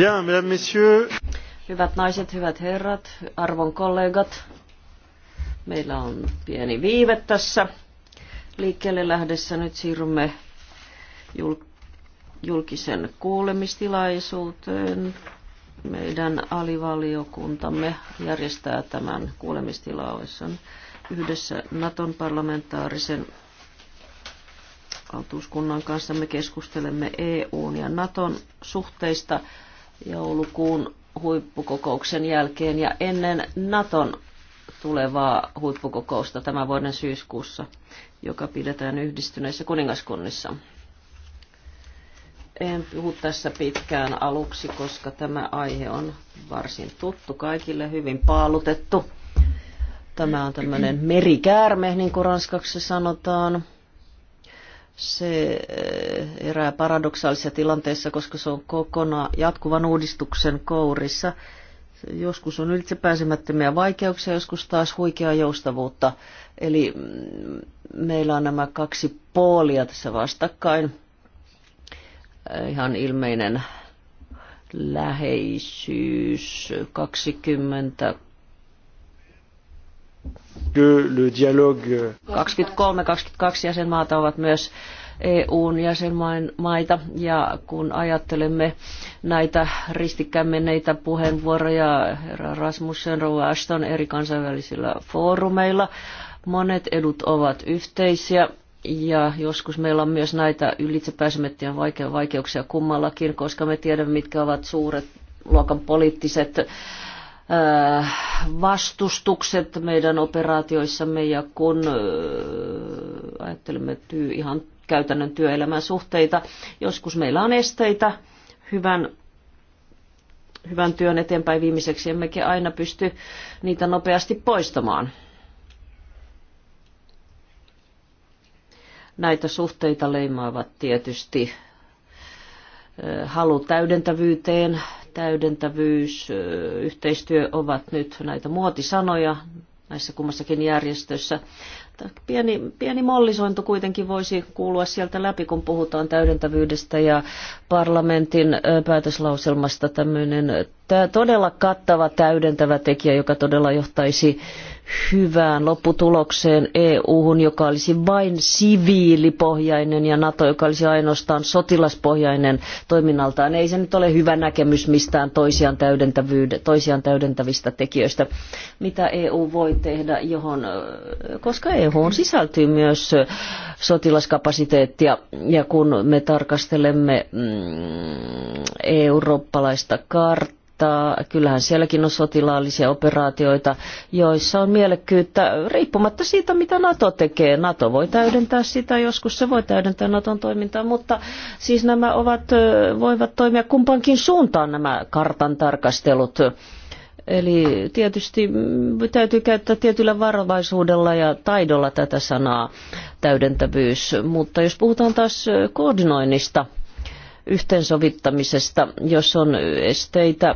mesdames, messieurs. Hyvät naiset, hyvät herrat, arvon kollegat. Meillä on pieni viive tässä. Liikkeelle lähdessä nyt siirrymme julkisen kuulemistilaisuuteen. Meidän alivaliokuntamme järjestää tämän kuulemistilaisuuden yhdessä Naton parlamentaarisen valtuuskunnan kanssa me keskustelemme EUn ja Naton suhteista joulukuun huippukokouksen jälkeen ja ennen Naton tulevaa huippukokousta tämän vuoden syyskuussa, joka pidetään yhdistyneissä kuningaskunnissa. En puhu tässä pitkään aluksi, koska tämä aihe on varsin tuttu kaikille, hyvin paalutettu. Tämä on tämmöinen merikäärme, niin kuin ranskaksi sanotaan se eh, erää paradoksaalisessa tilanteessa, koska se on kokonaan jatkuvan uudistuksen kourissa. Joskus on ylitsepääsemättömiä vaikeuksia, joskus taas huikeaa joustavuutta. Eli mm, meillä on nämä kaksi puolia tässä vastakkain. Eh, ihan ilmeinen läheisyys 20 23, 22 jäsenmaata ovat myös EUn jäsenmaita ja kun ajattelemme näitä ristikkäin menneitä puheenvuoroja herra Rasmussen, rouva Ashton eri kansainvälisillä foorumeilla, monet edut ovat yhteisiä ja joskus meillä on myös näitä ylitsepääsemättömiä vaikeuksia kummallakin, koska me tiedämme, mitkä ovat suuret luokan poliittiset Äh, vastustukset meidän operaatioissamme ja kun äh, ajattelemme tyy, ihan käytännön työelämän suhteita, joskus meillä on esteitä hyvän hyvän työn eteenpäin viimeiseksi, emmekä aina pysty niitä nopeasti poistamaan. Näitä suhteita leimaavat tietysti halu täydentävyyteen. Täydentävyys, yhteistyö ovat nyt näitä muotisanoja näissä kummassakin järjestössä. Pieni, pieni mollisointu kuitenkin voisi kuulua sieltä läpi, kun puhutaan täydentävyydestä ja parlamentin päätöslauselmasta tämmöinen todella kattava täydentävä tekijä, joka todella johtaisi hyvään lopputulokseen EU-hun, joka olisi vain siviilipohjainen ja NATO, joka olisi ainoastaan sotilaspohjainen toiminnaltaan. Ei se nyt ole hyvä näkemys mistään toisiaan, toisiaan täydentävistä tekijöistä, mitä EU voi tehdä, johon, koska EU sisältyy myös sotilaskapasiteettia ja kun me tarkastelemme mm, eurooppalaista karttaa, mutta kyllähän sielläkin on sotilaallisia operaatioita, joissa on mielekkyyttä riippumatta siitä, mitä NATO tekee. NATO voi täydentää sitä, joskus se voi täydentää NATOn toimintaa, mutta siis nämä ovat, voivat toimia kumpaankin suuntaan nämä kartan tarkastelut. Eli tietysti täytyy käyttää tietyllä varovaisuudella ja taidolla tätä sanaa täydentävyys. Mutta jos puhutaan taas koordinoinnista, yhteensovittamisesta, jos on esteitä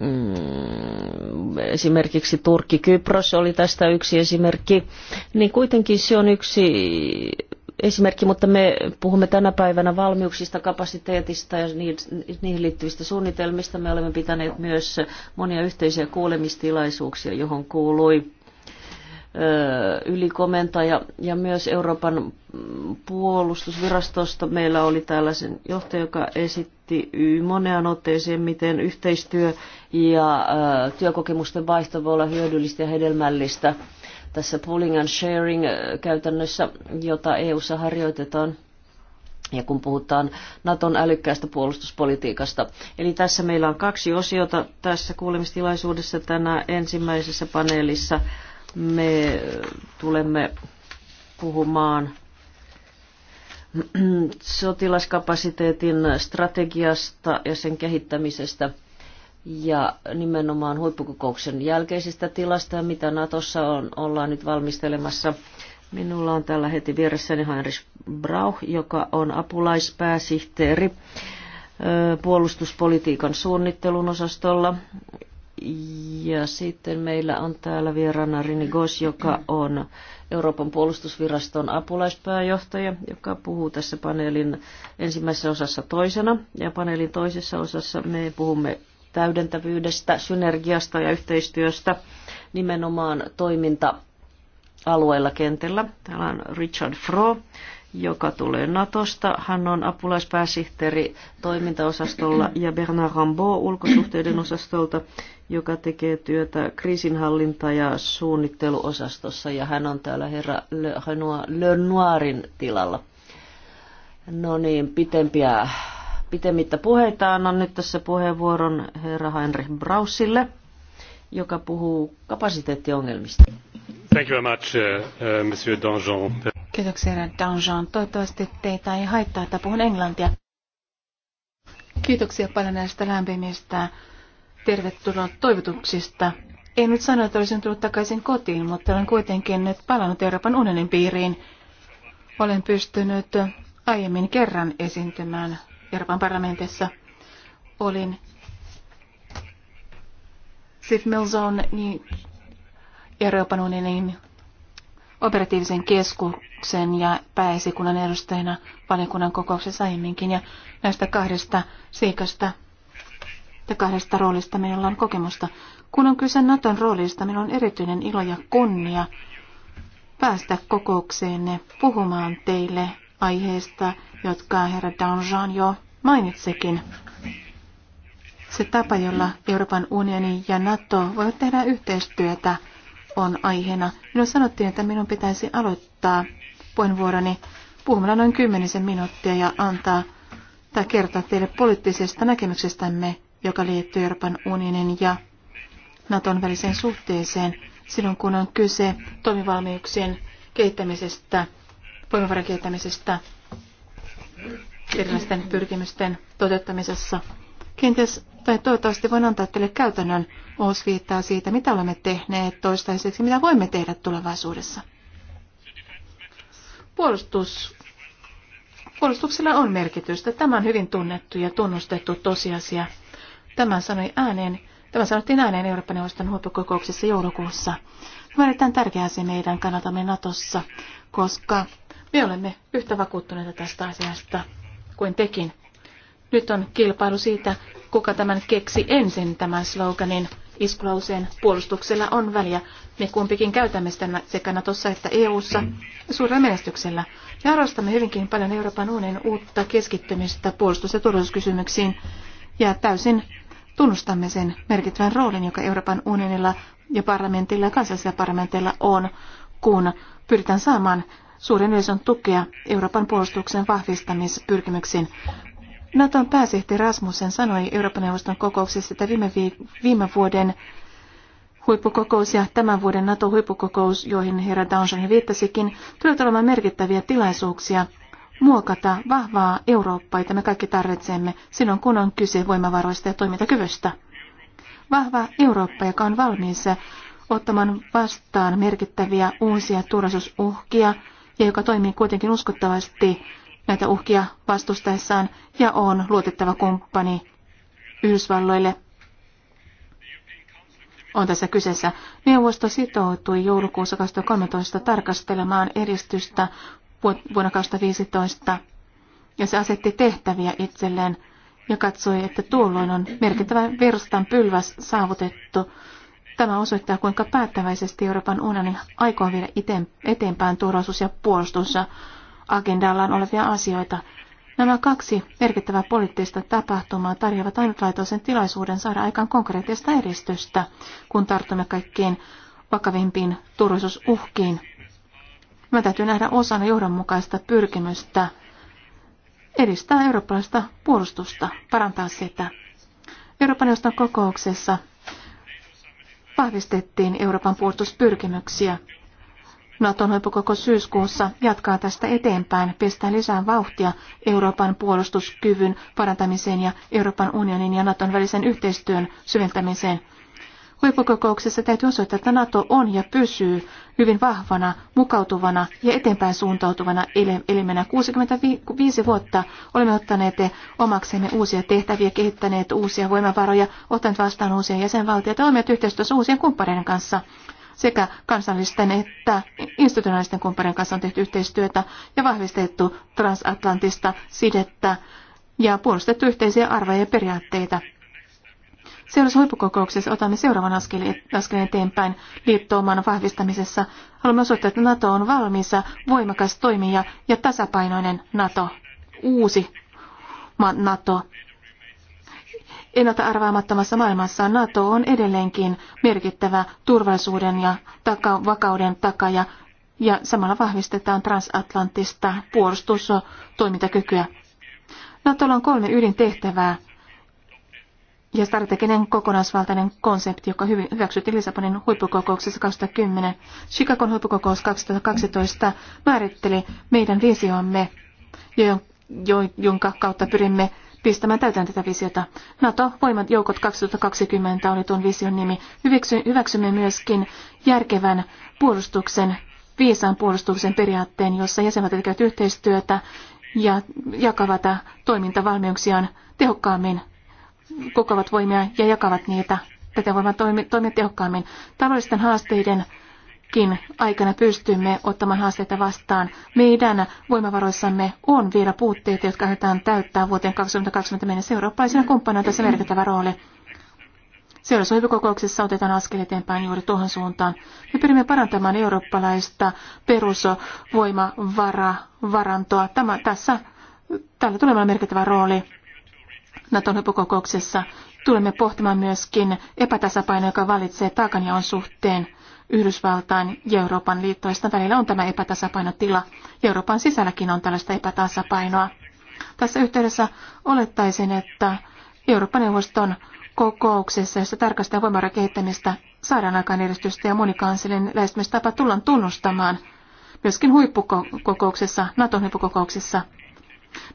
Mm, esimerkiksi Turkki, Kypros oli tästä yksi esimerkki, niin kuitenkin se on yksi esimerkki, mutta me puhumme tänä päivänä valmiuksista, kapasiteetista ja niin, niihin liittyvistä suunnitelmista. Me olemme pitäneet myös monia yhteisiä kuulemistilaisuuksia, johon kuului ylikomentaja ja myös Euroopan puolustusvirastosta meillä oli tällaisen johtaja, joka esitti moneen otteeseen, miten yhteistyö ja työkokemusten vaihto voi olla hyödyllistä ja hedelmällistä tässä pooling and sharing käytännössä, jota EU:ssa harjoitetaan ja kun puhutaan Naton älykkäästä puolustuspolitiikasta. Eli tässä meillä on kaksi osiota tässä kuulemistilaisuudessa tänä ensimmäisessä paneelissa me tulemme puhumaan sotilaskapasiteetin strategiasta ja sen kehittämisestä ja nimenomaan huippukokouksen jälkeisestä tilasta, mitä Natossa on, ollaan nyt valmistelemassa. Minulla on tällä heti vieressäni Heinrich Brauch, joka on apulaispääsihteeri puolustuspolitiikan suunnittelun osastolla ja sitten meillä on täällä vieraana Rini Gos, joka on Euroopan puolustusviraston apulaispääjohtaja, joka puhuu tässä paneelin ensimmäisessä osassa toisena. Ja paneelin toisessa osassa me puhumme täydentävyydestä, synergiasta ja yhteistyöstä nimenomaan toiminta alueella kentällä. Täällä on Richard Fro, joka tulee Natosta. Hän on apulaispääsihteeri toimintaosastolla ja Bernard Rambaud ulkosuhteiden osastolta, joka tekee työtä kriisinhallinta- ja suunnitteluosastossa ja hän on täällä herra Le, Le Noirin tilalla. No niin, pitempiä, pitemmittä puheita annan nyt tässä puheenvuoron herra Heinrich Brausille, joka puhuu kapasiteettiongelmista. Thank you very much, uh, uh, Monsieur Donjon. Kiitoksia, Danjean. Toivottavasti teitä ei haittaa, että puhun englantia. Kiitoksia paljon näistä lämpimistä tervetuloa toivotuksista. En nyt sano, että olisin tullut takaisin kotiin, mutta olen kuitenkin nyt palannut Euroopan unionin piiriin. Olen pystynyt aiemmin kerran esiintymään Euroopan parlamentissa. Olin Sif Milzon, niin Euroopan unionin operatiivisen keskuksen ja pääesikunnan edustajana valiokunnan kokouksessa aiemminkin. Ja näistä kahdesta seikasta ja kahdesta roolista meillä on kokemusta. Kun on kyse Naton roolista, meillä on erityinen ilo ja kunnia päästä kokoukseenne puhumaan teille aiheista, jotka herra Danjean jo mainitsikin. Se tapa, jolla Euroopan unioni ja NATO voivat tehdä yhteistyötä – on aiheena. Minulle sanottiin, että minun pitäisi aloittaa puheenvuoroni puhumalla noin kymmenisen minuuttia ja antaa tai kertoa teille poliittisesta näkemyksestämme, joka liittyy Euroopan unionin ja Naton väliseen suhteeseen silloin, kun on kyse toimivalmiuksien kehittämisestä, voimavaran kehittämisestä erilaisten pyrkimysten toteuttamisessa. Kenties tai toivottavasti voin antaa teille käytännön osviittaa siitä, mitä olemme tehneet toistaiseksi, mitä voimme tehdä tulevaisuudessa. Puolustus, puolustuksella on merkitystä. Tämä on hyvin tunnettu ja tunnustettu tosiasia. Tämän sanoi ääneen, tämä sanottiin ääneen Euroopan neuvoston huippukokouksessa joulukuussa. Tämä on erittäin tärkeä asia meidän kannatamme Natossa, koska me olemme yhtä vakuuttuneita tästä asiasta kuin tekin. Nyt on kilpailu siitä, kuka tämän keksi ensin tämän sloganin iskulauseen puolustuksella on väliä. Me kumpikin käytämme sitä sekä Natossa että EU:ssa suurella menestyksellä. Me arvostamme hyvinkin paljon Euroopan unionin uutta keskittymistä puolustus- ja turvallisuuskysymyksiin ja täysin tunnustamme sen merkittävän roolin, joka Euroopan unionilla ja parlamentilla ja kansallisilla parlamenteilla on, kun pyritään saamaan suuren yleisön tukea Euroopan puolustuksen vahvistamispyrkimyksiin. Naton pääsihteeri Rasmussen sanoi Euroopan neuvoston kokouksessa, että viime, vi- viime vuoden huippukokous ja tämän vuoden NATO-huippukokous, joihin herra Downson viittasikin, tulee olemaan merkittäviä tilaisuuksia muokata vahvaa Eurooppaa, jota me kaikki tarvitsemme silloin, kun on kyse voimavaroista ja toimintakyvystä. Vahva Eurooppa, joka on valmiissa ottamaan vastaan merkittäviä uusia turvallisuusuhkia ja joka toimii kuitenkin uskottavasti näitä uhkia vastustaessaan ja on luotettava kumppani Yhdysvalloille. On tässä kyseessä. Neuvosto sitoutui joulukuussa 2013 tarkastelemaan edistystä vuonna 2015 ja se asetti tehtäviä itselleen ja katsoi, että tuolloin on merkittävä verstan pylväs saavutettu. Tämä osoittaa, kuinka päättäväisesti Euroopan unionin aikoo viedä eteenpäin turvallisuus- ja puolustus- agendallaan olevia asioita. Nämä kaksi merkittävää poliittista tapahtumaa tarjoavat ainutlaatuisen tilaisuuden saada aikaan konkreettista edistystä, kun tartumme kaikkiin vakavimpiin turvallisuusuhkiin. Me täytyy nähdä osana johdonmukaista pyrkimystä edistää eurooppalaista puolustusta, parantaa sitä. Euroopan neuvoston kokouksessa vahvistettiin Euroopan puolustuspyrkimyksiä. Naton huippukoko syyskuussa jatkaa tästä eteenpäin, pestää lisää vauhtia Euroopan puolustuskyvyn parantamiseen ja Euroopan unionin ja Naton välisen yhteistyön syventämiseen. Huippukokouksessa täytyy osoittaa, että NATO on ja pysyy hyvin vahvana, mukautuvana ja eteenpäin suuntautuvana elimenä. 65 vuotta olemme ottaneet omaksemme uusia tehtäviä, kehittäneet uusia voimavaroja, ottaneet vastaan uusia jäsenvaltioita ja toimijat yhteistyössä uusien kumppaneiden kanssa sekä kansallisten että institutionaalisten kumppanien kanssa on tehty yhteistyötä ja vahvistettu transatlanttista sidettä ja puolustettu yhteisiä arvoja ja periaatteita. Seuraavassa huippukokouksessa otamme seuraavan askeleen eteenpäin liittouman vahvistamisessa. Haluamme osoittaa, että NATO on valmis, voimakas toimija ja tasapainoinen NATO, uusi NATO. Ennalta arvaamattomassa maailmassa NATO on edelleenkin merkittävä turvallisuuden ja taka- vakauden takaja ja samalla vahvistetaan transatlanttista puolustustoimintakykyä. NATOlla on kolme ydintehtävää ja strateginen kokonaisvaltainen konsepti, joka hyväksyttiin Lisabonin huippukokouksessa 2010. Chicagon huippukokous 2012 määritteli meidän visiomme, jonka kautta pyrimme pistämään täytään tätä visiota. NATO-voimat joukot 2020 oli tuon vision nimi. Hyväksymme myöskin järkevän puolustuksen, viisaan puolustuksen periaatteen, jossa jäsenvaltiot tekevät yhteistyötä ja jakavat toimintavalmiuksiaan tehokkaammin, kokoavat voimia ja jakavat niitä. Tätä voimaa toimia tehokkaammin. Taloudellisten haasteiden Kin aikana pystymme ottamaan haasteita vastaan. Meidän voimavaroissamme on vielä puutteita, jotka aiotaan täyttää vuoteen 2020 mennessä eurooppalaisena kumppana tässä merkittävä rooli. Seuraavassa huippukokouksessa otetaan askel eteenpäin juuri tuohon suuntaan. Me pyrimme parantamaan eurooppalaista perusvoimavarantoa. Tämä, tässä, tällä tulee olemaan merkittävä rooli Naton huippukokouksessa. Tulemme pohtimaan myöskin epätasapainoa, joka valitsee taakanjaon suhteen. Yhdysvaltain ja Euroopan liittoisten välillä on tämä epätasapainotila. Ja Euroopan sisälläkin on tällaista epätasapainoa. Tässä yhteydessä olettaisin, että Euroopan neuvoston kokouksessa, jossa tarkastetaan voimavarojen kehittämistä, saadaan aikaan edistystä ja monikansallinen lähestymistapa tullaan tunnustamaan myöskin huippukokouksessa, Naton huippukokouksessa.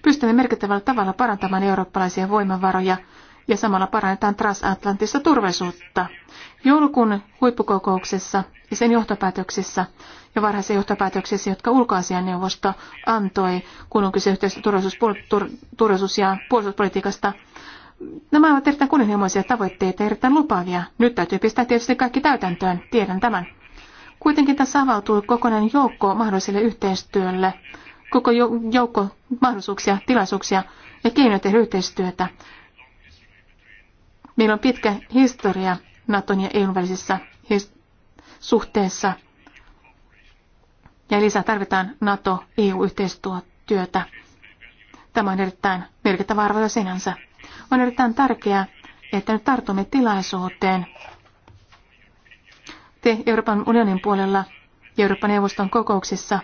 Pystymme merkittävällä tavalla parantamaan eurooppalaisia voimavaroja ja samalla parannetaan transatlanttista turvallisuutta. Joulukuun huippukokouksessa ja sen johtopäätöksissä ja varhaisissa johtopäätöksissä, jotka ulkoasianneuvosto antoi, kun on kyse yhteistä turvallisuus- ja puolustuspolitiikasta, Nämä ovat erittäin kunnianhimoisia tavoitteita ja erittäin lupaavia. Nyt täytyy pistää tietysti kaikki täytäntöön, tiedän tämän. Kuitenkin tässä avautuu kokonainen joukko mahdolliselle yhteistyölle, koko joukko mahdollisuuksia, tilaisuuksia ja keinoja tehdä yhteistyötä. Meillä on pitkä historia Naton ja EUn välisessä suhteessa. Ja lisää tarvitaan NATO-EU-yhteistyötä. Tämä on erittäin merkittävä arvo sinänsä. On erittäin tärkeää, että nyt tartumme tilaisuuteen. Te Euroopan unionin puolella ja Euroopan neuvoston kokouksissa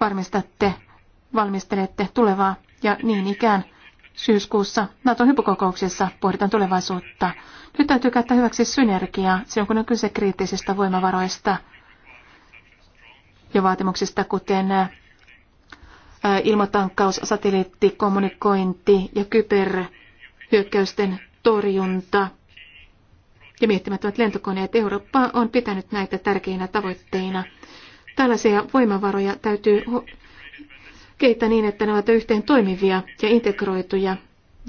varmistatte, valmistelette tulevaa ja niin ikään – syyskuussa Naton hypokokouksessa pohditaan tulevaisuutta. Nyt täytyy käyttää hyväksi synergiaa silloin, kun on kyse kriittisistä voimavaroista ja vaatimuksista, kuten ilmatankkaus, kommunikointi ja kyberhyökkäysten torjunta ja miettimättömät lentokoneet. Eurooppa on pitänyt näitä tärkeinä tavoitteina. Tällaisia voimavaroja täytyy keitä niin, että ne ovat yhteen toimivia ja integroituja.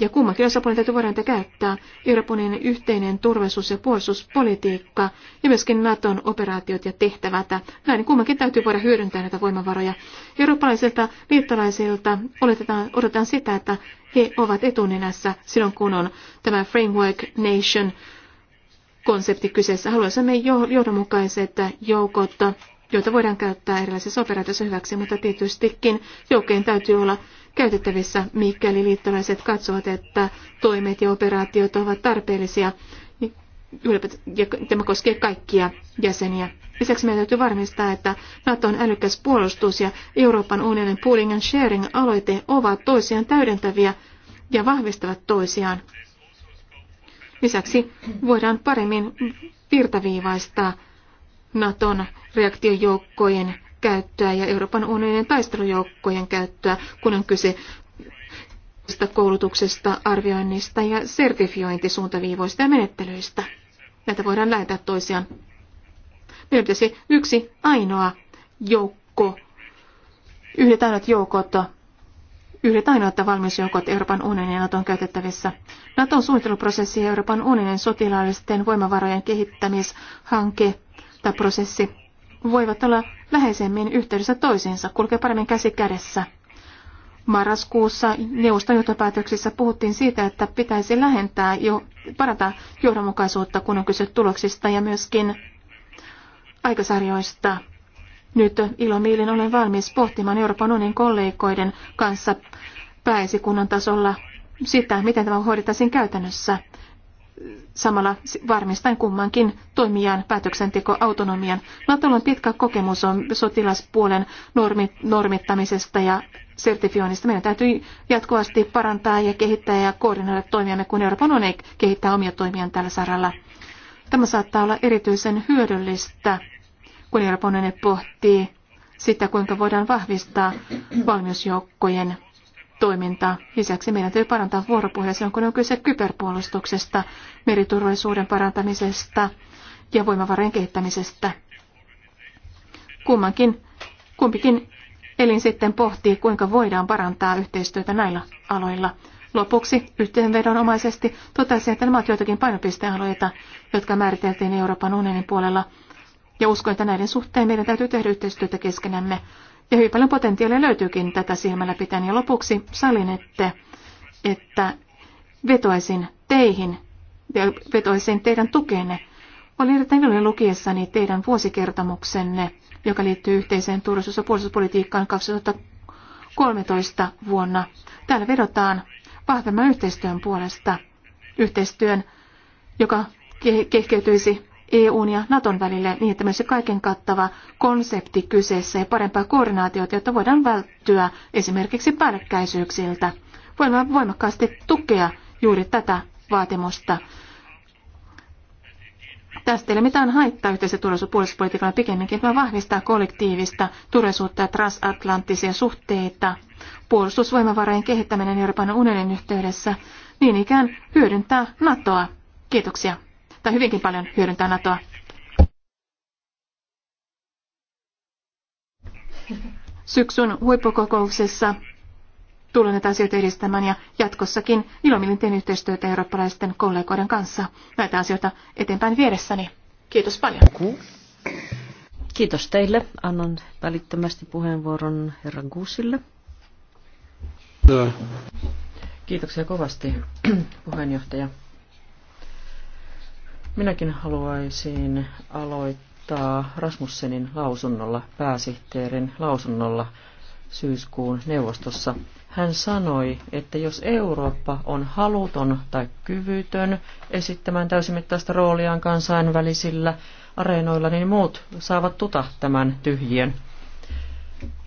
Ja kummankin osapuolen täytyy voida niitä käyttää. Euroopan yhteinen turvallisuus- ja puolustuspolitiikka ja myöskin Naton operaatiot ja tehtävät. Näin kummankin täytyy voida hyödyntää näitä voimavaroja. Eurooppalaisilta liittolaisilta odotetaan, odotetaan sitä, että he ovat etunenässä silloin, kun on tämä Framework Nation konsepti kyseessä. Haluaisimme johdonmukaiset joukot joita voidaan käyttää erilaisissa operaatioissa hyväksi, mutta tietystikin joukkojen täytyy olla käytettävissä, mikäli liittolaiset katsovat, että toimet ja operaatiot ovat tarpeellisia. Ja tämä koskee kaikkia jäseniä. Lisäksi meidän täytyy varmistaa, että Naton älykäs puolustus ja Euroopan unionin pooling and sharing aloite ovat toisiaan täydentäviä ja vahvistavat toisiaan. Lisäksi voidaan paremmin virtaviivaistaa Naton reaktiojoukkojen käyttöä ja Euroopan unionin taistelujoukkojen käyttöä, kun on kyse koulutuksesta, arvioinnista ja sertifiointisuuntaviivoista ja menettelyistä. Näitä voidaan lähettää toisiaan. Meillä pitäisi yksi ainoa joukko, yhdet ainoat joukot, yhdet ainoat valmiusjoukot Euroopan unionin ja Naton käytettävissä. Naton suunnitteluprosessi ja Euroopan unionin sotilaallisten voimavarojen kehittämishanke – tai prosessi voivat olla läheisemmin yhteydessä toisiinsa, kulkee paremmin käsi kädessä. Marraskuussa neuvoston johtopäätöksissä puhuttiin siitä, että pitäisi lähentää jo parata johdonmukaisuutta, kun on kyse tuloksista ja myöskin aikasarjoista. Nyt ilomielin olen valmis pohtimaan Euroopan unionin kollegoiden kanssa pääesikunnan tasolla sitä, miten tämä hoidettaisiin käytännössä samalla varmistan kummankin toimijan päätöksentekoautonomian. Natolla on pitkä kokemus on sotilaspuolen normittamisesta ja sertifioinnista. Meidän täytyy jatkuvasti parantaa ja kehittää ja koordinoida toimiamme, kun Euroopan unioni kehittää omia toimiaan tällä saralla. Tämä saattaa olla erityisen hyödyllistä, kun Euroopan pohtii sitä, kuinka voidaan vahvistaa valmiusjoukkojen toimintaa. Lisäksi meidän täytyy parantaa vuoropuhelua silloin, kun on kyse kyberpuolustuksesta, meriturvallisuuden parantamisesta ja voimavarojen kehittämisestä. Kummankin, kumpikin elin sitten pohtii, kuinka voidaan parantaa yhteistyötä näillä aloilla. Lopuksi yhteenvedonomaisesti totesin, että nämä ovat joitakin painopistealueita, jotka määriteltiin Euroopan unionin puolella, ja uskon, että näiden suhteen meidän täytyy tehdä yhteistyötä keskenämme. Ja hyvin paljon potentiaalia löytyykin tätä silmällä pitäen. Ja lopuksi salin, että, että vetoisin teihin ja vetoisin teidän tukeenne. Olin erittäin iloinen lukiessani teidän vuosikertomuksenne, joka liittyy yhteiseen turvallisuus- ja puolustuspolitiikkaan 2013 vuonna. Täällä vedotaan vahvemman yhteistyön puolesta. Yhteistyön, joka kehkeytyisi EUn ja Naton välille niin, että myös kaiken kattava konsepti kyseessä ja parempaa koordinaatiota, jotta voidaan välttyä esimerkiksi päällekkäisyyksiltä. Voimme voimakkaasti tukea juuri tätä vaatimusta. Tästä ei ole mitään haittaa yhteisen turvallisuuspuolustuspolitiikalla pikemminkin, vaan vahvistaa kollektiivista turvallisuutta ja transatlanttisia suhteita. Puolustusvoimavarojen kehittäminen Euroopan unionin yhteydessä niin ikään hyödyntää NATOa. Kiitoksia tai hyvinkin paljon hyödyntää NATOa. Syksyn huippukokouksessa tulen näitä asioita edistämään ja jatkossakin ilomielin teen yhteistyötä eurooppalaisten kollegoiden kanssa näitä asioita eteenpäin vieressäni. Kiitos paljon. Kiitos teille. Annan välittömästi puheenvuoron herran Guusille. Kiitoksia kovasti, puheenjohtaja. Minäkin haluaisin aloittaa Rasmussenin lausunnolla, pääsihteerin lausunnolla syyskuun neuvostossa. Hän sanoi, että jos Eurooppa on haluton tai kyvytön esittämään täysimittaista rooliaan kansainvälisillä areenoilla, niin muut saavat tuta tämän tyhjien.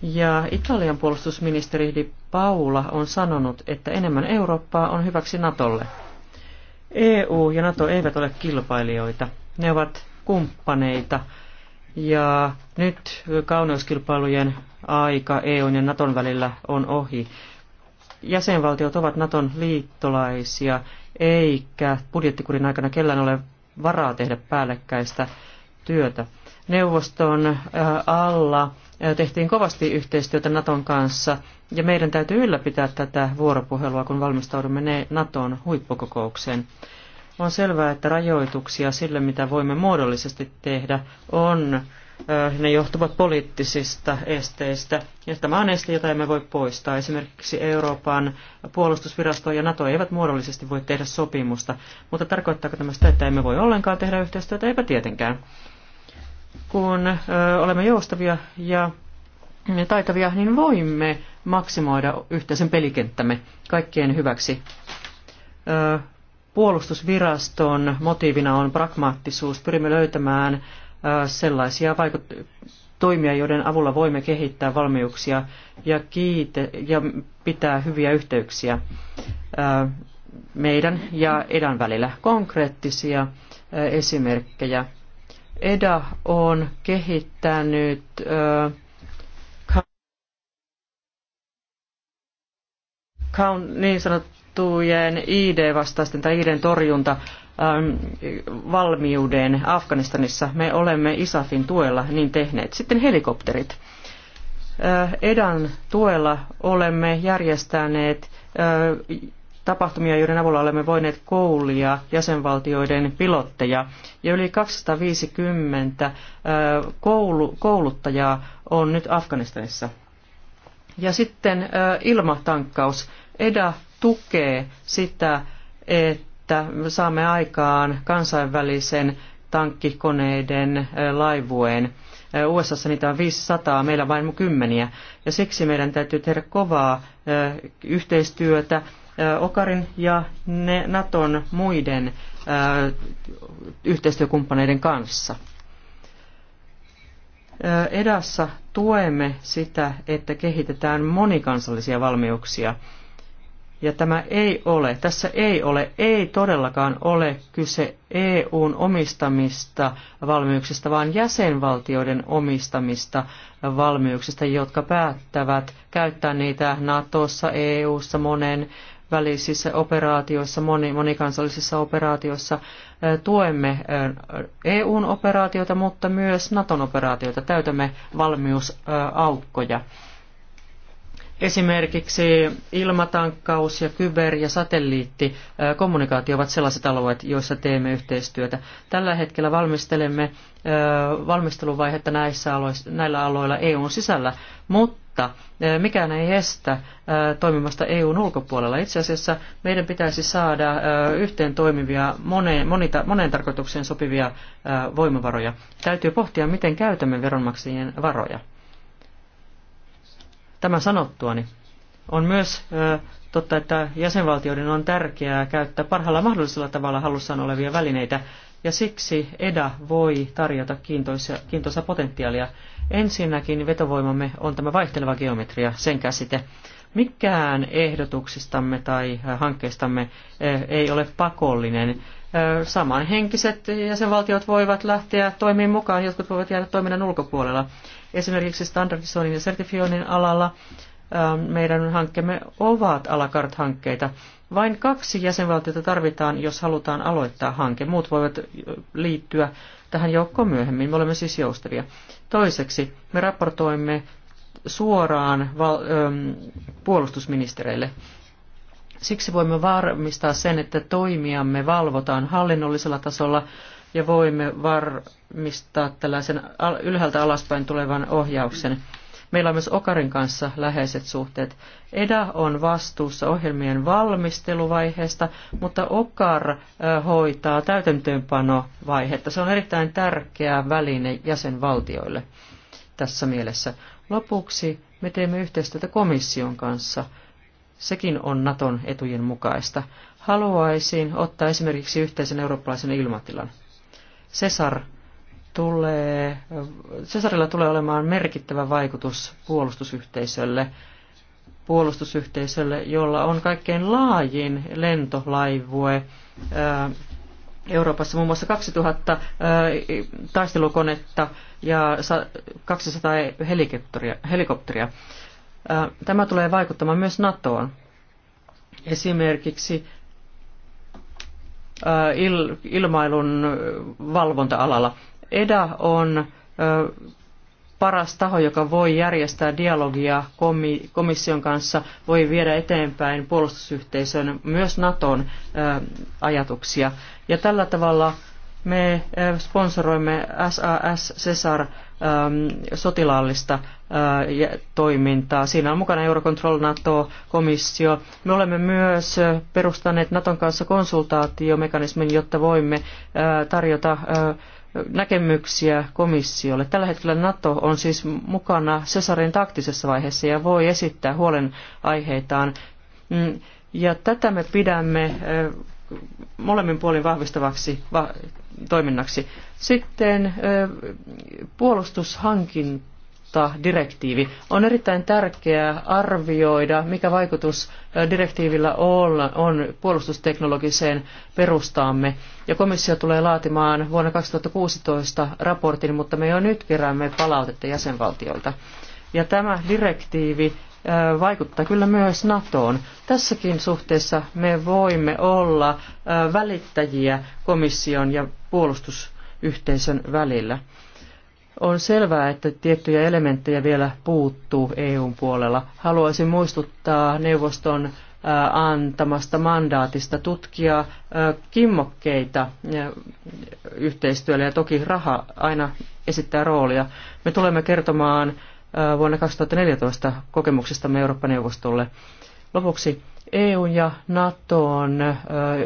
Ja Italian puolustusministeri Di Paula on sanonut, että enemmän Eurooppaa on hyväksi Natolle. EU ja NATO eivät ole kilpailijoita. Ne ovat kumppaneita. Ja nyt kauneuskilpailujen aika EUn ja NATOn välillä on ohi. Jäsenvaltiot ovat NATOn liittolaisia, eikä budjettikurin aikana kellään ole varaa tehdä päällekkäistä työtä. Neuvoston äh, alla tehtiin kovasti yhteistyötä Naton kanssa, ja meidän täytyy ylläpitää tätä vuoropuhelua, kun valmistaudumme Naton huippukokoukseen. On selvää, että rajoituksia sille, mitä voimme muodollisesti tehdä, on ne johtuvat poliittisista esteistä. Ja tämä on este, jota emme voi poistaa. Esimerkiksi Euroopan puolustusvirasto ja NATO eivät muodollisesti voi tehdä sopimusta, mutta tarkoittaako tämä sitä, että emme voi ollenkaan tehdä yhteistyötä? Eipä tietenkään kun olemme joustavia ja taitavia, niin voimme maksimoida yhteisen pelikenttämme kaikkien hyväksi. Puolustusviraston motiivina on pragmaattisuus. Pyrimme löytämään sellaisia vaikut- toimia, joiden avulla voimme kehittää valmiuksia ja, kiite- ja pitää hyviä yhteyksiä meidän ja edan välillä. Konkreettisia esimerkkejä EDA on kehittänyt niin sanottujen ID-vastaisten tai id torjunta valmiuden Afganistanissa. Me olemme ISAFin tuella niin tehneet. Sitten helikopterit. EDAN tuella olemme järjestäneet tapahtumia, joiden avulla olemme voineet koulia jäsenvaltioiden pilotteja. Ja yli 250 koulu, kouluttajaa on nyt Afganistanissa. Ja sitten ilmatankkaus. EDA tukee sitä, että saamme aikaan kansainvälisen tankkikoneiden laivueen. USAssa niitä on 500, meillä vain kymmeniä. Ja siksi meidän täytyy tehdä kovaa yhteistyötä Okarin ja ne Naton muiden yhteistyökumppaneiden kanssa. Edassa tuemme sitä, että kehitetään monikansallisia valmiuksia. Ja tämä ei ole, tässä ei ole, ei todellakaan ole kyse EUn omistamista valmiuksista, vaan jäsenvaltioiden omistamista valmiuksista, jotka päättävät käyttää niitä NATOssa, EUssa, monen välisissä operaatioissa, moni, monikansallisissa operaatioissa tuemme EUn operaatioita, mutta myös Naton operaatioita, täytämme valmiusaukkoja. Esimerkiksi ilmatankkaus ja kyber- ja satelliittikommunikaatio ovat sellaiset alueet, joissa teemme yhteistyötä. Tällä hetkellä valmistelemme valmisteluvaihetta näissä aloissa, näillä aloilla EUn sisällä, mutta mutta mikään ei estä toimimasta EUn ulkopuolella. Itse asiassa meidän pitäisi saada yhteen toimivia, moneen, monita, tarkoitukseen sopivia voimavaroja. Täytyy pohtia, miten käytämme veronmaksajien varoja. Tämä sanottuani on myös totta, että jäsenvaltioiden on tärkeää käyttää parhaalla mahdollisella tavalla halussaan olevia välineitä, ja siksi EDA voi tarjota kiintoisa, kiintoisa potentiaalia Ensinnäkin vetovoimamme on tämä vaihteleva geometria, sen käsite. Mikään ehdotuksistamme tai äh, hankkeistamme äh, ei ole pakollinen. Äh, samanhenkiset jäsenvaltiot voivat lähteä toimiin mukaan, jotkut voivat jäädä toiminnan ulkopuolella. Esimerkiksi standardisoinnin ja sertifioinnin alalla ähm, meidän hankkeemme ovat alakart-hankkeita. Vain kaksi jäsenvaltiota tarvitaan, jos halutaan aloittaa hanke. Muut voivat liittyä tähän joukkoon myöhemmin. Me olemme siis joustavia. Toiseksi me raportoimme suoraan val, puolustusministereille. Siksi voimme varmistaa sen, että toimiamme valvotaan hallinnollisella tasolla ja voimme varmistaa tällaisen ylhäältä alaspäin tulevan ohjauksen. Meillä on myös Okarin kanssa läheiset suhteet. EDA on vastuussa ohjelmien valmisteluvaiheesta, mutta Okar hoitaa täytäntöönpanovaihetta. Se on erittäin tärkeä väline jäsenvaltioille tässä mielessä. Lopuksi me teemme yhteistyötä komission kanssa. Sekin on Naton etujen mukaista. Haluaisin ottaa esimerkiksi yhteisen eurooppalaisen ilmatilan. Cesar tulee, Cesarilla tulee olemaan merkittävä vaikutus puolustusyhteisölle, puolustusyhteisölle, jolla on kaikkein laajin lentolaivue äh, Euroopassa muun muassa 2000 äh, taistelukonetta ja 200 helikopteria. helikopteria. Äh, tämä tulee vaikuttamaan myös NATOon. Esimerkiksi ilmailun valvonta-alalla. EDA on paras taho, joka voi järjestää dialogia komission kanssa, voi viedä eteenpäin puolustusyhteisön, myös Naton ajatuksia. Ja tällä tavalla me sponsoroimme SAS Cesar sotilaallista toimintaa. Siinä on mukana Eurocontrol, NATO, komissio. Me olemme myös perustaneet Naton kanssa konsultaatiomekanismin, jotta voimme tarjota näkemyksiä komissiolle. Tällä hetkellä NATO on siis mukana Cesarin taktisessa vaiheessa ja voi esittää huolenaiheitaan. Mm, ja tätä me pidämme molemmin puolin vahvistavaksi toiminnaksi. Sitten puolustushankin muuttaa direktiivi. On erittäin tärkeää arvioida, mikä vaikutus direktiivillä on puolustusteknologiseen perustaamme. Ja komissio tulee laatimaan vuonna 2016 raportin, mutta me jo nyt keräämme palautetta jäsenvaltioilta. Ja tämä direktiivi vaikuttaa kyllä myös NATOon. Tässäkin suhteessa me voimme olla välittäjiä komission ja puolustusyhteisön välillä. On selvää, että tiettyjä elementtejä vielä puuttuu EUn puolella. Haluaisin muistuttaa neuvoston antamasta mandaatista tutkia kimmokkeita yhteistyölle ja toki raha aina esittää roolia. Me tulemme kertomaan vuonna 2014 kokemuksestamme Eurooppa-neuvostolle. Lopuksi EUn ja NATOn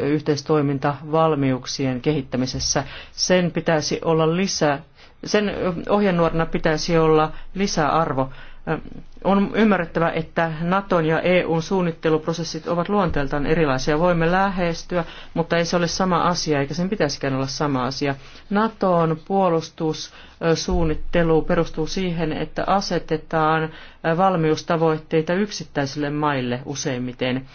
yhteistoiminta valmiuksien kehittämisessä. Sen pitäisi olla lisä sen ohjenuorana pitäisi olla lisäarvo. On ymmärrettävä, että Naton ja EUn suunnitteluprosessit ovat luonteeltaan erilaisia. Voimme lähestyä, mutta ei se ole sama asia, eikä sen pitäisikään olla sama asia. Naton puolustussuunnittelu perustuu siihen, että asetetaan valmiustavoitteita yksittäisille maille useimmiten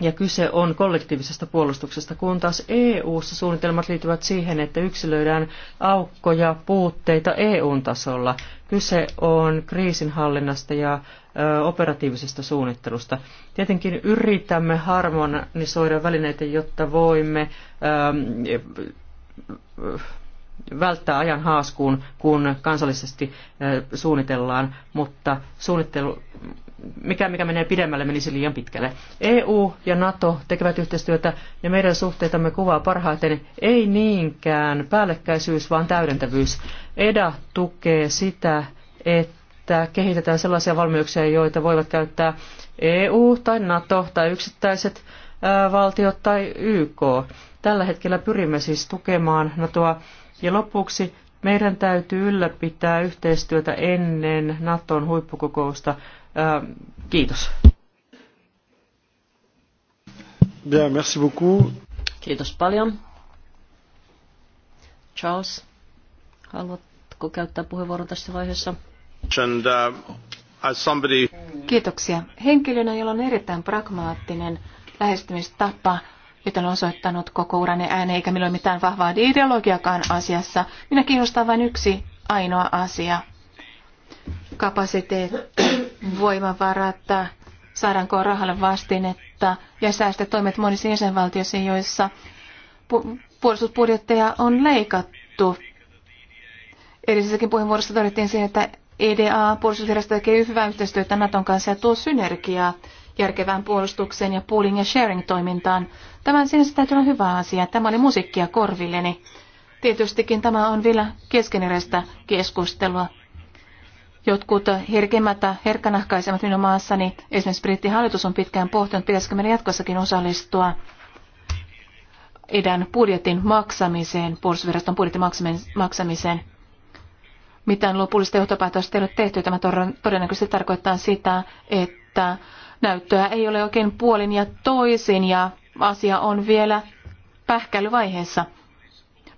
ja kyse on kollektiivisesta puolustuksesta, kun taas EU-ssa suunnitelmat liittyvät siihen, että yksilöidään aukkoja, puutteita EU-tasolla. Kyse on kriisinhallinnasta ja ö, operatiivisesta suunnittelusta. Tietenkin yritämme harmonisoida välineitä, jotta voimme ö, välttää ajan haaskuun, kun kansallisesti ö, suunnitellaan, mutta suunnittelu mikä, mikä menee pidemmälle, menisi liian pitkälle. EU ja NATO tekevät yhteistyötä ja meidän suhteitamme kuvaa parhaiten ei niinkään päällekkäisyys, vaan täydentävyys. EDA tukee sitä, että kehitetään sellaisia valmiuksia, joita voivat käyttää EU tai NATO tai yksittäiset valtiot tai YK. Tällä hetkellä pyrimme siis tukemaan NATOa. Ja lopuksi meidän täytyy ylläpitää yhteistyötä ennen Naton huippukokousta Ähm, kiitos. Bien, merci beaucoup. Kiitos paljon. Charles, haluatko käyttää puheenvuoron tässä vaiheessa? And, uh, as somebody... Kiitoksia. Henkilönä, jolla on erittäin pragmaattinen lähestymistapa, jota on osoittanut koko urani ääni, eikä minulla ole mitään vahvaa ideologiakaan asiassa. Minä kiinnostaa vain yksi ainoa asia. Kapasiteetti voimavarat, saadaanko rahalle vastinetta ja säästötoimet monissa jäsenvaltioissa, joissa pu- puolustusbudjetteja on leikattu. Edellisessäkin puheenvuorossa todettiin siihen, että EDA puolustusvirasto tekee hyvää yhteistyötä Naton kanssa ja tuo synergiaa järkevään puolustukseen ja pooling ja sharing toimintaan. Tämän sinänsä täytyy olla hyvä asia. Tämä oli musiikkia korvilleni. Tietystikin tämä on vielä keskeneräistä keskustelua. Jotkut herkemmät, herkkänahkaisemmat minun maassani, esimerkiksi brittihallitus on pitkään pohtinut, pitäisikö meidän jatkossakin osallistua idän budjetin maksamiseen, puolustusviraston budjetin maksamiseen. Mitään lopullista johtopäätöstä ei ole tehty. Tämä todennäköisesti tarkoittaa sitä, että näyttöä ei ole oikein puolin ja toisin ja asia on vielä pähkäilyvaiheessa.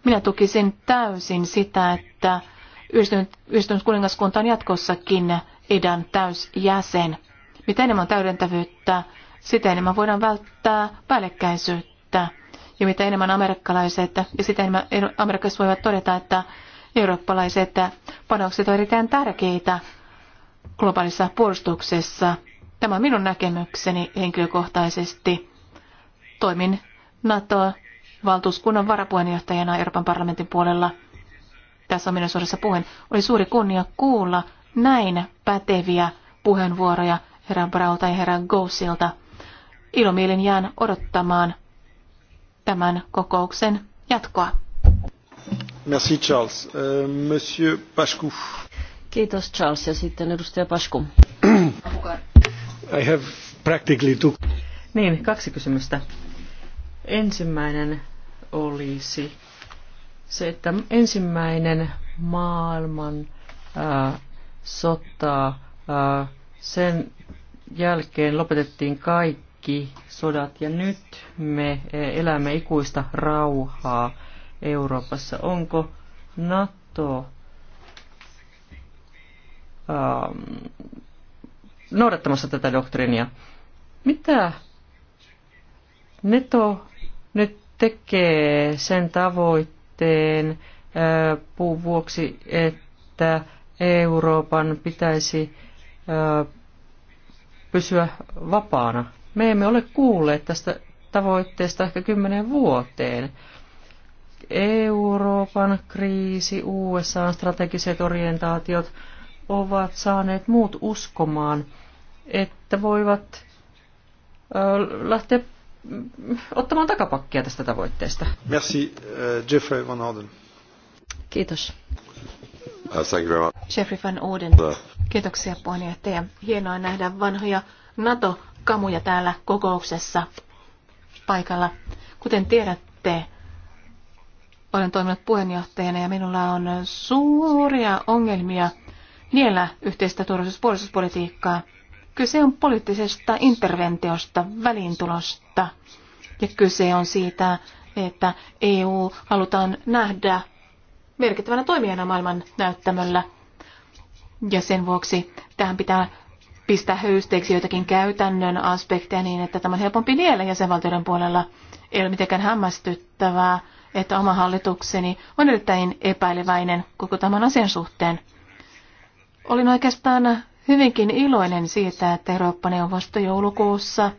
Minä tukisin täysin sitä, että yhdistynyt, yhdistynyt kuningaskunta on jatkossakin idän täysjäsen. Mitä enemmän täydentävyyttä, sitä enemmän voidaan välttää päällekkäisyyttä. Ja mitä enemmän amerikkalaiset, ja sitä enemmän amerikkalaiset voivat todeta, että eurooppalaiset panokset ovat erittäin tärkeitä globaalissa puolustuksessa. Tämä on minun näkemykseni henkilökohtaisesti. Toimin NATO-valtuuskunnan varapuheenjohtajana Euroopan parlamentin puolella – tässä ominaisuudessa puheen. Oli suuri kunnia kuulla näin päteviä puheenvuoroja herra Braulta ja herra Gousilta. Ilomielin jään odottamaan tämän kokouksen jatkoa. Merci Charles. Euh, Monsieur Pascu. Kiitos Charles ja sitten edustaja Pasku. I have practically two. Niin, kaksi kysymystä. Ensimmäinen olisi se, että ensimmäinen maailman äh, sota, äh, sen jälkeen lopetettiin kaikki sodat ja nyt me elämme ikuista rauhaa Euroopassa. Onko NATO ähm, noudattamassa tätä doktriinia? Mitä NATO nyt tekee sen tavoitteen? suhteen vuoksi, että Euroopan pitäisi pysyä vapaana. Me emme ole kuulleet tästä tavoitteesta ehkä kymmenen vuoteen. Euroopan kriisi, USA, strategiset orientaatiot ovat saaneet muut uskomaan, että voivat lähteä ottamaan takapakkia tästä tavoitteesta. Merci, eh, Jeffrey Van Orden. Kiitos. Uh, thank you very much. Jeffrey Van Orden. Uh, Kiitoksia puheenjohtaja. Hienoa nähdä vanhoja NATO-kamuja täällä kokouksessa paikalla. Kuten tiedätte, olen toiminut puheenjohtajana ja minulla on suuria ongelmia niellä yhteistä turvallisuus- ja puolustuspolitiikkaa. Kyse on poliittisesta interventiosta, väliintulosta. Ja kyse on siitä, että EU halutaan nähdä merkittävänä toimijana maailman näyttämöllä. Ja sen vuoksi tähän pitää pistää höysteeksi joitakin käytännön aspekteja niin, että tämä on helpompi niellä jäsenvaltioiden puolella. Ei ole mitenkään hämmästyttävää, että oma hallitukseni on erittäin epäileväinen koko tämän asian suhteen. Olin oikeastaan hyvinkin iloinen siitä, että Eurooppa-neuvosto joulukuussa,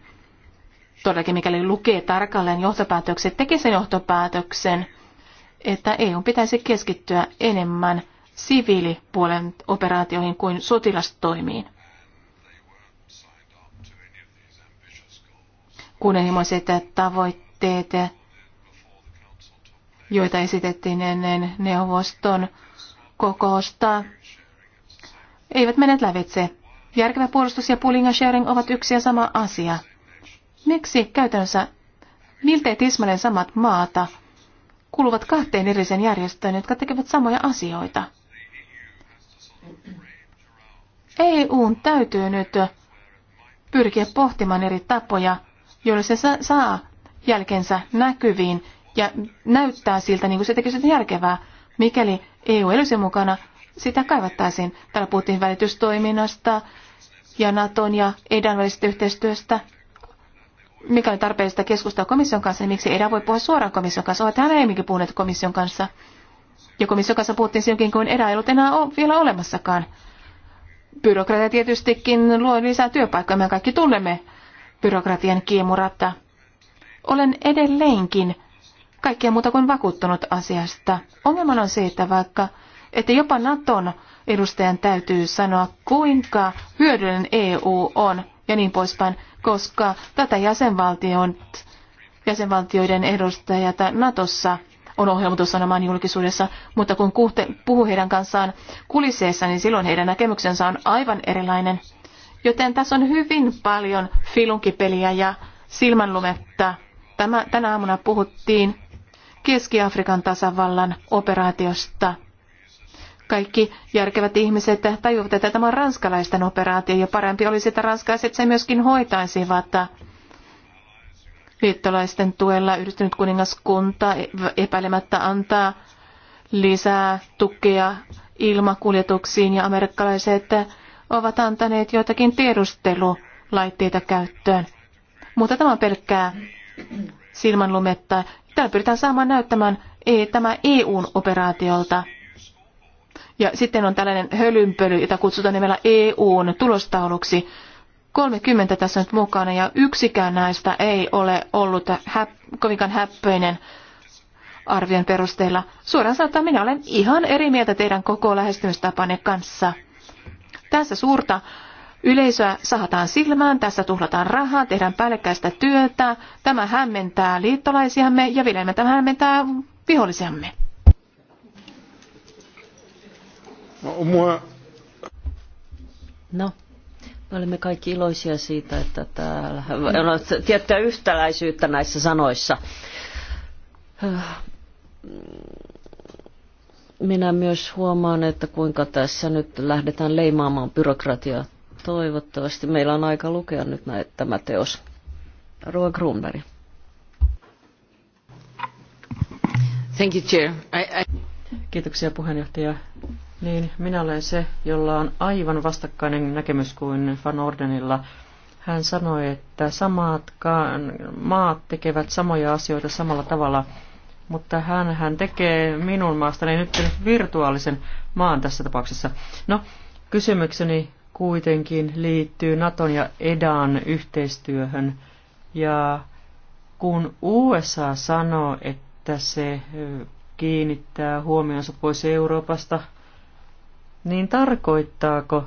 todellakin mikäli lukee tarkalleen johtopäätökset, teki sen johtopäätöksen, että EU pitäisi keskittyä enemmän siviilipuolen operaatioihin kuin sotilastoimiin. Kunnianhimoiset tavoitteet, joita esitettiin ennen neuvoston kokousta, eivät menet lävitse. Järkevä puolustus ja pooling sharing ovat yksi ja sama asia. Miksi käytännössä miltei tismalleen samat maata kuuluvat kahteen erilliseen järjestöön, jotka tekevät samoja asioita? EUn täytyy nyt pyrkiä pohtimaan eri tapoja, joilla se saa jälkensä näkyviin ja näyttää siltä, niin kuin se sitä järkevää, mikäli EU ei olisi mukana, sitä kaivattaisiin. Täällä puhuttiin välitystoiminnasta ja Naton ja EIDAN välisestä yhteistyöstä. Mikä on tarpeellista keskustella komission kanssa, niin miksi EIDAN voi puhua suoraan komission kanssa? Ovat hän aiemminkin puhuneet komission kanssa. Ja komission kanssa puhuttiin jokin kun EIDAN ei ollut enää ole vielä olemassakaan. Byrokratia tietystikin luo lisää työpaikkoja. Me kaikki tunnemme byrokratian kiemuratta. Olen edelleenkin kaikkea muuta kuin vakuuttunut asiasta. Ongelma on se, että vaikka että jopa Naton edustajan täytyy sanoa, kuinka hyödyllinen EU on ja niin poispäin, koska tätä jäsenvaltioiden edustajat Natossa on ohjelmoitu sanomaan julkisuudessa, mutta kun puhuu heidän kanssaan kuliseissa, niin silloin heidän näkemyksensä on aivan erilainen. Joten tässä on hyvin paljon filunkipeliä ja silmänlumetta. Tämä, tänä aamuna puhuttiin Keski-Afrikan tasavallan operaatiosta – kaikki järkevät ihmiset tajuvat, että tämä on ranskalaisten operaatio ja parempi olisi, että ranskalaiset se myöskin hoitaisivat liittolaisten tuella. Yhdistynyt kuningaskunta epäilemättä antaa lisää tukea ilmakuljetuksiin ja amerikkalaiset ovat antaneet joitakin tiedustelulaitteita käyttöön. Mutta tämä on pelkkää silmänlumetta. Täällä pyritään saamaan näyttämään ei, tämä EUn operaatiolta. Ja sitten on tällainen hölynpöly, jota kutsutaan nimellä EUn tulostauluksi. 30 tässä nyt mukana ja yksikään näistä ei ole ollut häp, kovinkaan häppöinen arvion perusteella. Suoraan sanottuna minä olen ihan eri mieltä teidän koko lähestymistapanne kanssa. Tässä suurta Yleisöä sahataan silmään, tässä tuhlataan rahaa, tehdään päällekkäistä työtä. Tämä hämmentää liittolaisiamme ja vielä tämä hämmentää vihollisiamme. No, no, me olemme kaikki iloisia siitä, että täällä on tiettyä yhtäläisyyttä näissä sanoissa. Minä myös huomaan, että kuinka tässä nyt lähdetään leimaamaan byrokratiaa. Toivottavasti meillä on aika lukea nyt näitä, tämä teos. Rua Grunberg. Thank you, Chair. I, I... Kiitoksia puheenjohtaja niin minä olen se, jolla on aivan vastakkainen näkemys kuin Van Ordenilla. Hän sanoi, että samat maat tekevät samoja asioita samalla tavalla, mutta hän, hän tekee minun maastani nyt virtuaalisen maan tässä tapauksessa. No, kysymykseni kuitenkin liittyy Naton ja EDAN yhteistyöhön. Ja kun USA sanoo, että se kiinnittää huomionsa pois Euroopasta, niin tarkoittaako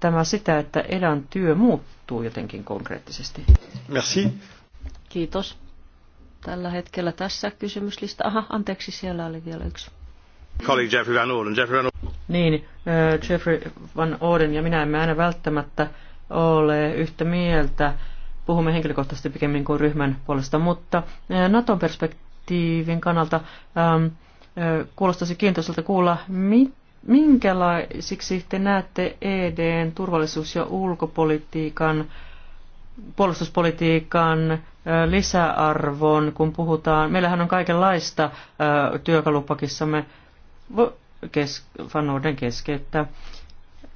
tämä sitä, että elän työ muuttuu jotenkin konkreettisesti? Merci. Kiitos. Tällä hetkellä tässä kysymyslista. Aha, anteeksi, siellä oli vielä yksi. Colleague Jeffrey Van Orden. Jeffrey Van Orden. Niin, äh, Jeffrey Van Orden ja minä emme aina välttämättä ole yhtä mieltä. Puhumme henkilökohtaisesti pikemmin kuin ryhmän puolesta, mutta äh, Naton perspektiivin kannalta ähm, äh, kuulostaisi kiintoiselta kuulla, mitä Minkälaisiksi te näette EDn turvallisuus- ja ulkopolitiikan, puolustuspolitiikan lisäarvon, kun puhutaan, meillähän on kaikenlaista työkalupakissamme kes, keskettä.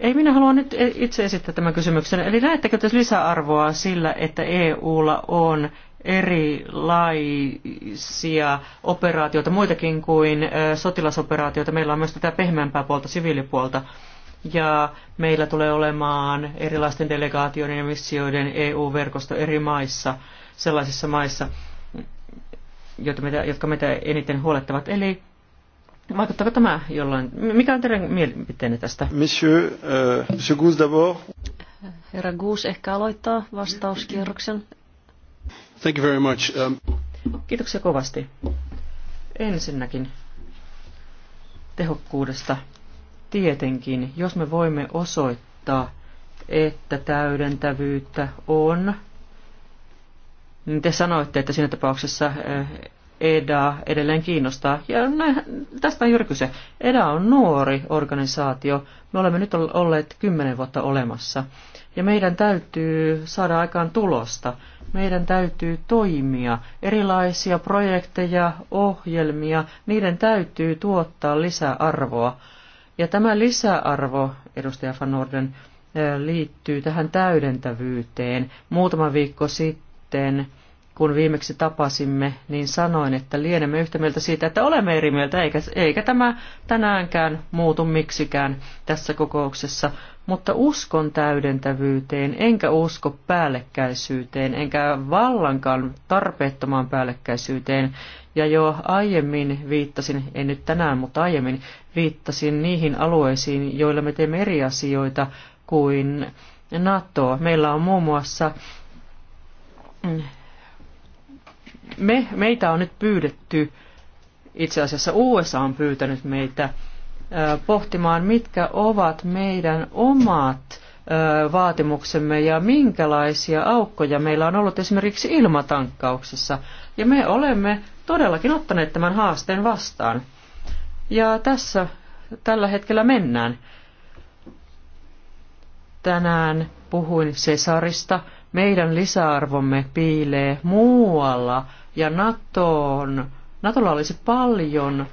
Ei minä halua nyt e-, itse esittää tämän kysymyksen. Eli näettekö te lisäarvoa sillä, että EUlla on erilaisia operaatioita, muitakin kuin sotilasoperaatioita. Meillä on myös tätä pehmeämpää puolta, siviilipuolta. Ja meillä tulee olemaan erilaisten delegaatioiden ja missioiden EU-verkosto eri maissa, sellaisissa maissa, jotka meitä eniten huolettavat. Eli Vaikuttaako tämä jollain? Mikä on teidän mielipiteenne tästä? Monsieur, uh, monsieur Herra Gous ehkä aloittaa vastauskierroksen. Thank you very much. Um... Kiitoksia kovasti. Ensinnäkin tehokkuudesta. Tietenkin, jos me voimme osoittaa, että täydentävyyttä on, niin te sanoitte, että siinä tapauksessa eh, EDA edelleen kiinnostaa. Ja näin, tästä on juuri kyse. EDA on nuori organisaatio. Me olemme nyt olleet kymmenen vuotta olemassa. Ja meidän täytyy saada aikaan tulosta meidän täytyy toimia. Erilaisia projekteja, ohjelmia, niiden täytyy tuottaa lisäarvoa. Ja tämä lisäarvo, edustaja Van Orden, eh, liittyy tähän täydentävyyteen. Muutama viikko sitten kun viimeksi tapasimme, niin sanoin, että lienemme yhtä mieltä siitä, että olemme eri mieltä, eikä, eikä tämä tänäänkään muutu miksikään tässä kokouksessa. Mutta uskon täydentävyyteen, enkä usko päällekkäisyyteen, enkä vallankaan tarpeettomaan päällekkäisyyteen. Ja jo aiemmin viittasin, ei nyt tänään, mutta aiemmin viittasin niihin alueisiin, joilla me teemme eri asioita kuin NATO. Meillä on muun muassa me, meitä on nyt pyydetty, itse asiassa USA on pyytänyt meitä pohtimaan, mitkä ovat meidän omat vaatimuksemme ja minkälaisia aukkoja meillä on ollut esimerkiksi ilmatankkauksessa. Ja me olemme todellakin ottaneet tämän haasteen vastaan. Ja tässä tällä hetkellä mennään. Tänään puhuin Cesarista, meidän lisäarvomme piilee muualla ja NATOon, NATOlla olisi paljon ö,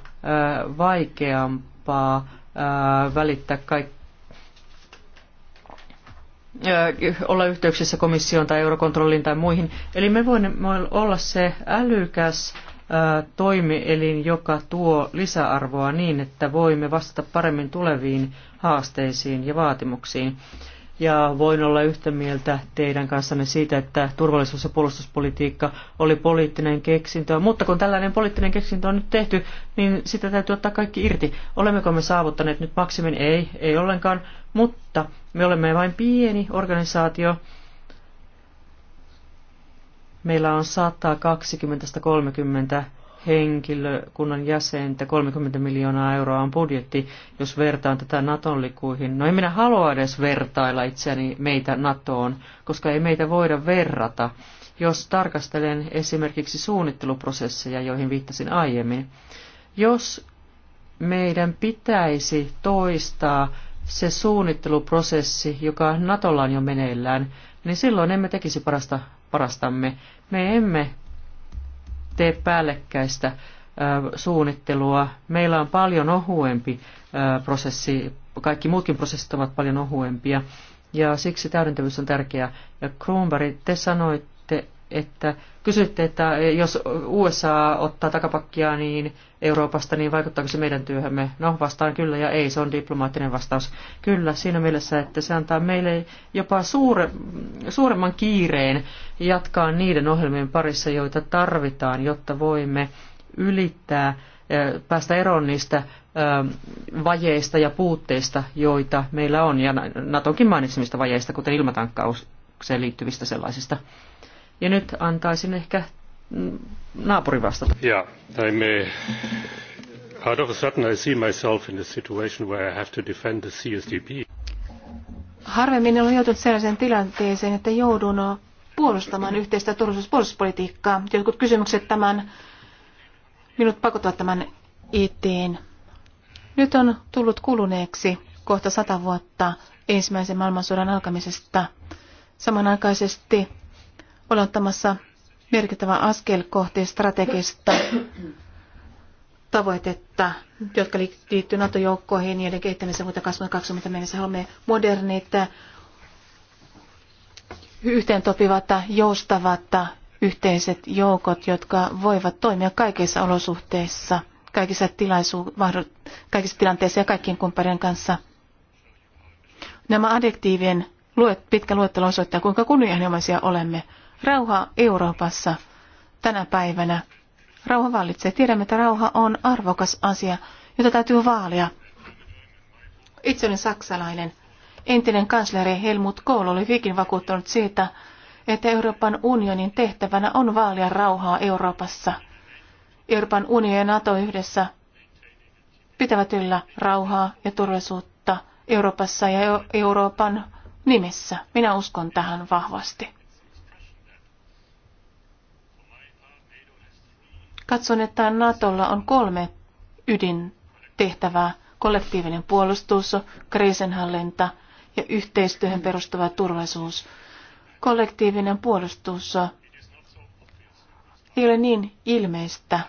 vaikeampaa ö, välittää kaikki olla yhteyksissä komissioon tai eurokontrolliin tai muihin. Eli me voimme olla se älykäs toimielin, joka tuo lisäarvoa niin, että voimme vastata paremmin tuleviin haasteisiin ja vaatimuksiin ja voin olla yhtä mieltä teidän kanssanne siitä, että turvallisuus- ja puolustuspolitiikka oli poliittinen keksintö. Mutta kun tällainen poliittinen keksintö on nyt tehty, niin sitä täytyy ottaa kaikki irti. Olemmeko me saavuttaneet nyt maksimin? Ei, ei ollenkaan. Mutta me olemme vain pieni organisaatio. Meillä on 120 30 henkilökunnan jäsentä, 30 miljoonaa euroa on budjetti, jos vertaan tätä Naton likuihin. No en minä halua edes vertailla itseäni meitä Natoon, koska ei meitä voida verrata. Jos tarkastelen esimerkiksi suunnitteluprosesseja, joihin viittasin aiemmin, jos meidän pitäisi toistaa se suunnitteluprosessi, joka Natolla on jo meneillään, niin silloin emme tekisi parasta, parastamme. Me emme tee päällekkäistä suunnittelua. Meillä on paljon ohuempi prosessi, kaikki muutkin prosessit ovat paljon ohuempia, ja siksi täydentävyys on tärkeää. Ja Kruunberg, te sanoitte, että kysytte, että jos USA ottaa takapakkia niin Euroopasta, niin vaikuttaako se meidän työhömme? No, vastaan kyllä ja ei, se on diplomaattinen vastaus. Kyllä, siinä mielessä, että se antaa meille jopa suure, suuremman kiireen jatkaa niiden ohjelmien parissa, joita tarvitaan, jotta voimme ylittää, päästä eroon niistä vajeista ja puutteista, joita meillä on, ja Natonkin mainitsemista vajeista, kuten ilmatankkaukseen liittyvistä sellaisista. Ja nyt antaisin ehkä mm, naapuri vastata. Yeah, I may. Out of a sudden I see myself in a situation where I have to defend the CSDP. Harvemmin olen joutunut sellaiseen tilanteeseen, että joudun puolustamaan yhteistä turvallisuuspuolustuspolitiikkaa. Jotkut kysymykset tämän, minut pakottavat tämän itiin, Nyt on tullut kuluneeksi kohta sata vuotta ensimmäisen maailmansodan alkamisesta. Samanaikaisesti olen ottamassa merkittävä askel kohti strategista tavoitetta, jotka liittyy NATO-joukkoihin ja niiden kehittämiseen vuoteen 2020 mennessä. Haluamme modernit, yhteentopivat, joustavat yhteiset joukot, jotka voivat toimia kaikissa olosuhteissa, kaikissa, tilaisu- kaikissa tilanteissa ja kaikkien kumppanien kanssa. Nämä adjektiivien luet, pitkä luettelo osoittaa, kuinka kunnianhimoisia olemme rauha Euroopassa tänä päivänä. Rauha vallitsee. Tiedämme, että rauha on arvokas asia, jota täytyy vaalia. Itse olen saksalainen. Entinen kansleri Helmut Kohl oli viikin vakuuttanut siitä, että Euroopan unionin tehtävänä on vaalia rauhaa Euroopassa. Euroopan unioni ja NATO yhdessä pitävät yllä rauhaa ja turvallisuutta Euroopassa ja Euroopan nimissä. Minä uskon tähän vahvasti. Katson, että Natolla on kolme ydintehtävää. Kollektiivinen puolustus, kriisinhallinta ja yhteistyöhön perustuva turvallisuus. Kollektiivinen puolustus ei ole niin ilmeistä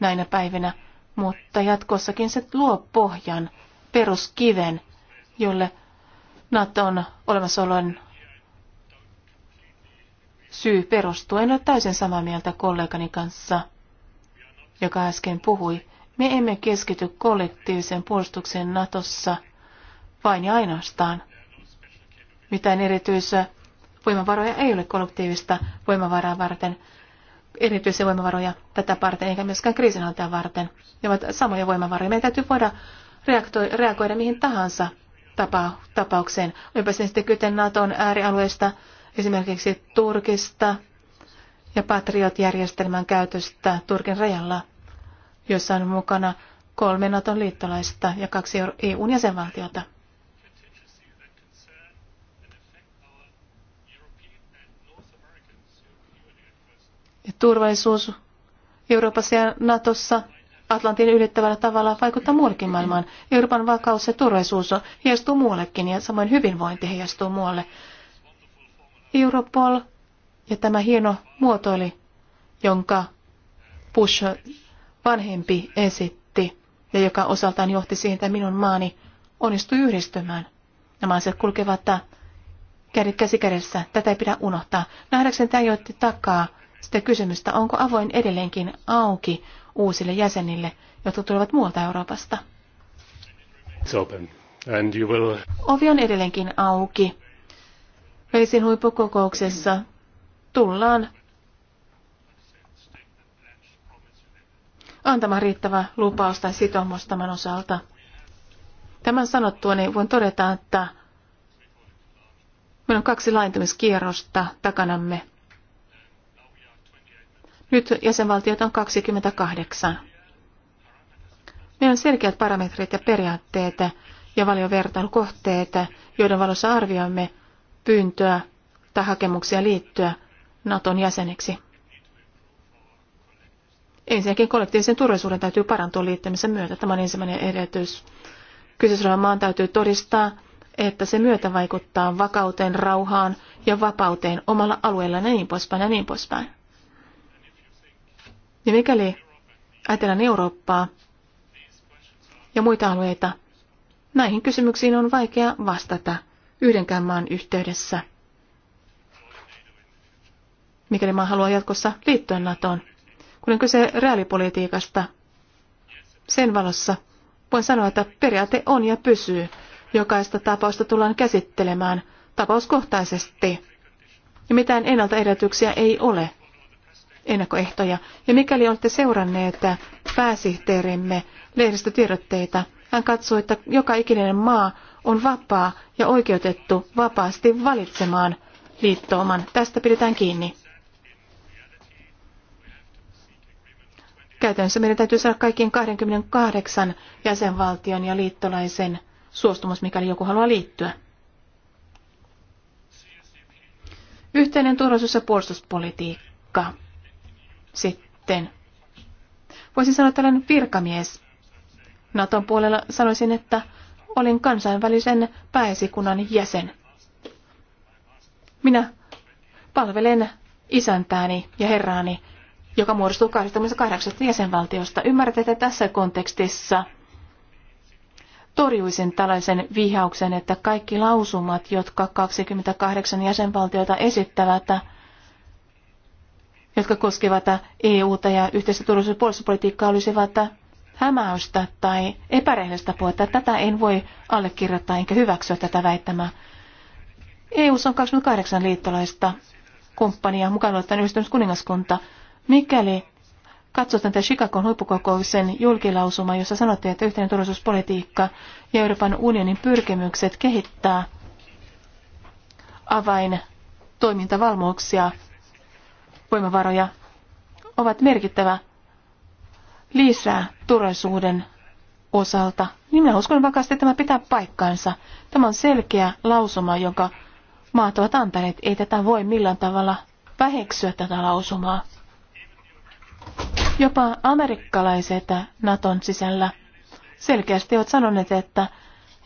näinä päivinä, mutta jatkossakin se luo pohjan, peruskiven, jolle Naton olemassaolon syy perustuu. En ole täysin samaa mieltä kollegani kanssa joka äsken puhui, me emme keskity kollektiivisen puolustuksen Natossa vain ja ainoastaan. Mitään erityisiä voimavaroja ei ole kollektiivista voimavaraa varten, erityisiä voimavaroja tätä varten, eikä myöskään kriisinhallintaa varten. Ne ovat samoja voimavaroja. Meidän täytyy voida reagoida mihin tahansa tapa, tapaukseen. Olipa sitten kyten Naton äärialueista, esimerkiksi Turkista, ja Patriot-järjestelmän käytöstä Turkin rajalla, jossa on mukana kolme Naton liittolaista ja kaksi EUn jäsenvaltiota. Ja turvallisuus Euroopassa ja Natossa Atlantin ylittävällä tavalla vaikuttaa muullekin maailmaan. Euroopan vakaus ja turvallisuus heijastuu muuallekin ja samoin hyvinvointi heijastuu muualle. Europol ja tämä hieno muotoili, jonka Bush vanhempi esitti ja joka osaltaan johti siihen, että minun maani onnistui yhdistymään. Nämä asiat kulkevat kädet käsi kädessä. Tätä ei pidä unohtaa. Nähdäkseni tämä joitti takaa sitä kysymystä, onko avoin edelleenkin auki uusille jäsenille, jotka tulevat muualta Euroopasta. Will... Ovi on edelleenkin auki. Velisin huippukokouksessa tullaan antamaan riittävä lupaus tai sitoumus tämän osalta. Tämän sanottua niin voin todeta, että meillä on kaksi laajentumiskierrosta takanamme. Nyt jäsenvaltiot on 28. Meillä on selkeät parametrit ja periaatteet ja valiovertailukohteet, joiden valossa arvioimme pyyntöä tai hakemuksia liittyä Naton jäseneksi. Ensinnäkin kollektiivisen turvallisuuden täytyy parantua liittämisen myötä. Tämä on ensimmäinen edellytys. Kyseessä olevan maan täytyy todistaa, että se myötä vaikuttaa vakauteen, rauhaan ja vapauteen omalla alueella ja niin poispäin ja niin poispäin. Ja mikäli ajatellaan Eurooppaa ja muita alueita, näihin kysymyksiin on vaikea vastata yhdenkään maan yhteydessä – mikäli maa haluaa jatkossa liittyä NATOon. Kun on kyse reaalipolitiikasta, sen valossa voin sanoa, että periaate on ja pysyy. Jokaista tapausta tullaan käsittelemään tapauskohtaisesti. Ja mitään ennaltaedellytyksiä ei ole ennakkoehtoja. Ja mikäli olette seuranneet pääsihteerimme lehdistötiedotteita, hän katsoo, että joka ikinen maa on vapaa ja oikeutettu vapaasti valitsemaan liittooman Tästä pidetään kiinni. Käytännössä meidän täytyy saada kaikkien 28 jäsenvaltion ja liittolaisen suostumus, mikäli joku haluaa liittyä. Yhteinen turvallisuus- ja puolustuspolitiikka sitten. Voisin sanoa tällainen virkamies. Naton puolella sanoisin, että olin kansainvälisen pääesikunnan jäsen. Minä palvelen isäntääni ja herraani joka muodostuu 28 jäsenvaltiosta. Ymmärrätte, että tässä kontekstissa torjuisin tällaisen vihauksen, että kaikki lausumat, jotka 28 jäsenvaltiota esittävät, jotka koskevat EUta ja yhteistä turvallisuus- ja puolustuspolitiikkaa, olisivat hämäystä tai epärehellistä puhetta. Tätä en voi allekirjoittaa enkä hyväksyä tätä väittämää. EUssa on 28 liittolaista kumppania, mukaan luettaen yhdistymiskuningaskunta. kuningaskunta. Mikäli katsot tätä Chicagon huippukokouksen julkilausuma, jossa sanottiin, että yhteinen turvallisuuspolitiikka ja Euroopan unionin pyrkimykset kehittää avain toimintavalmuuksia, voimavaroja ovat merkittävä lisää turvallisuuden osalta, niin minä uskon vakaasti, että tämä pitää paikkaansa. Tämä on selkeä lausuma, jonka maat ovat antaneet. Ei tätä voi millään tavalla väheksyä tätä lausumaa. Jopa amerikkalaiset Naton sisällä selkeästi ovat sanoneet, että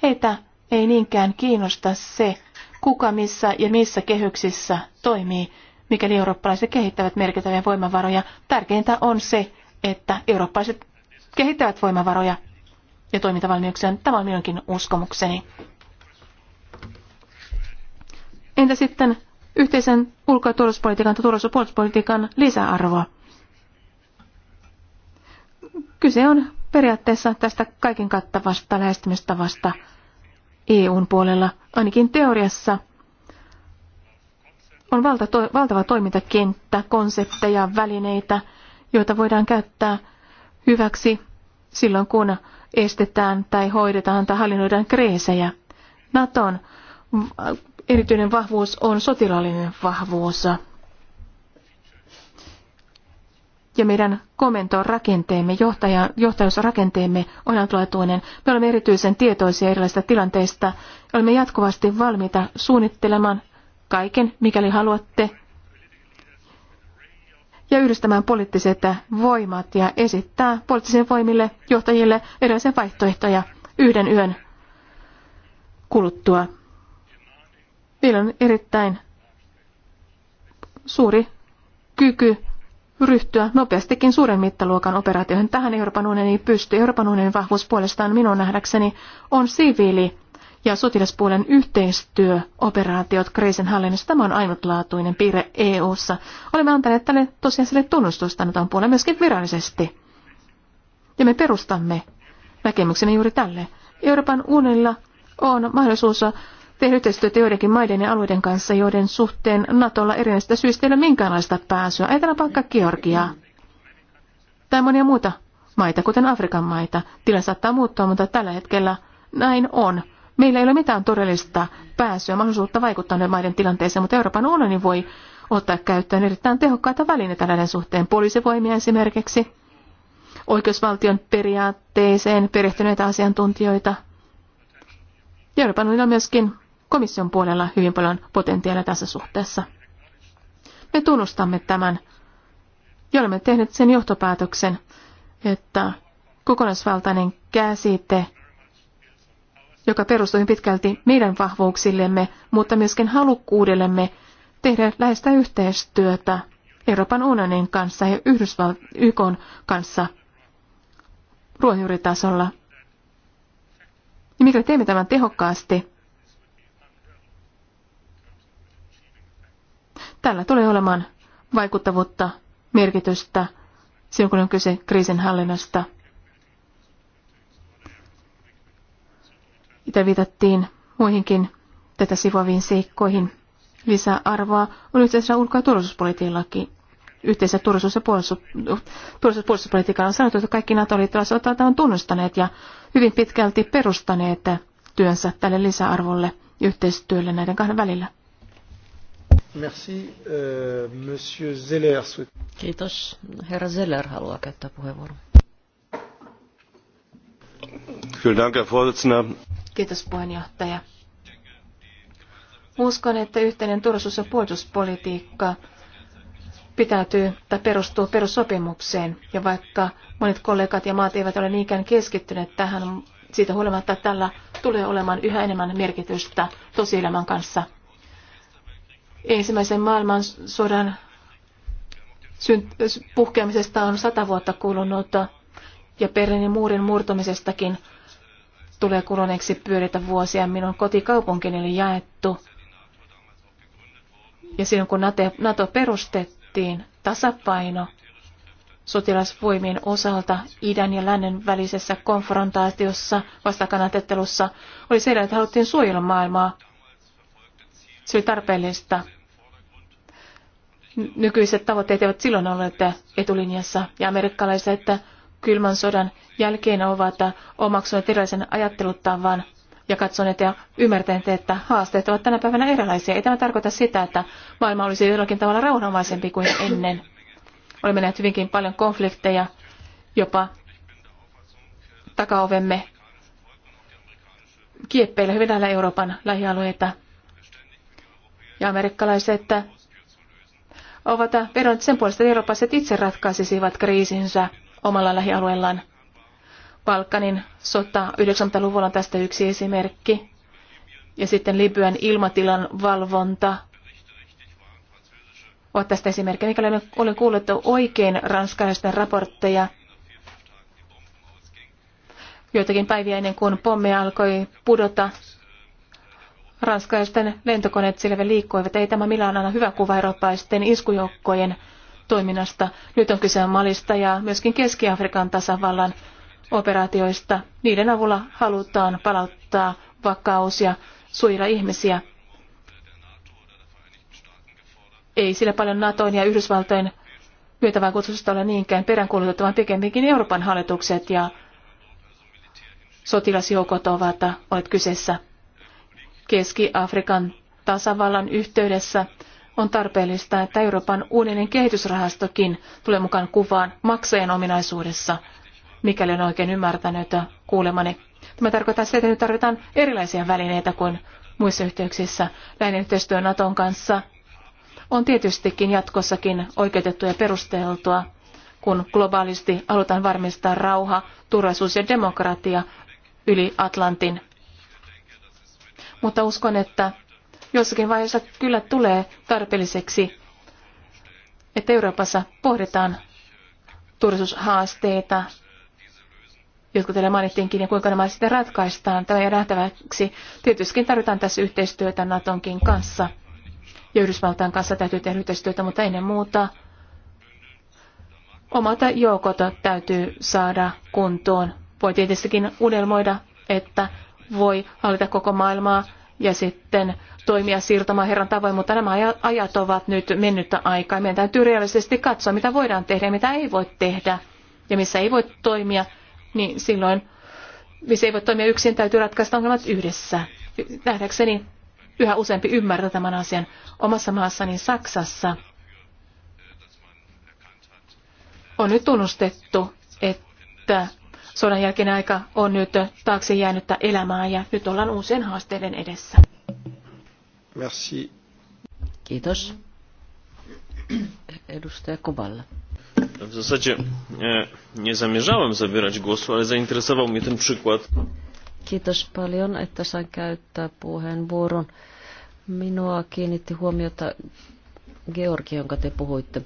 heitä ei niinkään kiinnosta se, kuka missä ja missä kehyksissä toimii, mikäli eurooppalaiset kehittävät merkittäviä voimavaroja. Tärkeintä on se, että eurooppalaiset kehittävät voimavaroja ja toimintavalmiuksia. Tämä on minunkin uskomukseni. Entä sitten yhteisen ulko- ja turvallisuuspolitiikan tai ja turvallisuuspolitiikan lisäarvoa? Kyse on periaatteessa tästä kaiken kattavasta lähestymistavasta EUn puolella, ainakin teoriassa. On valta, to, valtava toimintakenttä, konsepteja, välineitä, joita voidaan käyttää hyväksi silloin, kun estetään tai hoidetaan tai hallinnoidaan kreesejä. Naton erityinen vahvuus on sotilaallinen vahvuus ja meidän rakenteemme, johtaja, johtajuusrakenteemme on antlaatuinen. Me olemme erityisen tietoisia erilaisista tilanteista. Olemme jatkuvasti valmiita suunnittelemaan kaiken, mikäli haluatte, ja yhdistämään poliittiset voimat ja esittää poliittisille voimille, johtajille erilaisia vaihtoehtoja yhden yön kuluttua. Meillä on erittäin suuri kyky ryhtyä nopeastikin suuren mittaluokan operaatioihin. Tähän Euroopan unioni pystyy. Euroopan unionin vahvuus puolestaan minun nähdäkseni on siviili- ja sotilaspuolen yhteistyöoperaatiot kriisin hallinnassa. Tämä on ainutlaatuinen piirre EU-ssa. Olemme antaneet tälle sille tunnustusta on puolella myöskin virallisesti. Ja me perustamme näkemyksemme juuri tälle. Euroopan unionilla on mahdollisuus tehdä yhteistyötä joidenkin maiden ja alueiden kanssa, joiden suhteen Natolla erinäistä syistä ei ole minkäänlaista pääsyä. Ajatellaan vaikka Georgiaa tai monia muita maita, kuten Afrikan maita. Tila saattaa muuttua, mutta tällä hetkellä näin on. Meillä ei ole mitään todellista pääsyä, mahdollisuutta vaikuttaa näiden maiden tilanteeseen, mutta Euroopan unioni voi ottaa käyttöön erittäin tehokkaita välineitä näiden suhteen. Poliisivoimia esimerkiksi, oikeusvaltion periaatteeseen perehtyneitä asiantuntijoita. Euroopan unionilla on myöskin komission puolella hyvin paljon potentiaalia tässä suhteessa. Me tunnustamme tämän ja olemme tehneet sen johtopäätöksen, että kokonaisvaltainen käsite, joka perustuu pitkälti meidän vahvuuksillemme, mutta myöskin halukkuudellemme tehdä läheistä yhteistyötä Euroopan unionin kanssa ja Yhdysval- YK kanssa ruohonjuuritasolla. Ja mikäli teemme tämän tehokkaasti, Tällä tulee olemaan vaikuttavuutta, merkitystä silloin, kun on kyse kriisinhallinnasta. Mitä viitattiin muihinkin tätä sivuaviin seikkoihin. Lisäarvoa on yhteisellä ulko- ja turvallisuuspolitiikallakin. Yhteisellä turvallisuus- ja puolustuspolitiikalla on sanottu, että kaikki NATO-liittolaiset on tunnustaneet ja hyvin pitkälti perustaneet työnsä tälle lisäarvolle yhteistyölle näiden kahden välillä. Merci. Euh, Monsieur Zeller. Kiitos. Herra Zeller haluaa käyttää puheenvuoron. Kiitos puheenjohtaja. Uskon, että yhteinen turvallisuus- ja puolustuspolitiikka pitäytyy tai perustuu perussopimukseen. Ja vaikka monet kollegat ja maat eivät ole niinkään keskittyneet tähän, siitä huolimatta tällä tulee olemaan yhä enemmän merkitystä tosielämän kanssa ensimmäisen maailmansodan puhkeamisesta on sata vuotta kulunut ja Berliinin muurin murtumisestakin tulee kuluneeksi pyöritä vuosia. Minun kotikaupunkini oli jaettu. Ja silloin kun NATO perustettiin, tasapaino sotilasvoimien osalta idän ja lännen välisessä konfrontaatiossa, vastakkainasettelussa, oli se, että haluttiin suojella maailmaa se oli tarpeellista. Nykyiset tavoitteet eivät silloin olleet etulinjassa ja amerikkalaiset kylmän sodan jälkeen ovat omaksuneet erilaisen ajattelutavan ja katsoneet ja ymmärtäneet, että haasteet ovat tänä päivänä erilaisia. Ei tämä tarkoita sitä, että maailma olisi jollakin tavalla rauhanomaisempi kuin ennen. Olemme nähneet hyvinkin paljon konflikteja, jopa takaovemme kieppeillä hyvin lähellä Euroopan lähialueita ja amerikkalaiset ovat vedonneet sen puolesta, että eurooppalaiset itse ratkaisisivat kriisinsä omalla lähialueellaan. Balkanin sota 90-luvulla on tästä yksi esimerkki. Ja sitten Libyan ilmatilan valvonta on tästä esimerkkiä. Mikäli olen kuullut oikein ranskalaisten raportteja, joitakin päiviä ennen kuin pommi alkoi pudota, ranskalaisten lentokoneet siellä liikkuivat. Ei tämä millään aina hyvä kuva eurooppalaisten iskujoukkojen toiminnasta. Nyt on kyse Malista ja myöskin Keski-Afrikan tasavallan operaatioista. Niiden avulla halutaan palauttaa vakaus ja suojella ihmisiä. Ei sillä paljon NATOin ja Yhdysvaltojen myötävaikutusta kutsusta ole niinkään peräänkuulutettu, vaan pikemminkin Euroopan hallitukset ja sotilasjoukot ovat olleet kyseessä. Keski-Afrikan tasavallan yhteydessä on tarpeellista, että Euroopan unionin kehitysrahastokin tulee mukaan kuvaan maksajan ominaisuudessa, mikäli on oikein ymmärtänyt kuulemani. Tämä tarkoittaa sitä, että nyt tarvitaan erilaisia välineitä kuin muissa yhteyksissä. Läinen yhteistyö Naton kanssa on tietystikin jatkossakin oikeutettua ja perusteltua, kun globaalisti halutaan varmistaa rauha, turvallisuus ja demokratia yli Atlantin mutta uskon, että jossakin vaiheessa kyllä tulee tarpeelliseksi, että Euroopassa pohditaan turvallisuushaasteita, jotka teillä mainittiinkin, ja kuinka nämä sitten ratkaistaan. Tämä ei nähtäväksi. Tietysti tarvitaan tässä yhteistyötä Natonkin kanssa ja Yhdysvaltain kanssa täytyy tehdä yhteistyötä, mutta ennen muuta omat joukot täytyy saada kuntoon. Voi tietystikin unelmoida, että voi hallita koko maailmaa ja sitten toimia siirtämään Herran tavoin, mutta nämä ajat ovat nyt mennyttä aikaa. Meidän täytyy realistisesti katsoa, mitä voidaan tehdä ja mitä ei voi tehdä ja missä ei voi toimia, niin silloin missä ei voi toimia yksin, täytyy ratkaista ongelmat yhdessä. Nähdäkseni yhä useampi ymmärtää tämän asian omassa maassani Saksassa. On nyt tunnustettu, että Sodan jälkeinen aika on nyt taakse jäänyttä elämää ja nyt ollaan uusien haasteiden edessä. Merci. Kiitos. Edustaja Kowalla. W zasadzie nie, nie zamierzałem zabierać głosu, ale zainteresował mnie ten przykład. Kiitos paljon, että sain käyttää puheenvuoron. Minua kiinnitti huomiota Georgi, jonka te puhuitte.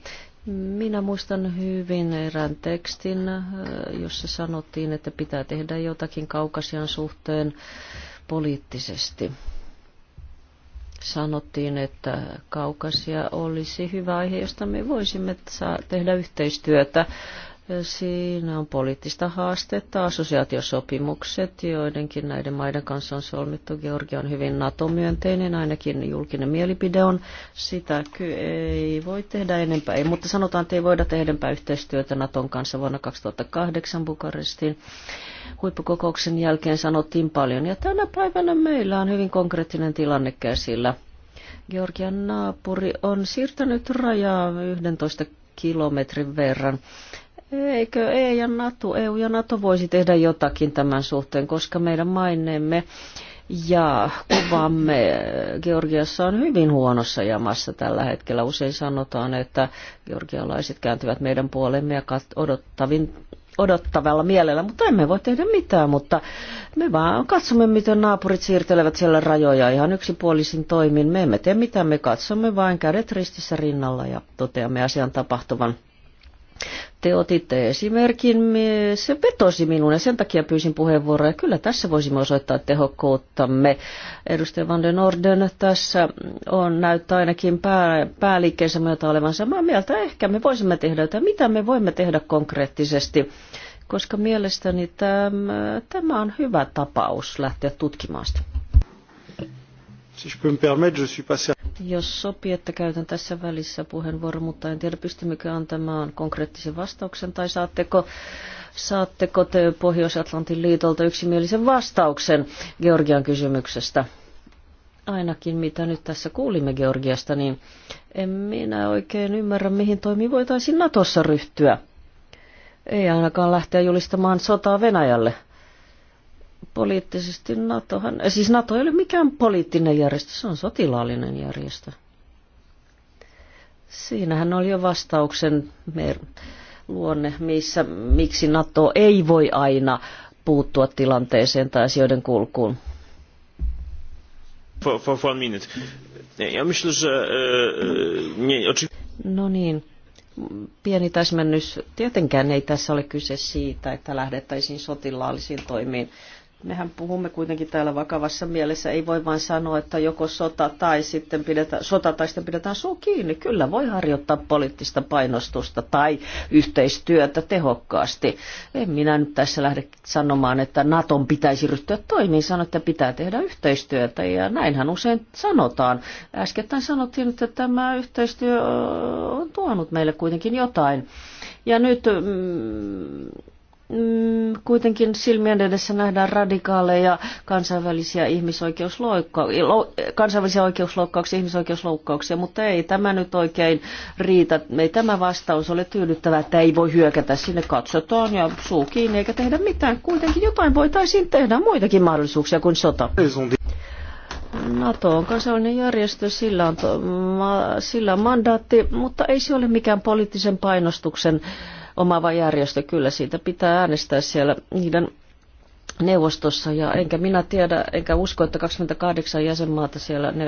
Minä muistan hyvin erään tekstin, äh, jossa sanottiin, että pitää tehdä jotakin kaukasian suhteen poliittisesti. Sanottiin, että kaukasia olisi hyvä aihe, josta me voisimme tehdä yhteistyötä Siinä on poliittista haastetta, assosiaatiosopimukset, joidenkin näiden maiden kanssa on solmittu. Georgia on hyvin NATO-myönteinen, ainakin julkinen mielipide on sitä. Kyllä ei voi tehdä enempää, ei, mutta sanotaan, että ei voida tehdä enempää yhteistyötä NATOn kanssa vuonna 2008 Bukarestin huippukokouksen jälkeen sanottiin paljon. Ja tänä päivänä meillä on hyvin konkreettinen tilanne käsillä. Georgian naapuri on siirtänyt rajaa 11 kilometrin verran Eikö EU ja NATO, EU ja NATO voisi tehdä jotakin tämän suhteen, koska meidän maineemme ja kuvamme Georgiassa on hyvin huonossa jamassa tällä hetkellä. Usein sanotaan, että georgialaiset kääntyvät meidän puolemme ja odottavin, odottavalla mielellä, mutta emme voi tehdä mitään, mutta me vaan katsomme, miten naapurit siirtelevät siellä rajoja ihan yksipuolisin toimin. Me emme tee mitään, me katsomme vain kädet ristissä rinnalla ja toteamme asian tapahtuvan. Te otitte esimerkin, se vetosi minun, ja sen takia pyysin puheenvuoroa. Ja kyllä tässä voisimme osoittaa tehokkuuttamme. Edustaja Van den Orden tässä on, näyttää ainakin pää, pääliikkeensä myötä olevan samaa mieltä. Ehkä me voisimme tehdä jotain. Mitä me voimme tehdä konkreettisesti? Koska mielestäni tämä, tämä on hyvä tapaus lähteä tutkimaan sitä. Si je peux me permettre, je suis passé jos sopii, että käytän tässä välissä puheenvuoron, mutta en tiedä pystymmekö antamaan konkreettisen vastauksen tai saatteko, saatteko te Pohjois-Atlantin liitolta yksimielisen vastauksen Georgian kysymyksestä? Ainakin mitä nyt tässä kuulimme Georgiasta, niin en minä oikein ymmärrä, mihin toimiin voitaisiin Natossa ryhtyä. Ei ainakaan lähteä julistamaan sotaa Venäjälle poliittisesti NATOhan, äh, siis NATO ei ole mikään poliittinen järjestö, se on sotilaallinen järjestö. Siinähän oli jo vastauksen luonne, missä, miksi NATO ei voi aina puuttua tilanteeseen tai asioiden kulkuun. For, for one minute. Ja myślę, że, e, e, no niin, pieni täsmennys. Tietenkään ei tässä ole kyse siitä, että lähdettäisiin sotilaallisiin toimiin Mehän puhumme kuitenkin täällä vakavassa mielessä. Ei voi vain sanoa, että joko sota tai sitten pidetään, sota tai sitten pidetään suu kiinni. Kyllä voi harjoittaa poliittista painostusta tai yhteistyötä tehokkaasti. En minä nyt tässä lähde sanomaan, että Naton pitäisi ryhtyä toimiin. Sanoin, että pitää tehdä yhteistyötä ja näinhän usein sanotaan. Äskettäin sanottiin, että tämä yhteistyö on tuonut meille kuitenkin jotain. Ja nyt... Mm, Mm, kuitenkin silmien edessä nähdään radikaaleja kansainvälisiä ihmisoikeusloukka- kansainvälisiä oikeusloukkauksia, ihmisoikeusloukkauksia, mutta ei tämä nyt oikein riitä. Ei tämä vastaus ole tyydyttävä, että ei voi hyökätä sinne, katsotaan ja suu kiinni eikä tehdä mitään. Kuitenkin jotain voitaisiin tehdä, muitakin mahdollisuuksia kuin sota. NATO on kansainvälinen järjestö, sillä on, sillä on mandaatti, mutta ei se ole mikään poliittisen painostuksen omaava järjestö. Kyllä siitä pitää äänestää siellä niiden neuvostossa ja enkä minä tiedä, enkä usko, että 28 jäsenmaata siellä ne,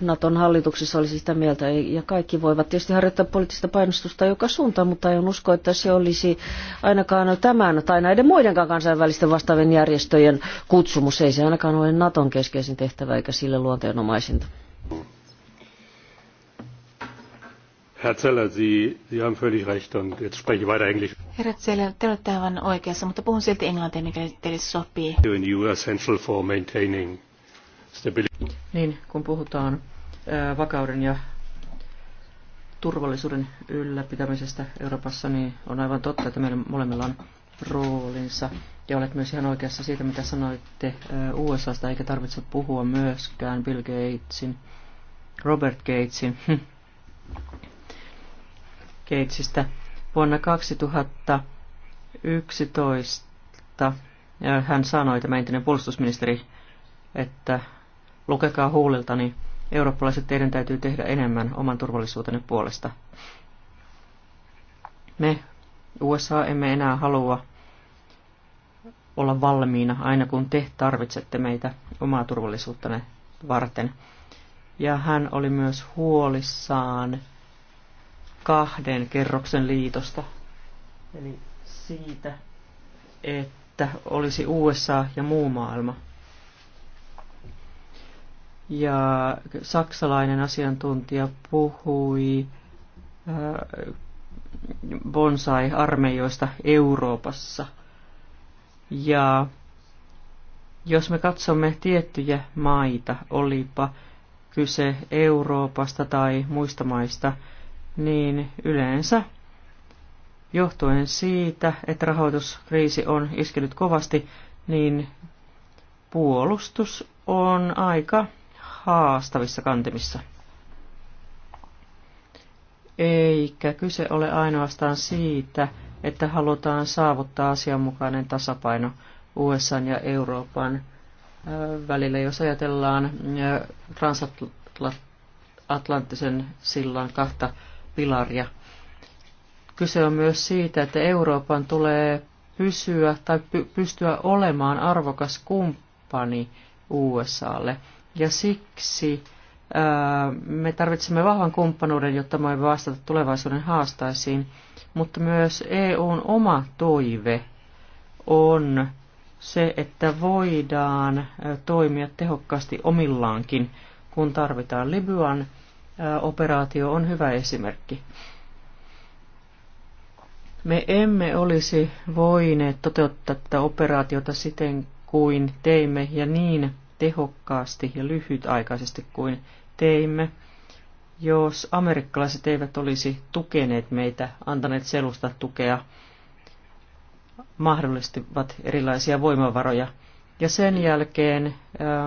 Naton hallituksissa olisi sitä mieltä ja kaikki voivat tietysti harjoittaa poliittista painostusta joka suuntaan, mutta en usko, että se olisi ainakaan tämän tai näiden muidenkaan kansainvälisten vastaavien järjestöjen kutsumus. Ei se ainakaan ole Naton keskeisin tehtävä eikä sille luonteenomaisinta. Herr Zeller, Sie, Sie haben völlig recht und jetzt spreche ich weiter Englisch. Herra Zeller, te olette aivan oikeassa, mutta puhun silti englantia, mikä teille sopii. EU essential for maintaining stability. Niin, kun puhutaan vakauden ja turvallisuuden ylläpitämisestä Euroopassa, niin on aivan totta, että meillä molemmilla on roolinsa. Ja olet myös ihan oikeassa siitä, mitä sanoitte USAsta, eikä tarvitse puhua myöskään Bill Gatesin, Robert Gatesin hm, Gatesista. Vuonna 2011 ja hän sanoi, tämä entinen puolustusministeri, että lukekaa huuliltani, niin eurooppalaiset teidän täytyy tehdä enemmän oman turvallisuutenne puolesta. Me USA emme enää halua olla valmiina aina kun te tarvitsette meitä omaa turvallisuuttanne varten. Ja hän oli myös huolissaan kahden kerroksen liitosta. Eli siitä, että olisi USA ja muu maailma. Ja saksalainen asiantuntija puhui äh, bonsai-armeijoista Euroopassa. Ja jos me katsomme tiettyjä maita, olipa kyse Euroopasta tai muista maista, niin yleensä johtuen siitä, että rahoituskriisi on iskenyt kovasti, niin puolustus on aika haastavissa kantimissa. Eikä kyse ole ainoastaan siitä, että halutaan saavuttaa asianmukainen tasapaino USA ja Euroopan äh, välillä, jos ajatellaan äh, transatlanttisen sillan kahta pilaria. Kyse on myös siitä, että Euroopan tulee pysyä tai pystyä olemaan arvokas kumppani USAlle. Ja siksi ää, me tarvitsemme vahvan kumppanuuden, jotta voimme vastata tulevaisuuden haastaisiin, mutta myös EUn oma toive on se, että voidaan toimia tehokkaasti omillaankin, kun tarvitaan Libyan operaatio on hyvä esimerkki. Me emme olisi voineet toteuttaa tätä operaatiota siten kuin teimme ja niin tehokkaasti ja lyhytaikaisesti kuin teimme, jos amerikkalaiset eivät olisi tukeneet meitä, antaneet selusta tukea, mahdollistivat erilaisia voimavaroja. Ja sen jälkeen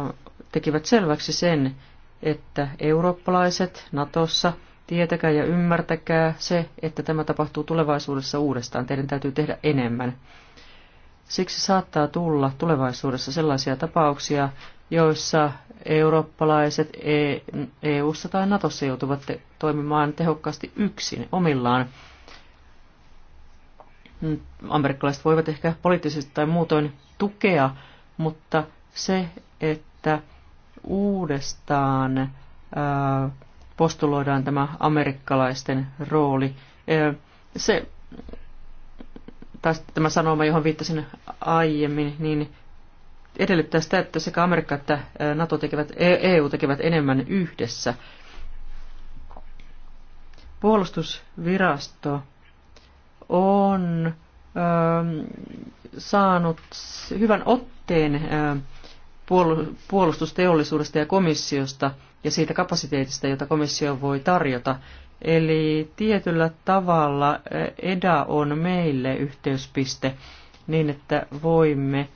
ö, tekivät selväksi sen, että eurooppalaiset Natossa tietäkää ja ymmärtäkää se, että tämä tapahtuu tulevaisuudessa uudestaan. Teidän täytyy tehdä enemmän. Siksi saattaa tulla tulevaisuudessa sellaisia tapauksia, joissa eurooppalaiset EU-ssa e tai Natossa joutuvat te- toimimaan tehokkaasti yksin, omillaan. Amerikkalaiset voivat ehkä poliittisesti tai muutoin tukea, mutta se, että uudestaan postuloidaan tämä amerikkalaisten rooli. Se, tai tämä sanoma, johon viittasin aiemmin, niin edellyttää sitä, että sekä Amerikka että NATO tekevät, EU e tekevät enemmän yhdessä. Puolustusvirasto on ö, saanut hyvän otteen ö, puolustusteollisuudesta ja komissiosta ja siitä kapasiteetista, jota komissio voi tarjota. Eli tietyllä tavalla EDA on meille yhteyspiste niin, että voimme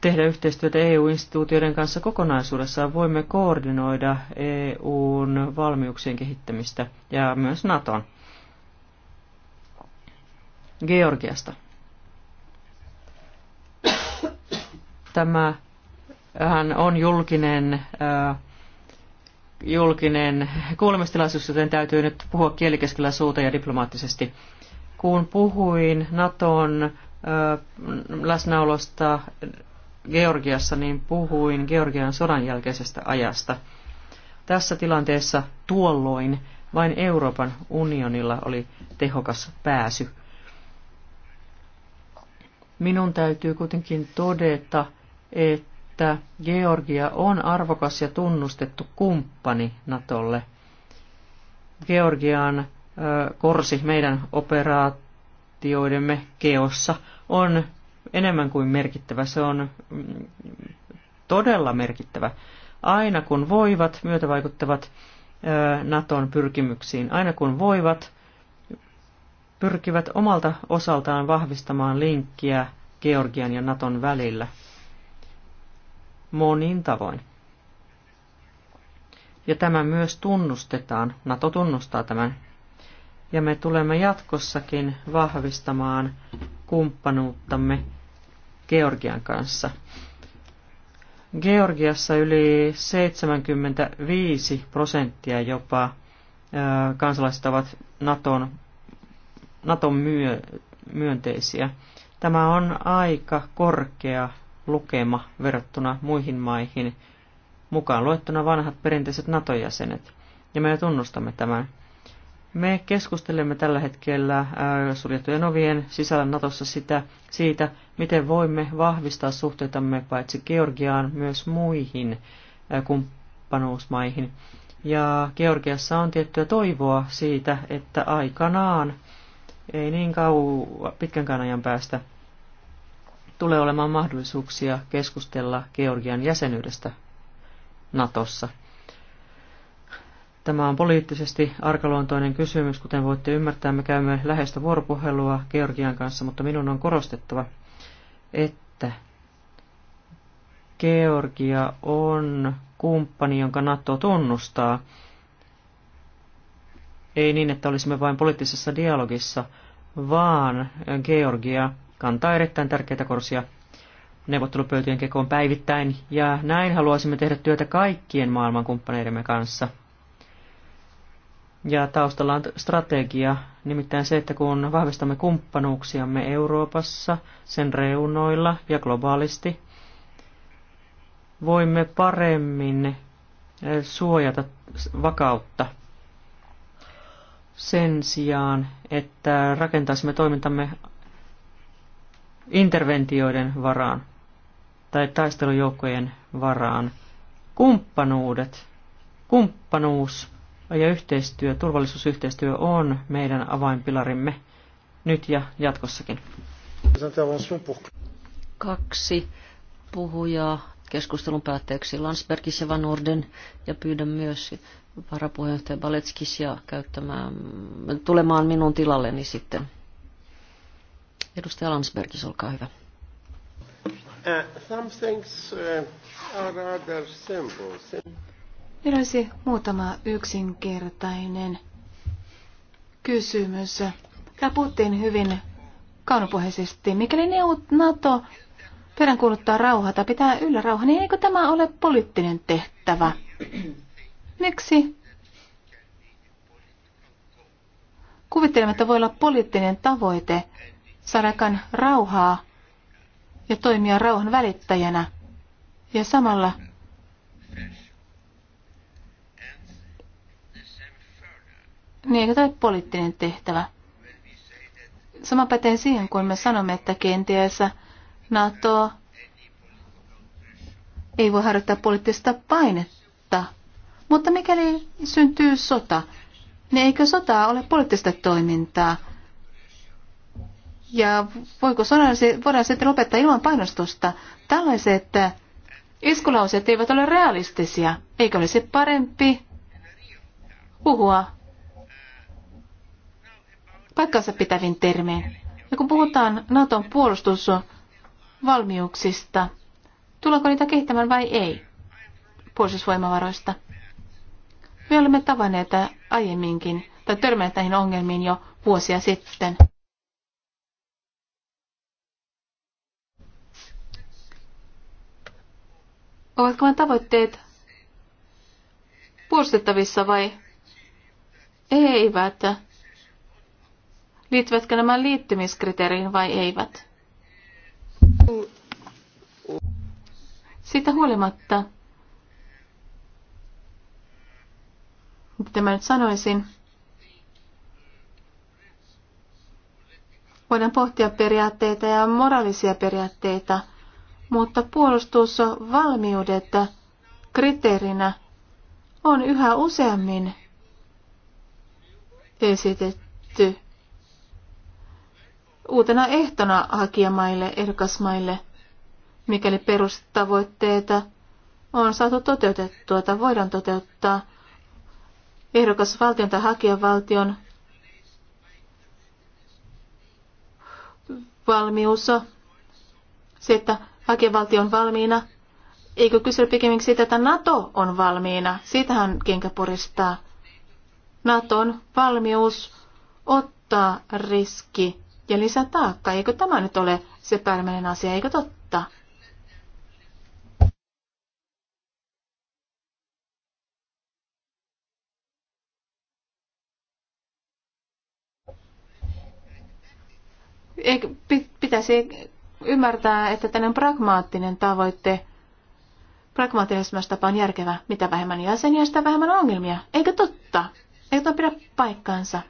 tehdä yhteistyötä EU-instituutioiden kanssa kokonaisuudessaan. Voimme koordinoida EUn valmiuksien kehittämistä ja myös Naton. Georgiasta. Tämä hän on julkinen, julkinen kuulemistilaisuus, joten täytyy nyt puhua kielikeskellä suuta ja diplomaattisesti. Kun puhuin Naton läsnäolosta Georgiassa, niin puhuin Georgian sodan jälkeisestä ajasta. Tässä tilanteessa tuolloin vain Euroopan unionilla oli tehokas pääsy. Minun täytyy kuitenkin todeta, että Georgia on arvokas ja tunnustettu kumppani Natolle. Georgian korsi meidän operaatioidemme keossa on enemmän kuin merkittävä. Se on mm, todella merkittävä. Aina kun voivat, myötävaikuttavat Naton pyrkimyksiin. Aina kun voivat, pyrkivät omalta osaltaan vahvistamaan linkkiä Georgian ja Naton välillä monin tavoin. Ja tämä myös tunnustetaan, NATO tunnustaa tämän. Ja me tulemme jatkossakin vahvistamaan kumppanuuttamme Georgian kanssa. Georgiassa yli 75 prosenttia jopa kansalaiset ovat Naton, Naton myö, myönteisiä. Tämä on aika korkea lukema verrattuna muihin maihin, mukaan luettuna vanhat perinteiset NATO-jäsenet. Ja me tunnustamme tämän. Me keskustelemme tällä hetkellä äh, suljettujen ovien sisällä Natossa sitä, siitä, miten voimme vahvistaa suhteitamme paitsi Georgiaan myös muihin äh, kumppanuusmaihin. Ja Georgiassa on tiettyä toivoa siitä, että aikanaan, ei niin kauan pitkänkään ajan päästä, tulee olemaan mahdollisuuksia keskustella Georgian jäsenyydestä Natossa. Tämä on poliittisesti arkaluontoinen kysymys, kuten voitte ymmärtää, me käymme läheistä vuoropuhelua Georgian kanssa, mutta minun on korostettava, että Georgia on kumppani, jonka NATO tunnustaa. Ei niin, että olisimme vain poliittisessa dialogissa, vaan Georgia kantaa erittäin tärkeitä korsia neuvottelupöytien kekoon päivittäin, ja näin haluaisimme tehdä työtä kaikkien maailman kumppaneidemme kanssa. Ja taustalla on strategia, nimittäin se, että kun vahvistamme kumppanuuksiamme Euroopassa, sen reunoilla ja globaalisti, voimme paremmin eh, suojata vakautta sen sijaan, että rakentaisimme toimintamme interventioiden varaan tai taistelujoukkojen varaan. Kumppanuudet, kumppanuus ja yhteistyö, turvallisuusyhteistyö on meidän avainpilarimme nyt ja jatkossakin. Kaksi puhujaa keskustelun päätteeksi Landsbergis ja Van Orden ja pyydän myös varapuheenjohtaja Baletskisia käyttämään, tulemaan minun tilalleni sitten Edustaja Landsbergis, olkaa hyvä. Uh, some uh, Meillä olisi muutama yksinkertainen kysymys. Tämä puhuttiin hyvin kaunopohjaisesti. Mikäli NATO peräänkuuluttaa rauhaa tai pitää yllä rauhaa, niin eikö tämä ole poliittinen tehtävä? Miksi? Kuvittelemme, että voi olla poliittinen tavoite saadakaan rauhaa ja toimia rauhan välittäjänä ja samalla niin eikä tämä poliittinen tehtävä. Sama pätee siihen, kun me sanomme, että kenties NATO ei voi harjoittaa poliittista painetta. Mutta mikäli syntyy sota, niin eikö sotaa ole poliittista toimintaa? Ja voiko sodan, voidaan sitten lopettaa ilman painostusta? Tällaiset äh, iskulauset eivät ole realistisia. Eikö olisi parempi puhua paikkansa pitävin termein? Ja kun puhutaan Naton puolustusvalmiuksista, tullaanko niitä kehittämään vai ei puolustusvoimavaroista? Me olemme tavanneet äh, aiemminkin tai törmänneet näihin ongelmiin jo vuosia sitten. Ovatko nämä tavoitteet puolustettavissa vai eivät? Liittyvätkö nämä liittymiskriteeriin vai eivät? Siitä huolimatta, mitä mä nyt sanoisin, voidaan pohtia periaatteita ja moraalisia periaatteita – mutta puolustusvalmiudet kriteerinä on yhä useammin esitetty uutena ehtona hakijamaille, erkasmaille, mikäli perustavoitteita on saatu toteutettua tai voidaan toteuttaa valtion tai hakijavaltion valmius se, että hakevaltio on valmiina. Eikö kysyä pikemminkin siitä, että NATO on valmiina? Siitähän kenkä puristaa. NATOn valmius ottaa riski ja lisätaakka. Eikö tämä nyt ole se päällimmäinen asia, eikö totta? Eikö, pitäisi ymmärtää, että tämmöinen pragmaattinen tavoitte, pragmaattinen tapa on järkevä. Mitä vähemmän jäseniä, sitä vähemmän ongelmia. Eikö totta? Eikö tämä pidä paikkaansa?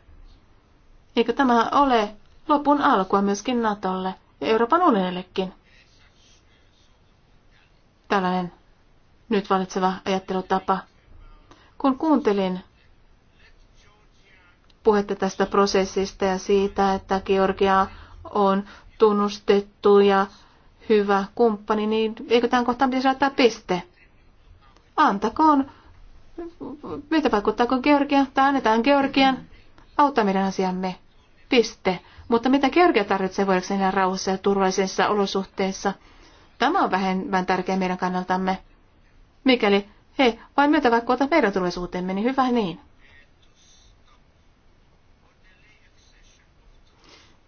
Eikö tämä ole lopun alkua myöskin Natolle ja Euroopan unionillekin? Tällainen nyt valitseva ajattelutapa. Kun kuuntelin puhetta tästä prosessista ja siitä, että Georgia on tunnustettu ja hyvä kumppani, niin eikö tämän kohtaan pitäisi laittaa piste? Antakoon, mitä vaikuttaako Georgia, tai annetaan Georgian, auta meidän asiamme, piste. Mutta mitä Georgia tarvitsee voidakseen elää rauhassa ja turvallisissa olosuhteissa? Tämä on vähemmän tärkeä meidän kannaltamme. Mikäli, hei, vain myötä vaikuttaa meidän turvallisuuteemme, niin hyvä niin.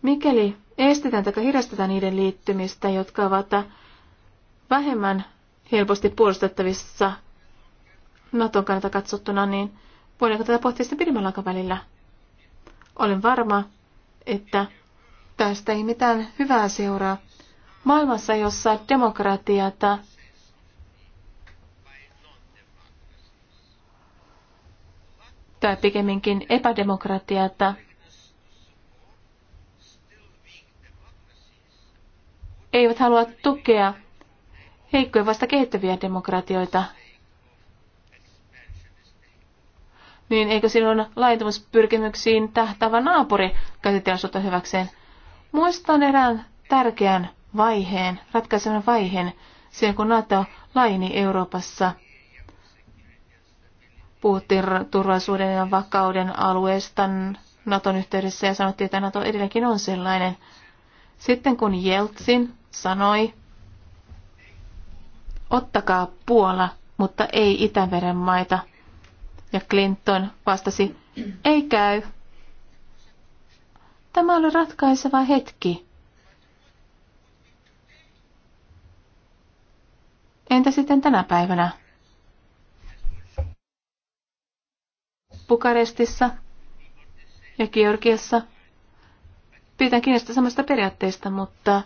Mikäli estetään tai hidastetaan niiden liittymistä, jotka ovat vähemmän helposti puolustettavissa Naton kannalta katsottuna, niin voidaanko tätä pohtia sitten pidemmällä aikavälillä? Olen varma, että tästä ei mitään hyvää seuraa. Maailmassa, jossa demokratiata tai pikemminkin epädemokratiata eivät halua tukea heikkoja vasta kehittyviä demokratioita. Niin eikö sinun laajentumispyrkimyksiin tähtävä naapuri käsiteollisuutta hyväkseen? Muistan erään tärkeän vaiheen, ratkaisevan vaiheen, sen kun NATO laini Euroopassa. Puhuttiin turvallisuuden ja vakauden alueesta Naton yhteydessä ja sanottiin, että Nato edelleenkin on sellainen – sitten kun Jeltsin sanoi, ottakaa Puola, mutta ei Itämeren maita, ja Clinton vastasi, ei käy. Tämä oli ratkaiseva hetki. Entä sitten tänä päivänä? Bukarestissa ja Georgiassa pidetään kiinni samasta periaatteesta, mutta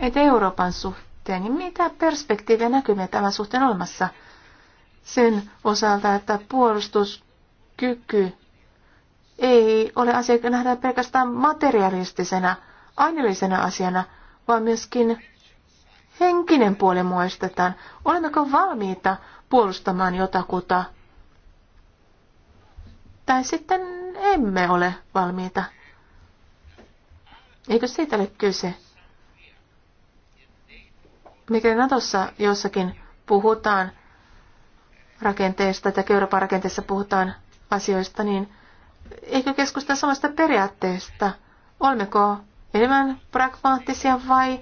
että Euroopan suhteen, niin mitä perspektiiviä näkymiä tämän suhteen olemassa sen osalta, että puolustuskyky ei ole asia, joka nähdään pelkästään materialistisena, aineellisena asiana, vaan myöskin henkinen puoli muistetaan. Olemmeko valmiita puolustamaan jotakuta tai sitten emme ole valmiita. Eikö siitä ole kyse? Mikäli Natossa jossakin puhutaan rakenteesta tai Euroopan rakenteessa puhutaan asioista, niin eikö keskustella samasta periaatteesta? Olemmeko enemmän pragmaattisia vai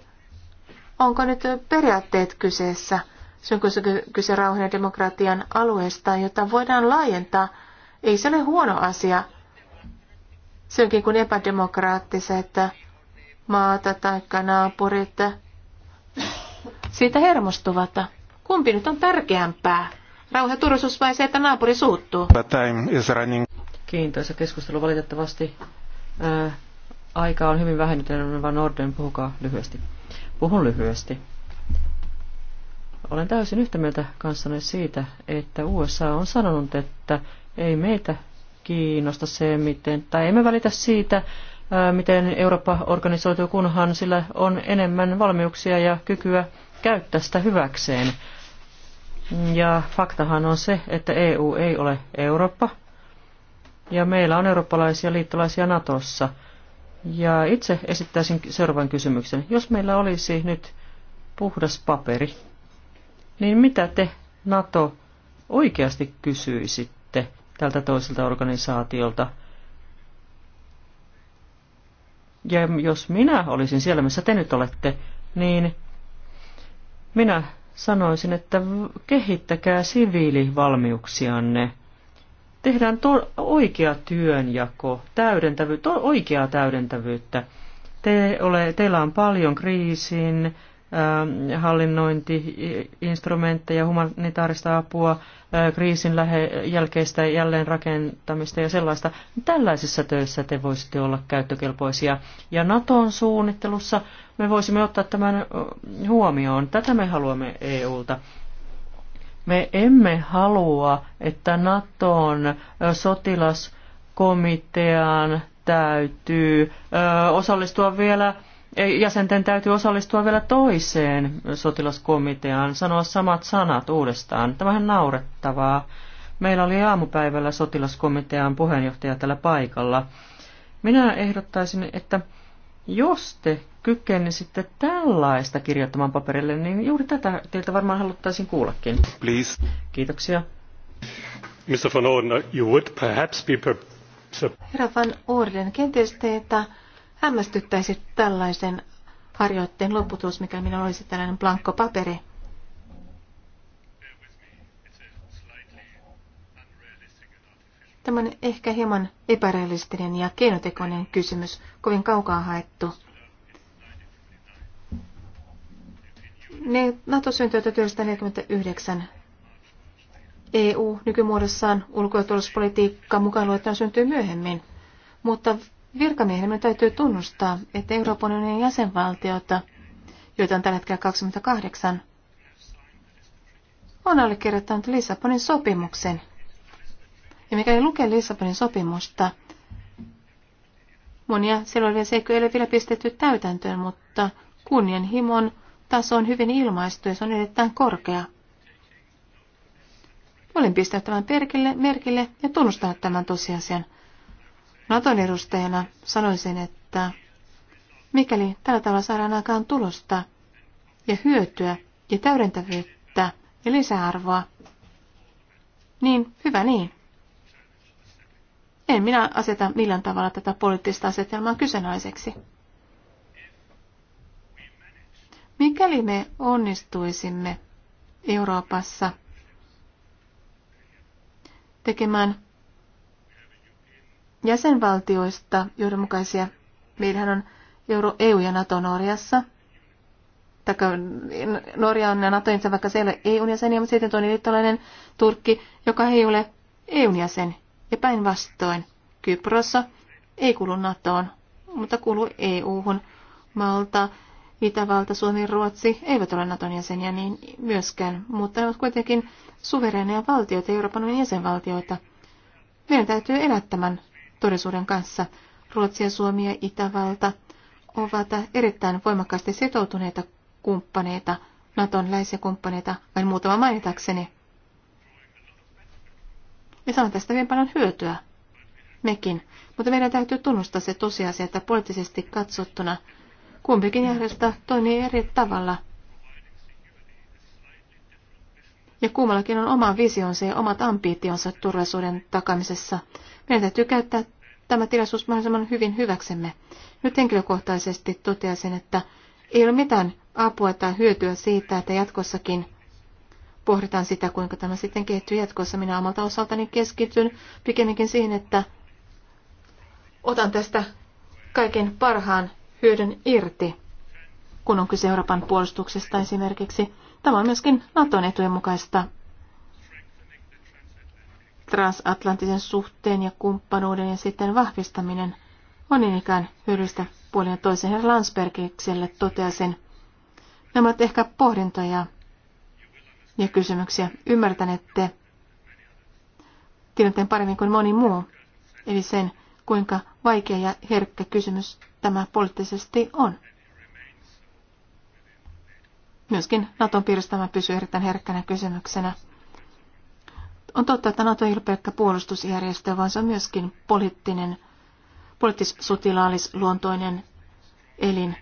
onko nyt periaatteet kyseessä? Se on kyse rauhan ja demokratian alueesta, jota voidaan laajentaa ei se ole huono asia. Senkin kuin epädemokraattiset maata tai naapurit siitä hermostuvat. Kumpi nyt on tärkeämpää? Rauha turvallisuus vai se, että naapuri suuttuu? Kiintoisa keskustelu valitettavasti. Ää, äh, aika on hyvin vähennyt, vaan Norden, puhukaa lyhyesti. Puhun lyhyesti. Olen täysin yhtä mieltä kanssanne siitä, että USA on sanonut, että ei meitä kiinnosta se, miten, tai emme välitä siitä, miten Eurooppa organisoituu, kunhan sillä on enemmän valmiuksia ja kykyä käyttää sitä hyväkseen. Ja faktahan on se, että EU ei ole Eurooppa, ja meillä on eurooppalaisia liittolaisia Natossa. Ja itse esittäisin seuraavan kysymyksen. Jos meillä olisi nyt puhdas paperi, niin mitä te, NATO, oikeasti kysyisitte – tältä toiselta organisaatiolta. Ja jos minä olisin siellä, missä te nyt olette, niin minä sanoisin, että kehittäkää siviilivalmiuksianne. Tehdään to- oikea työnjako, täydentävy- to- oikeaa täydentävyyttä. Te ole, teillä on paljon kriisin Ähm, hallinnointiinstrumentteja, humanitaarista apua, äh, kriisin lähe- jälkeistä jälleenrakentamista ja sellaista. Tällaisissa töissä te voisitte olla käyttökelpoisia. Ja Naton suunnittelussa me voisimme ottaa tämän huomioon. Tätä me haluamme EUlta. Me emme halua, että Naton sotilaskomitean täytyy osallistua vielä – jäsenten täytyy osallistua vielä toiseen sotilaskomiteaan, sanoa samat sanat uudestaan. Tämähän naurettavaa. Meillä oli aamupäivällä sotilaskomitean puheenjohtaja tällä paikalla. Minä ehdottaisin, että jos te kykenisitte tällaista kirjoittamaan paperille, niin juuri tätä teiltä varmaan haluttaisiin kuullakin. Please. Kiitoksia. Mr. Van Orden, you would perhaps be per... Herra Van Orden, kenties teitä hämmästyttäisi tällaisen harjoitteen lopputulos, mikä minä olisi tällainen blankko paperi. Tämä on ehkä hieman epärealistinen ja keinotekoinen kysymys, kovin kaukaa haettu. Ne NATO syntyi 1949. EU nykymuodossaan ulko- ja turvallisuuspolitiikka mukaan luettuna syntyy myöhemmin, mutta Virkamiehemme täytyy tunnustaa, että Euroopan unionin jäsenvaltiota, joita on tällä hetkellä 28, on allekirjoittanut Lissabonin sopimuksen. Ja mikäli lukee Lissabonin sopimusta, monia silloin vielä ei ole vielä pistetty täytäntöön, mutta kunnianhimon taso on hyvin ilmaistu ja se on erittäin korkea. Olin pistänyt tämän perkille, merkille ja tunnustanut tämän tosiasian. Naton edustajana sanoisin, että mikäli tällä tavalla saadaan aikaan tulosta ja hyötyä ja täydentävyyttä ja lisäarvoa, niin hyvä niin. En minä aseta millään tavalla tätä poliittista asetelmaa kyseenalaiseksi. Mikäli me onnistuisimme Euroopassa tekemään jäsenvaltioista johdonmukaisia. Meillähän on Euro, EU ja NATO Norjassa. taka, Norja on NATO, vaikka se ei ole EUn jäseniä, mutta sitten toinen liittolainen Turkki, joka ei ole EUn jäsen. Ja päinvastoin Kyprossa ei kuulu NATOon, mutta kuuluu EU-hun. Malta, Itävalta, Suomi, Ruotsi eivät ole Naton jäseniä niin myöskään, mutta ne ovat kuitenkin suvereneja valtioita, Euroopan unionin jäsenvaltioita. Meidän täytyy elää tämän todellisuuden kanssa. Ruotsi Suomi ja Itävalta ovat erittäin voimakkaasti sitoutuneita kumppaneita, Naton läheisiä kumppaneita, vain muutama mainitakseni. Me saamme tästä hyvin paljon hyötyä, mekin. Mutta meidän täytyy tunnustaa se tosiasia, että poliittisesti katsottuna kumpikin järjestö toimii eri tavalla – ja kummallakin on oma visionsa ja omat ambitionsa turvallisuuden takamisessa. Meidän täytyy käyttää tämä tilaisuus mahdollisimman hyvin hyväksemme. Nyt henkilökohtaisesti toteaisin, että ei ole mitään apua tai hyötyä siitä, että jatkossakin pohditaan sitä, kuinka tämä sitten kehittyy jatkossa. Minä omalta osaltani keskityn pikemminkin siihen, että otan tästä kaiken parhaan hyödyn irti, kun on kyse Euroopan puolustuksesta esimerkiksi. Tämä on myöskin Naton etujen mukaista transatlanttisen suhteen ja kumppanuuden ja sitten vahvistaminen on niin ikään hyödyllistä puolin ja toisen herra Landsbergikselle toteasin. Nämä ovat ehkä pohdintoja ja kysymyksiä. Ymmärtänette tilanteen paremmin kuin moni muu, eli sen, kuinka vaikea ja herkkä kysymys tämä poliittisesti on. Myöskin Naton piirissä tämä pysyy erittäin herkkänä kysymyksenä. On totta, että Nato ei ole pelkkä puolustusjärjestö, vaan se on myöskin poliittinen, poliittis-sotilaallisluontoinen elin.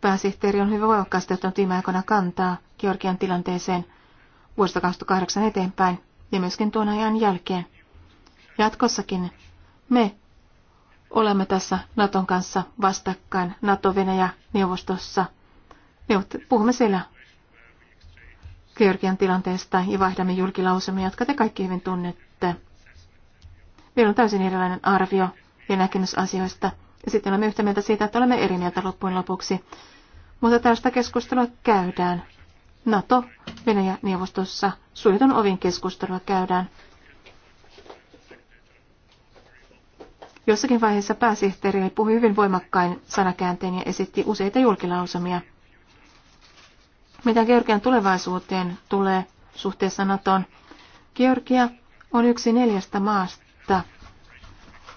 Pääsihteeri on hyvin voimakkaasti ottanut viime aikoina kantaa Georgian tilanteeseen vuodesta 2008 eteenpäin ja myöskin tuon ajan jälkeen. Jatkossakin me olemme tässä Naton kanssa vastakkain NATO-Venäjä-neuvostossa – Puhumme siellä Georgian tilanteesta ja vaihdamme julkilausumia, jotka te kaikki hyvin tunnette. Meillä on täysin erilainen arvio ja näkemys asioista. Ja sitten olemme yhtä mieltä siitä, että olemme eri mieltä loppujen lopuksi. Mutta tästä keskustelua käydään. NATO, Venäjä neuvostossa suljetun ovin keskustelua käydään. Jossakin vaiheessa pääsihteeri puhui hyvin voimakkain sanakäänteen ja esitti useita julkilausumia – mitä Georgian tulevaisuuteen tulee suhteessa Naton? Georgia on yksi neljästä maasta,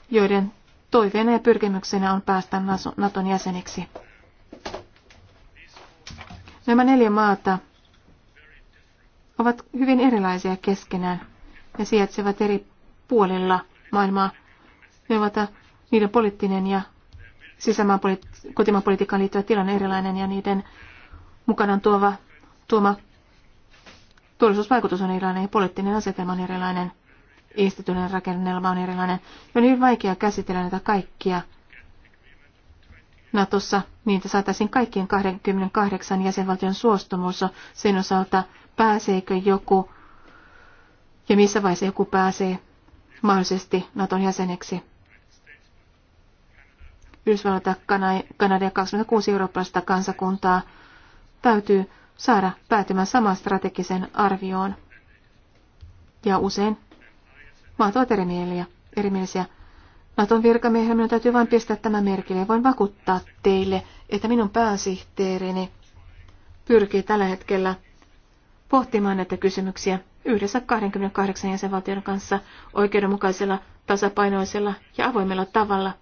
joiden toiveena ja pyrkimyksenä on päästä Naton jäseniksi. Nämä neljä maata ovat hyvin erilaisia keskenään ja sijaitsevat eri puolilla maailmaa. Ne ovat äh, niiden poliittinen ja sisämaan kotimaan politiikkaan liittyvä tilanne erilainen ja niiden mukanaan tuova, tuoma turvallisuusvaikutus on erilainen ja poliittinen asetelma on erilainen, instituutioiden rakennelma on erilainen. Ja on hyvin vaikea käsitellä näitä kaikkia Natossa, niin että saataisiin kaikkien 28 jäsenvaltion suostumus sen osalta, pääseekö joku ja missä vaiheessa joku pääsee mahdollisesti Naton jäseneksi. Yhdysvallat, Kanada ja 26 eurooppalaista kansakuntaa täytyy saada päätymään samaan strategisen arvioon. Ja usein maat ovat erimielisiä. erimielisiä. Naton virkamiehen minun täytyy vain pistää tämä merkille. Voin vakuuttaa teille, että minun pääsihteerini pyrkii tällä hetkellä pohtimaan näitä kysymyksiä yhdessä 28 jäsenvaltion kanssa oikeudenmukaisella, tasapainoisella ja avoimella tavalla.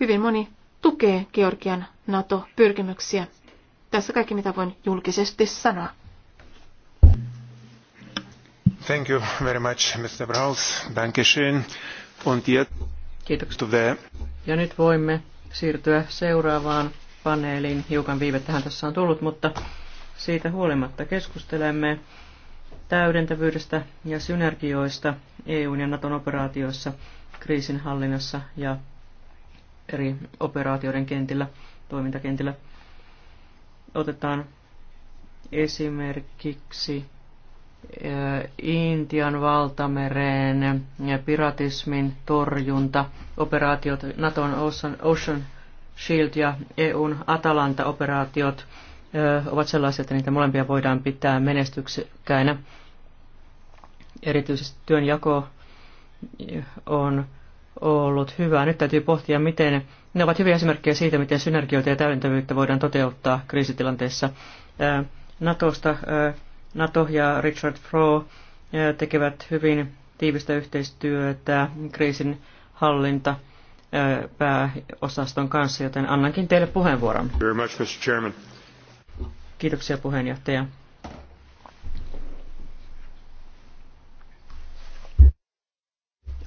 Hyvin moni tukee Georgian NATO-pyrkimyksiä. Tässä kaikki, mitä voin julkisesti sanoa. Thank you very much, Mr. Braus. Dankeschön. Und jetzt Kiitoksia. Ja nyt voimme siirtyä seuraavaan paneeliin. Hiukan viivettähän tässä on tullut, mutta siitä huolimatta keskustelemme täydentävyydestä ja synergioista EUn ja Naton operaatioissa, kriisinhallinnassa ja eri operaatioiden kentillä, toimintakentillä – Otetaan esimerkiksi eh, Intian valtamereen ja piratismin torjunta, operaatiot Naton Ocean, Ocean Shield ja EUn Atalanta-operaatiot eh, ovat sellaisia, että niitä molempia voidaan pitää menestyksekkäinä. Erityisesti työnjako eh, on ollut hyvä. Nyt täytyy pohtia, miten ne ovat hyviä esimerkkejä siitä, miten synergioita ja täydentävyyttä voidaan toteuttaa kriisitilanteessa. NATOsta NATO ja Richard Froh tekevät hyvin tiivistä yhteistyötä kriisin hallinta pääosaston kanssa, joten annankin teille puheenvuoron. Kiitoksia puheenjohtaja.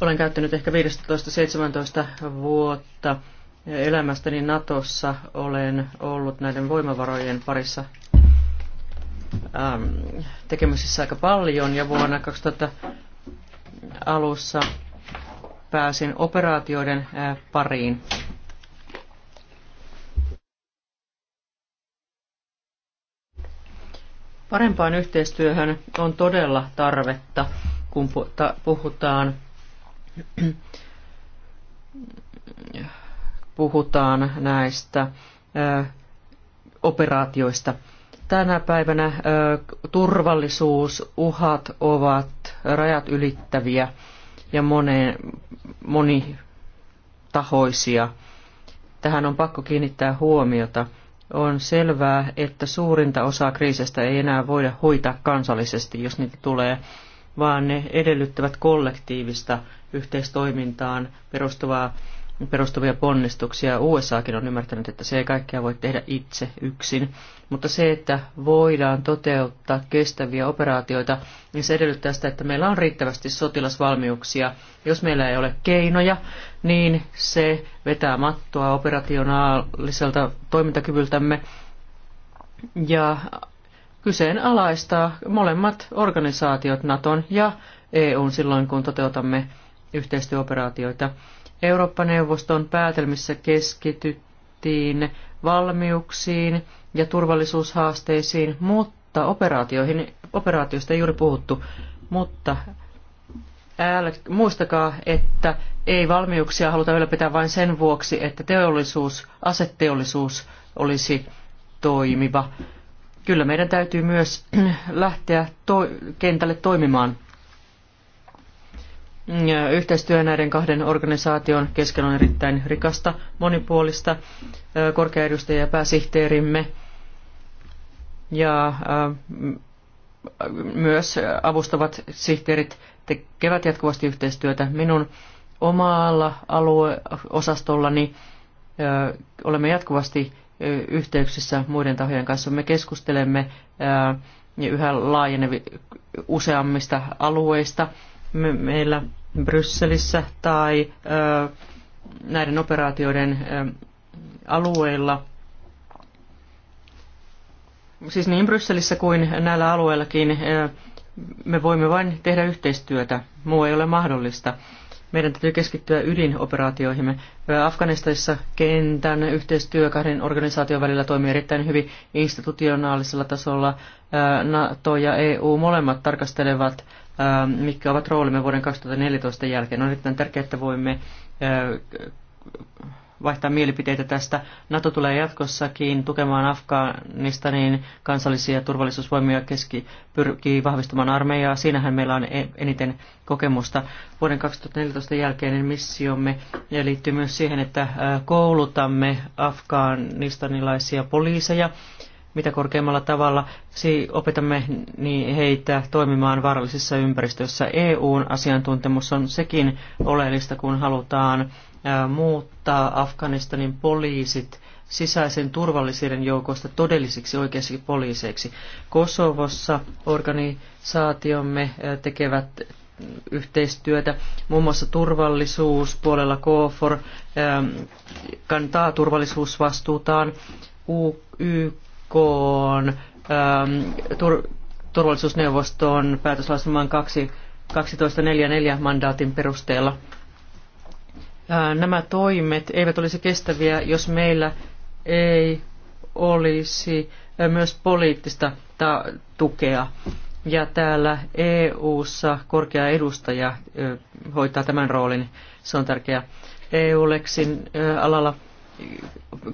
Olen käyttänyt ehkä 15-17 vuotta elämästäni Natossa olen ollut näiden voimavarojen parissa äm, tekemisissä aika paljon ja vuonna 2000 alussa pääsin operaatioiden ää, äh, pariin. Parempaan yhteistyöhön on todella tarvetta, kun puhutaan puhutaan näistä operaatioista. Tänä päivänä turvallisuusuhat ovat rajat ylittäviä ja moneen, monitahoisia. Tähän on pakko kiinnittää huomiota. On selvää, että suurinta osaa kriisistä ei enää voida hoitaa kansallisesti, jos niitä tulee, vaan ne edellyttävät kollektiivista yhteistoimintaan perustuvaa perustuvia ponnistuksia. USAkin on ymmärtänyt, että se ei kaikkea voi tehdä itse yksin, mutta se, että voidaan toteuttaa kestäviä operaatioita, niin se edellyttää sitä, että meillä on riittävästi sotilasvalmiuksia. Jos meillä ei ole keinoja, niin se vetää mattoa operationaaliselta toimintakyvyltämme ja kyseenalaistaa molemmat organisaatiot, Naton ja EUn, silloin kun toteutamme yhteistyöoperaatioita. Eurooppa-neuvoston päätelmissä keskityttiin valmiuksiin ja turvallisuushaasteisiin, mutta operaatioihin, operaatioista ei juuri puhuttu, mutta älä, muistakaa, että ei valmiuksia haluta ylläpitää vain sen vuoksi, että teollisuus, aseteollisuus olisi toimiva. Kyllä meidän täytyy myös lähteä to- kentälle toimimaan Yhteistyö näiden kahden organisaation kesken on erittäin rikasta, monipuolista. Korkeaedustaja ja pääsihteerimme ja myös avustavat sihteerit tekevät jatkuvasti yhteistyötä. Minun omalla alueosastollani olemme jatkuvasti yhteyksissä muiden tahojen kanssa. Me keskustelemme yhä laajenevi useammista alueista – meillä Brysselissä tai näiden operaatioiden alueilla, siis niin Brysselissä kuin näillä alueillakin, me voimme vain tehdä yhteistyötä. Muu ei ole mahdollista. Meidän täytyy keskittyä ydinoperaatioihimme. Afganistanissa kentän yhteistyö kahden organisaation välillä toimii erittäin hyvin institutionaalisella tasolla. NATO ja EU molemmat tarkastelevat Ähm, mitkä ovat roolimme vuoden 2014 jälkeen. On erittäin tärkeää, että voimme äh, vaihtaa mielipiteitä tästä. NATO tulee jatkossakin tukemaan Afganistanin kansallisia turvallisuusvoimia keski, pyrkii vahvistamaan armeijaa. Siinähän meillä on e-, eniten kokemusta. Vuoden 2014 jälkeinen missiomme liittyy myös siihen, että äh, koulutamme afganistanilaisia poliiseja mitä korkeammalla tavalla opetamme niin heitä toimimaan vaarallisissa ympäristöissä. EUn asiantuntemus on sekin oleellista, kun halutaan muuttaa Afganistanin poliisit sisäisen turvallisuuden joukosta todellisiksi oikeiksi poliiseiksi. Kosovossa organisaatiomme tekevät yhteistyötä, muun muassa turvallisuuspuolella KFOR kantaa turvallisuusvastuutaan, YK YKn ähm, tur, turvallisuusneuvoston päätöslauselmaan 1244 mandaatin perusteella. Äh, nämä toimet eivät olisi kestäviä, jos meillä ei olisi äh, myös poliittista tukea. Ja täällä EU-ssa korkea edustaja äh, hoitaa tämän roolin. Se on tärkeää. EU-leksin alalla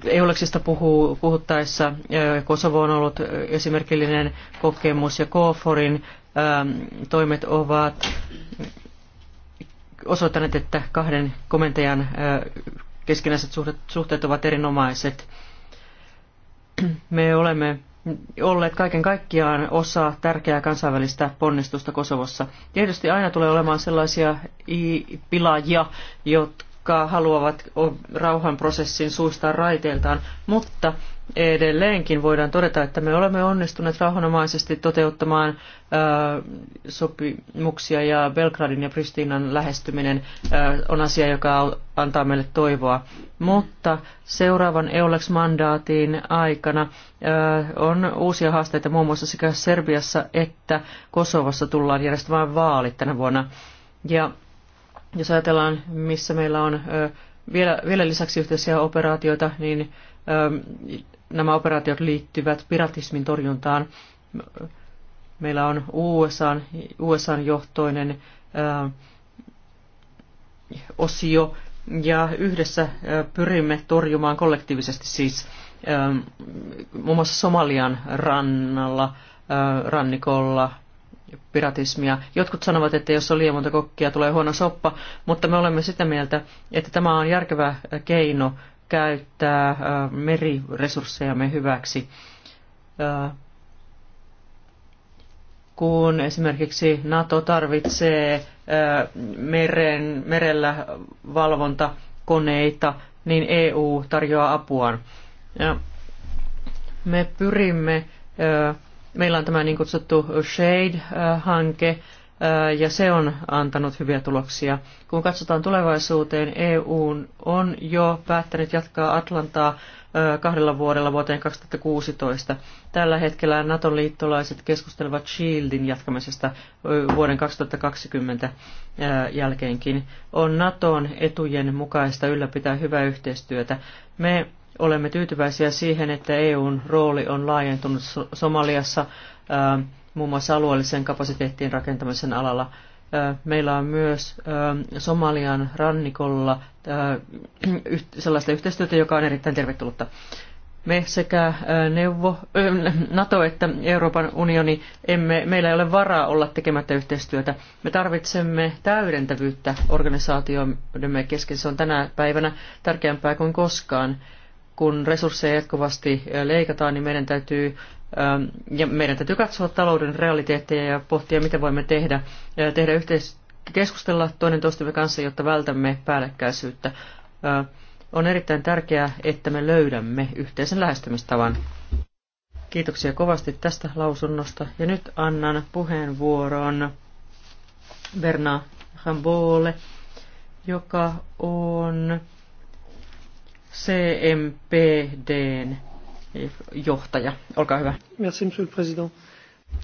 Euleksista puhuu, puhuttaessa Kosovo on ollut esimerkillinen kokemus ja KFORin toimet ovat osoittaneet, että kahden komentajan keskinäiset suhteet ovat erinomaiset. Me olemme olleet kaiken kaikkiaan osa tärkeää kansainvälistä ponnistusta Kosovossa. Tietysti aina tulee olemaan sellaisia pilaajia, jotka jotka haluavat rauhanprosessin suistaa raiteiltaan, mutta edelleenkin voidaan todeta, että me olemme onnistuneet rauhanomaisesti toteuttamaan sopimuksia ja Belgradin ja Pristinan lähestyminen on asia, joka antaa meille toivoa. Mutta seuraavan EULEX-mandaatin aikana on uusia haasteita muun muassa sekä Serbiassa että Kosovassa tullaan järjestämään vaalit tänä vuonna. Ja jos ajatellaan, missä meillä on vielä, vielä lisäksi yhteisiä operaatioita, niin nämä operaatiot liittyvät piratismin torjuntaan. Meillä on USAn, USAn johtoinen osio, ja yhdessä pyrimme torjumaan kollektiivisesti siis muun mm. muassa Somalian rannalla, rannikolla, piratismia. Jotkut sanovat, että jos on liian monta kokkia, tulee huono soppa, mutta me olemme sitä mieltä, että tämä on järkevä keino käyttää äh, meriresurssejamme hyväksi. Äh, kun esimerkiksi NATO tarvitsee äh, meren, merellä valvontakoneita, niin EU tarjoaa apuaan. Ja me pyrimme Meillä on tämä niin kutsuttu SHADE-hanke, ja se on antanut hyviä tuloksia. Kun katsotaan tulevaisuuteen, EU on jo päättänyt jatkaa Atlantaa kahdella vuodella vuoteen 2016. Tällä hetkellä Naton liittolaiset keskustelevat Shieldin jatkamisesta vuoden 2020 jälkeenkin. On Naton etujen mukaista ylläpitää hyvää yhteistyötä. Me Olemme tyytyväisiä siihen, että EUn rooli on laajentunut Somaliassa äh, muun muassa alueellisen kapasiteettiin rakentamisen alalla. Äh, meillä on myös äh, Somalian rannikolla sellaista yhteistyötä, joka on erittäin tervetullutta. Me sekä neuvo, NATO että Euroopan unioni, emme, meillä ei ole varaa olla tekemättä yhteistyötä. Me tarvitsemme täydentävyyttä organisaatioidemme kesken. Se on tänä päivänä tärkeämpää kuin koskaan kun resursseja jatkuvasti leikataan, niin meidän täytyy, ja meidän täytyy katsoa talouden realiteetteja ja pohtia, mitä voimme tehdä, tehdä yhteistyötä keskustella toinen toistemme kanssa, jotta vältämme päällekkäisyyttä. On erittäin tärkeää, että me löydämme yhteisen lähestymistavan. Kiitoksia kovasti tästä lausunnosta. Ja nyt annan puheenvuoron Berna Hambole, joka on CMPDn johtaja. Olkaa hyvä. Merci, monsieur le président.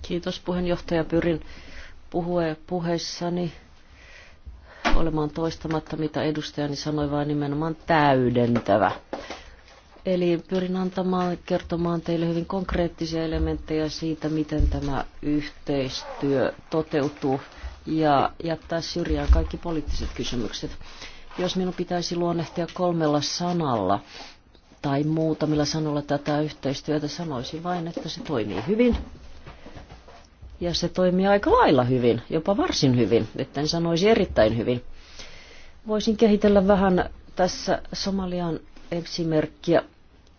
Kiitos puheenjohtaja. Pyrin puhue, puheissani olemaan toistamatta, mitä edustajani sanoi, vaan nimenomaan täydentävä. Eli pyrin antamaan, kertomaan teille hyvin konkreettisia elementtejä siitä, miten tämä yhteistyö toteutuu ja jättää syrjään kaikki poliittiset kysymykset. Jos minun pitäisi luonnehtia kolmella sanalla tai muutamilla sanoilla tätä yhteistyötä, sanoisin vain, että se toimii hyvin. Ja se toimii aika lailla hyvin, jopa varsin hyvin, että en sanoisi erittäin hyvin. Voisin kehitellä vähän tässä Somalian esimerkkiä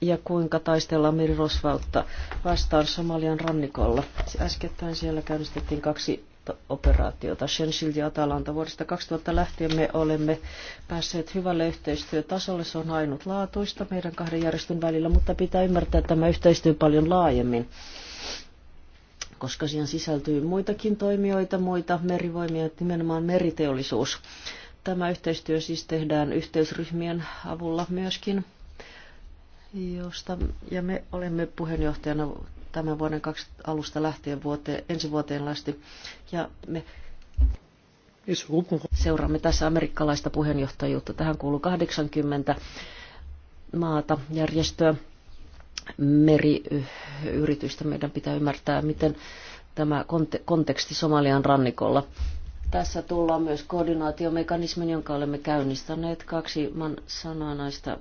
ja kuinka taistellaan merirosvautta vastaan Somalian rannikolla. Äskettäin siellä käynnistettiin kaksi operaatiota Sen Shield ja Atalanta. Vuodesta 2000 lähtien me olemme päässeet hyvälle yhteistyötasolle. Se on ainutlaatuista meidän kahden järjestön välillä, mutta pitää ymmärtää tämä yhteistyö paljon laajemmin koska siihen sisältyy muitakin toimijoita, muita merivoimia, nimenomaan meriteollisuus. Tämä yhteistyö siis tehdään yhteysryhmien avulla myöskin, josta, ja me olemme puheenjohtajana tämän vuoden alusta lähtien vuoteen, ensi vuoteen asti. Ja me seuraamme tässä amerikkalaista puheenjohtajuutta. Tähän kuuluu 80 maata järjestöä meriyritystä. Meidän pitää ymmärtää, miten tämä konteksti Somalian rannikolla. Tässä tullaan myös koordinaatiomekanismin, jonka olemme käynnistäneet kaksi man sanaa näistä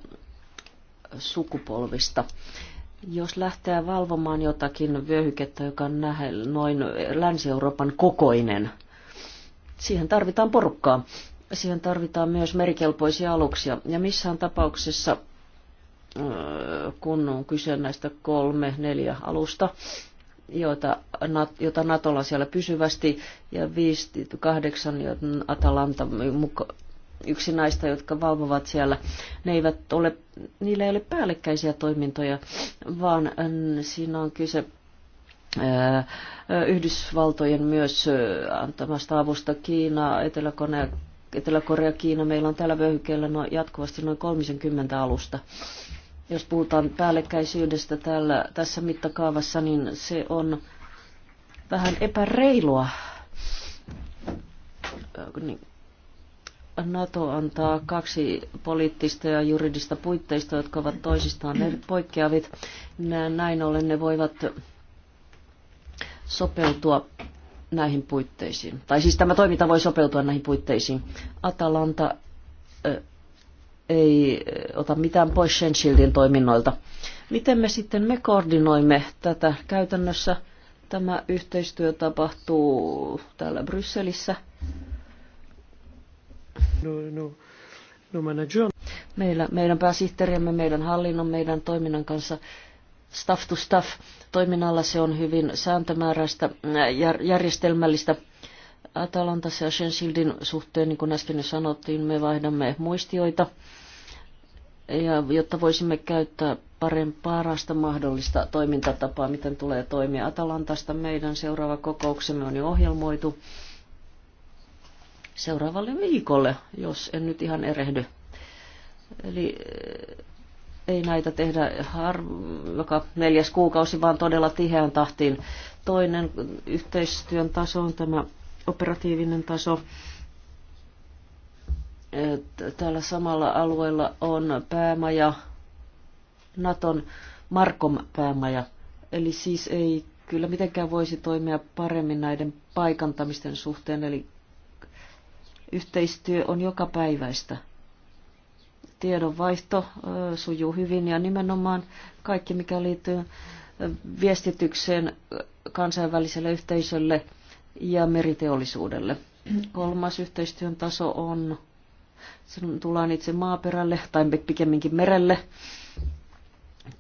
sukupolvista. Jos lähtee valvomaan jotakin vyöhykettä, joka on noin Länsi-Euroopan kokoinen, siihen tarvitaan porukkaa. Siihen tarvitaan myös merikelpoisia aluksia. Ja missään tapauksessa, kun on kyse näistä kolme, neljä alusta, joita, jota Natolla siellä pysyvästi, ja 5, kahdeksan Atalanta yksi naista, jotka valvovat siellä. Ne eivät ole, niillä ei ole päällekkäisiä toimintoja, vaan äh, siinä on kyse äh, Yhdysvaltojen myös äh, antamasta avusta Kiina, Etelä-Korea, Etelä-Korea, Kiina. Meillä on tällä vyöhykkeellä no, jatkuvasti noin 30 alusta. Jos puhutaan päällekkäisyydestä tällä, tässä mittakaavassa, niin se on vähän epäreilua niin, NATO antaa kaksi poliittista ja juridista puitteista, jotka ovat toisistaan poikkeavit. Näin ollen ne voivat sopeutua näihin puitteisiin. Tai siis tämä toiminta voi sopeutua näihin puitteisiin. Atalanta ei ota mitään pois Shenshieldin toiminnoilta. Miten me sitten me koordinoimme tätä käytännössä? Tämä yhteistyö tapahtuu täällä Brysselissä No, no, no manager. Meillä, meidän pääsihteeriämme, meidän hallinnon, meidän toiminnan kanssa staff to staff toiminnalla se on hyvin sääntömääräistä, äh, jär, järjestelmällistä. Atalantassa ja Shenshildin suhteen, niin kuin äsken jo sanottiin, me vaihdamme muistioita, ja, jotta voisimme käyttää paren parasta mahdollista toimintatapaa, miten tulee toimia Atalantasta. Meidän seuraava kokouksemme on jo ohjelmoitu seuraavalle viikolle, jos en nyt ihan erehdy. Eli eh, ei näitä tehdä har- joka neljäs kuukausi, vaan todella tiheän tahtiin. Toinen yhteistyön taso on tämä operatiivinen taso. Täällä samalla alueella on päämaja, Naton Markom-päämaja. Eli siis ei kyllä mitenkään voisi toimia paremmin näiden paikantamisten suhteen, eli Yhteistyö on joka päiväistä. Tiedonvaihto sujuu hyvin ja nimenomaan kaikki, mikä liittyy viestitykseen kansainväliselle yhteisölle ja meriteollisuudelle. Kolmas yhteistyön taso on, se tullaan itse maaperälle tai pikemminkin merelle.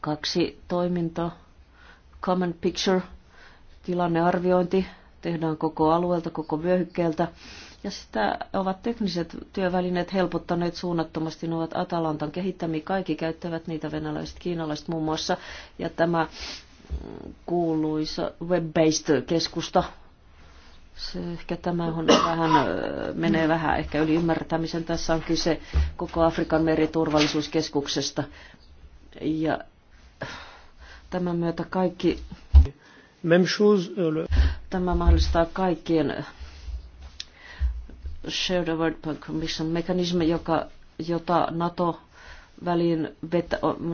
Kaksi toiminta, common picture, tilannearviointi, tehdään koko alueelta, koko vyöhykkeeltä ja sitä ovat tekniset työvälineet helpottaneet suunnattomasti. Ne ovat Atalantan kehittämiä. Kaikki käyttävät niitä venäläiset, kiinalaiset muun muassa. Ja tämä kuuluisa web-based keskusta. Se ehkä tämä on vähän, menee vähän ehkä yli ymmärtämisen. Tässä on kyse koko Afrikan meriturvallisuuskeskuksesta. Ja tämän myötä kaikki... Euh, tämä mahdollistaa kaikkien Shared Award Commission mekanismi, joka, jota NATO, väliin,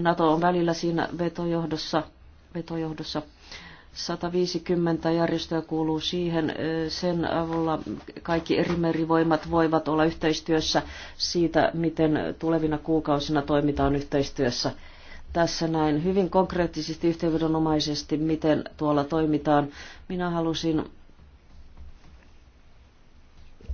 NATO on välillä siinä vetojohdossa, vetojohdossa 150 järjestöä kuuluu siihen. Sen avulla kaikki eri merivoimat voivat olla yhteistyössä siitä, miten tulevina kuukausina toimitaan yhteistyössä. Tässä näin hyvin konkreettisesti yhteenvedonomaisesti, miten tuolla toimitaan. Minä halusin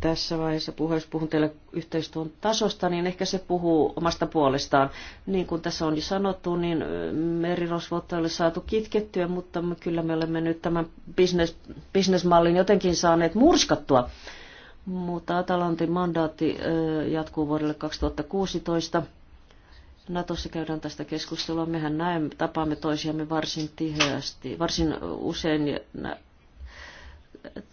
tässä vaiheessa puhua, puhun teille yhteistyön tasosta, niin ehkä se puhuu omasta puolestaan. Niin kuin tässä on jo sanottu, niin merirosvuotta ole saatu kitkettyä, mutta me, kyllä me olemme nyt tämän business, bisnesmallin jotenkin saaneet murskattua. Mutta Atalantin mandaatti jatkuu vuodelle 2016. Natossa käydään tästä keskustelua. Mehän näemme, tapaamme toisiamme varsin tiheästi, varsin usein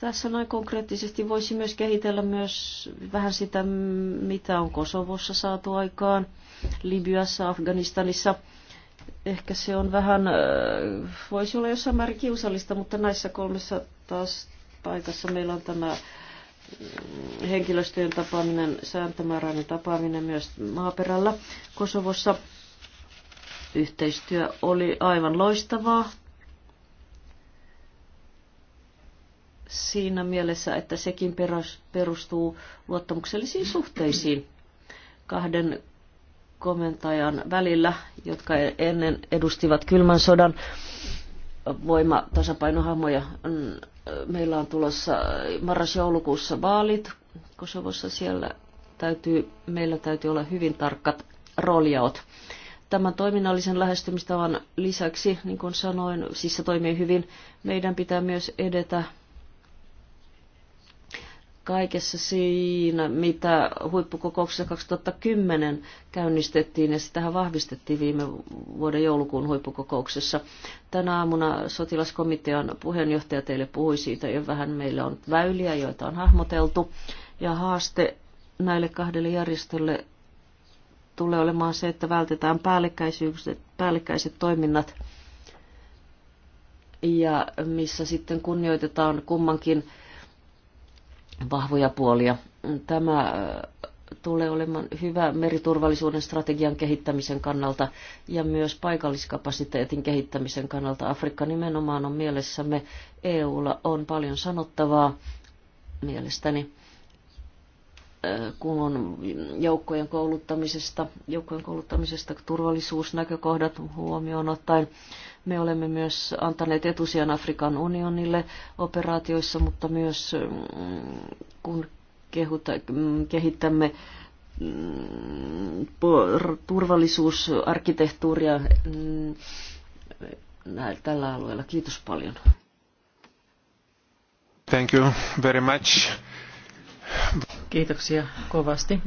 tässä noin konkreettisesti voisi myös kehitellä myös vähän sitä, mitä on Kosovossa saatu aikaan, Libyassa, Afganistanissa. Ehkä se on vähän, voisi olla jossain määrin kiusallista, mutta näissä kolmessa taas paikassa meillä on tämä henkilöstöjen tapaaminen, sääntömääräinen tapaaminen myös maaperällä Kosovossa. Yhteistyö oli aivan loistavaa. siinä mielessä, että sekin perustuu luottamuksellisiin suhteisiin kahden komentajan välillä, jotka ennen edustivat kylmän sodan voimatasapainohamoja. Mm, meillä on tulossa marras-joulukuussa vaalit Kosovossa. Siellä täytyy, meillä täytyy olla hyvin tarkat rooliaot. Tämän toiminnallisen lähestymistavan lisäksi, niin kuin sanoin, siis se toimii hyvin, meidän pitää myös edetä kaikessa siinä, mitä huippukokouksessa 2010 käynnistettiin ja sitä vahvistettiin viime vuoden joulukuun huippukokouksessa. Tänä aamuna sotilaskomitean puheenjohtaja teille puhui siitä jo vähän. Meillä on väyliä, joita on hahmoteltu ja haaste näille kahdelle järjestölle tulee olemaan se, että vältetään päällekkäiset, päällekkäiset toiminnat ja missä sitten kunnioitetaan kummankin vahvoja puolia. Tämä äh, tulee olemaan hyvä meriturvallisuuden strategian kehittämisen kannalta ja myös paikalliskapasiteetin kehittämisen kannalta. Afrikka nimenomaan on mielessämme. EUlla on paljon sanottavaa mielestäni äh, kun on joukkojen kouluttamisesta, joukkojen kouluttamisesta turvallisuusnäkökohdat huomioon ottaen. Me olemme myös antaneet etusijan Afrikan unionille operaatioissa, mutta myös mm, kun kehuta, mm, kehittämme mm, turvallisuusarkkitehtuuria tällä alueella. Kiitos paljon. Thank you very much. Kiitoksia kovasti.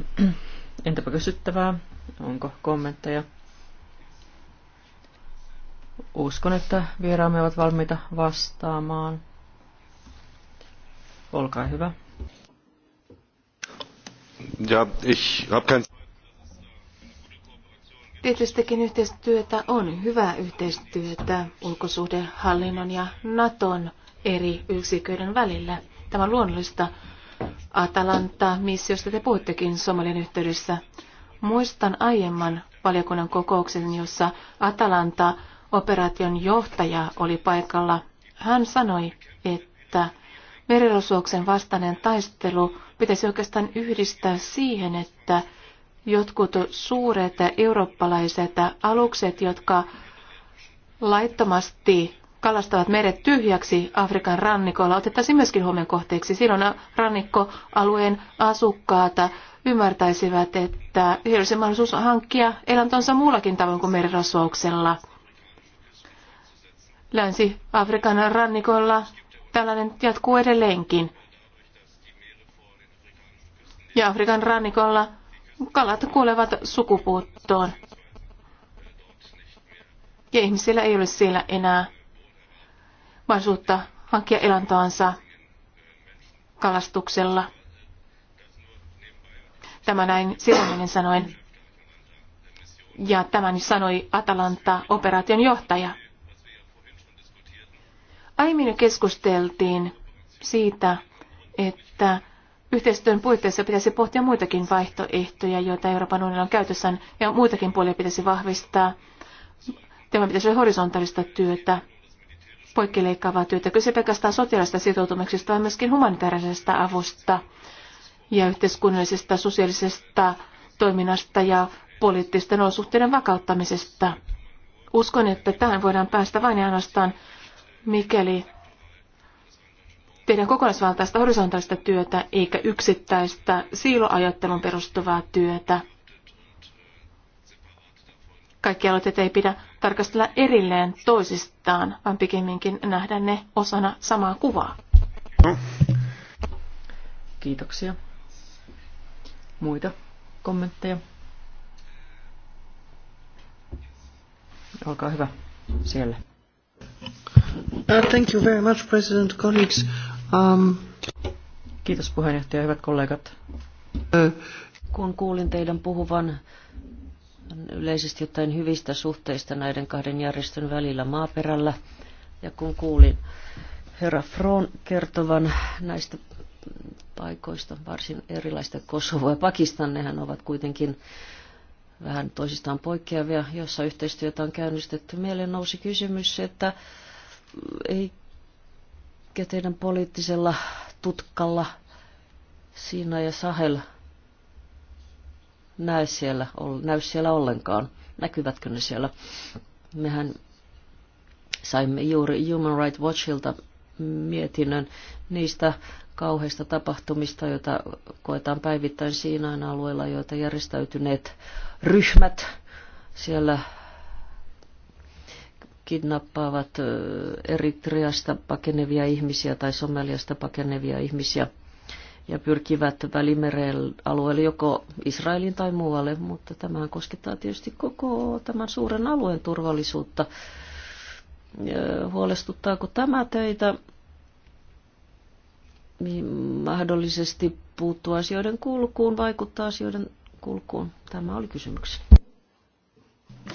Entäpä kysyttävää? Onko kommentteja? Uskon, että vieraamme ovat valmiita vastaamaan. Olkaa hyvä. Ja, ich hab kein... Tietystikin yhteistyötä on hyvää yhteistyötä ulkosuhdehallinnon ja Naton eri yksiköiden välillä. Tämä on luonnollista Atalanta-missiosta te puhuttekin Somalian yhteydessä. Muistan aiemman valiokunnan kokouksen, jossa Atalanta operaation johtaja oli paikalla. Hän sanoi, että merirosuoksen vastainen taistelu pitäisi oikeastaan yhdistää siihen, että jotkut suuret eurooppalaiset alukset, jotka laittomasti kalastavat meret tyhjäksi Afrikan rannikolla, otettaisiin myöskin huomion kohteeksi. Silloin rannikkoalueen asukkaat ymmärtäisivät, että heillä olisi mahdollisuus hankkia elantonsa muullakin tavoin kuin merirosvouksella – Länsi-Afrikan rannikolla tällainen jatkuu edelleenkin. Ja Afrikan rannikolla kalat kuolevat sukupuuttoon. Ja ihmisillä ei ole siellä enää mahdollisuutta hankkia elantoansa kalastuksella. Tämä näin silloinen sanoen. Ja tämän sanoi Atalanta-operaation johtaja. Aiemmin keskusteltiin siitä, että yhteistyön puitteissa pitäisi pohtia muitakin vaihtoehtoja, joita Euroopan unionilla on käytössään, ja muitakin puolia pitäisi vahvistaa. Tämä pitäisi olla horisontaalista työtä, poikkileikkaavaa työtä. Kyse pelkästään sotilaista sitoutumisesta, vaan myöskin humanitaarisesta avusta ja yhteiskunnallisesta, sosiaalisesta toiminnasta ja poliittisten olosuhteiden vakauttamisesta. Uskon, että tähän voidaan päästä vain ja ainoastaan mikäli tehdään kokonaisvaltaista horisontaalista työtä eikä yksittäistä siiloajattelun perustuvaa työtä. Kaikki aloitteet ei pidä tarkastella erilleen toisistaan, vaan pikemminkin nähdä ne osana samaa kuvaa. No. Kiitoksia. Muita kommentteja? Olkaa hyvä siellä. Uh, thank you very much, President, colleagues. Um... Kiitos puheenjohtaja, hyvät kollegat. Uh, kun kuulin teidän puhuvan yleisesti jotain hyvistä suhteista näiden kahden järjestön välillä maaperällä, ja kun kuulin herra Fron kertovan näistä paikoista, varsin erilaista Kosovoa ja Pakistan, nehän ovat kuitenkin vähän toisistaan poikkeavia, jossa yhteistyötä on käynnistetty. Mieleen nousi kysymys, että eikä teidän poliittisella tutkalla Siina ja Sahel näy siellä, näy siellä ollenkaan. Näkyvätkö ne siellä? Mehän saimme juuri Human Rights Watchilta mietinnön niistä kauheista tapahtumista, joita koetaan päivittäin Siinain alueella, joita järjestäytyneet ryhmät siellä kidnappaavat Eritreasta pakenevia ihmisiä tai Somaliasta pakenevia ihmisiä ja pyrkivät Välimeren alueelle joko Israelin tai muualle, mutta tämä koskettaa tietysti koko tämän suuren alueen turvallisuutta. Huolestuttaako tämä teitä mahdollisesti puuttua asioiden kulkuun, vaikuttaa asioiden kulkuun? Tämä oli kysymys.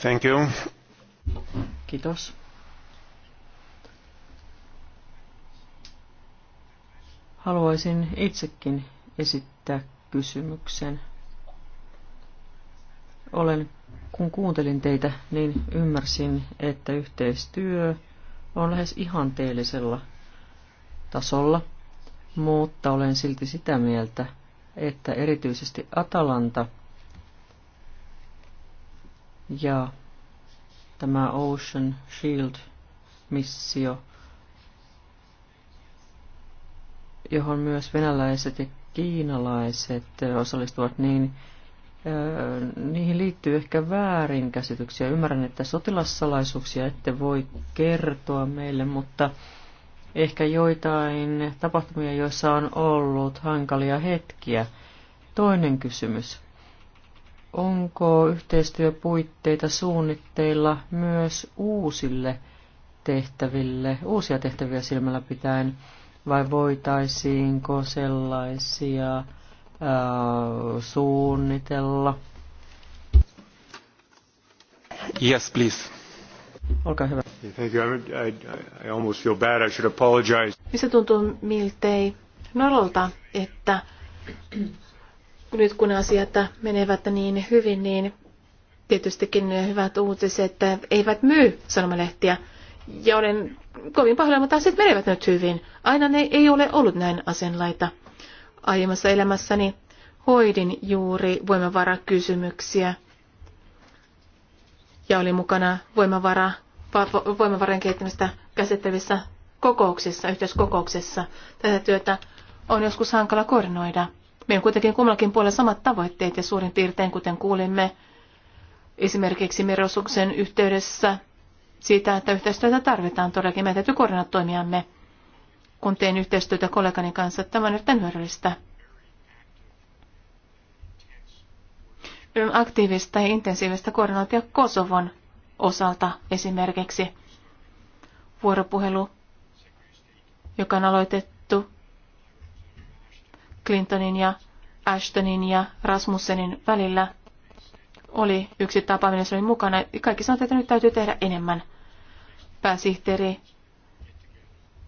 Thank you. Kiitos. Haluaisin itsekin esittää kysymyksen. Olen, kun kuuntelin teitä, niin ymmärsin, että yhteistyö on lähes ihanteellisella tasolla, mutta olen silti sitä mieltä, että erityisesti Atalanta ja tämä Ocean Shield-missio, johon myös venäläiset ja kiinalaiset osallistuvat, niin niihin liittyy ehkä väärinkäsityksiä. Ymmärrän, että sotilassalaisuuksia ette voi kertoa meille, mutta ehkä joitain tapahtumia, joissa on ollut hankalia hetkiä. Toinen kysymys onko yhteistyöpuitteita suunnitteilla myös uusille tehtäville, uusia tehtäviä silmällä pitäen, vai voitaisiinko sellaisia ää, suunnitella? Yes, please. Olkaa hyvä. Thank you. I, I, I almost feel bad. I should apologize. Missä niin tuntuu miltei nololta, että nyt kun asiat menevät niin hyvin, niin tietystikin ne hyvät uutiset eivät myy sanomalehtiä. Ja olen kovin pahoilla, mutta asiat menevät nyt hyvin. Aina ne ei ole ollut näin asenlaita. Aiemmassa elämässäni hoidin juuri voimavarakysymyksiä ja oli mukana voimavara, voimavarojen kehittämistä käsittelevissä kokouksissa, yhteiskokouksissa. Tätä työtä on joskus hankala koordinoida. Meillä on kuitenkin kummallakin puolella samat tavoitteet ja suurin piirtein, kuten kuulimme esimerkiksi merosuksen yhteydessä siitä, että yhteistyötä tarvitaan todellakin. Meidän täytyy koordinaat toimiamme, kun teen yhteistyötä kollegani kanssa. Tämä on erittäin hyödyllistä. aktiivista ja intensiivistä koordinaatia Kosovon osalta esimerkiksi. Vuoropuhelu, joka on aloitettu Clintonin ja Ashtonin ja Rasmussenin välillä oli yksi tapaaminen, se oli mukana. Kaikki sanoivat, että nyt täytyy tehdä enemmän. Pääsihteeri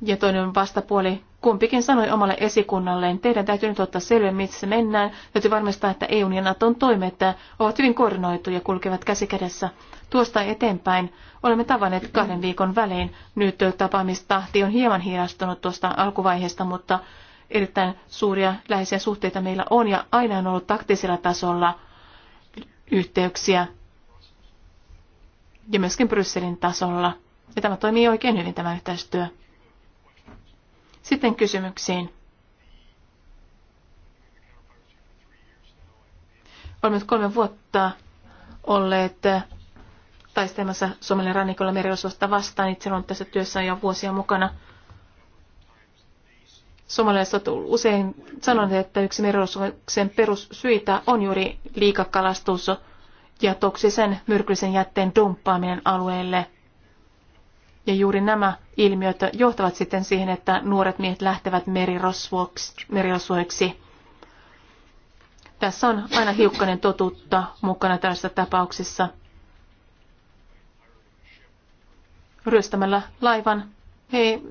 ja toinen vastapuoli kumpikin sanoi omalle esikunnalleen, teidän täytyy nyt ottaa selviä, missä mennään. Täytyy varmistaa, että EUn ja Naton toimet ovat hyvin koordinoituja ja kulkevat käsikädessä. Tuosta eteenpäin olemme tavanneet kahden viikon välein. Nyt tapaamistahti on hieman hidastunut tuosta alkuvaiheesta, mutta erittäin suuria läheisiä suhteita meillä on ja aina on ollut taktisella tasolla yhteyksiä ja myöskin Brysselin tasolla. Ja tämä toimii oikein hyvin tämä yhteistyö. Sitten kysymyksiin. Olemme kolme vuotta olleet taistelemassa Suomen rannikolla meriosuosta vastaan. Itse olen tässä työssä jo vuosia mukana. Somaliasta tullut usein sanoneet, että yksi merirosvoksen perussyitä on juuri liikakalastus ja toksisen myrkyllisen jätteen dumppaaminen alueelle. Ja juuri nämä ilmiöt johtavat sitten siihen, että nuoret miehet lähtevät merirosvoiksi. Tässä on aina hiukkanen totuutta mukana tässä tapauksessa. Ryöstämällä laivan he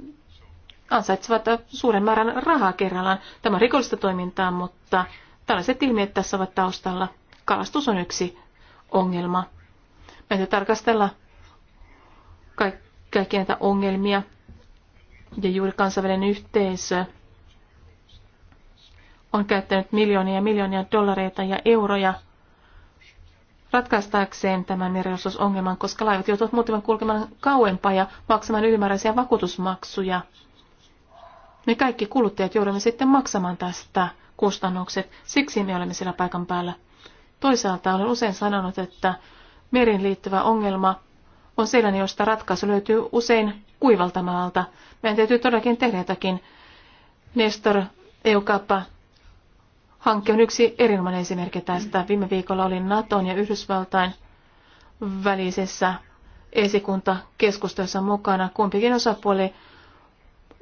ansaitsevat suuren määrän rahaa kerrallaan. Tämä on rikollista toimintaa, mutta tällaiset ilmiöt tässä ovat taustalla. Kalastus on yksi ongelma. Meitä tarkastella kaik- kaikkia näitä ongelmia ja juuri kansainvälinen yhteisö on käyttänyt miljoonia ja miljoonia dollareita ja euroja ratkaistaakseen tämän merirosvosongelman, koska laivat joutuvat muutaman kulkemaan kauempaa ja maksamaan ylimääräisiä vakuutusmaksuja me kaikki kuluttajat joudumme sitten maksamaan tästä kustannukset, siksi me olemme siellä paikan päällä. Toisaalta olen usein sanonut, että meriin liittyvä ongelma on sellainen, josta ratkaisu löytyy usein kuivalta maalta. Meidän täytyy todellakin tehdä jotakin. Nestor Eukappa hanke on yksi erinomainen esimerkki tästä. Viime viikolla olin Naton ja Yhdysvaltain välisessä esikuntakeskustelussa mukana. Kumpikin osapuoli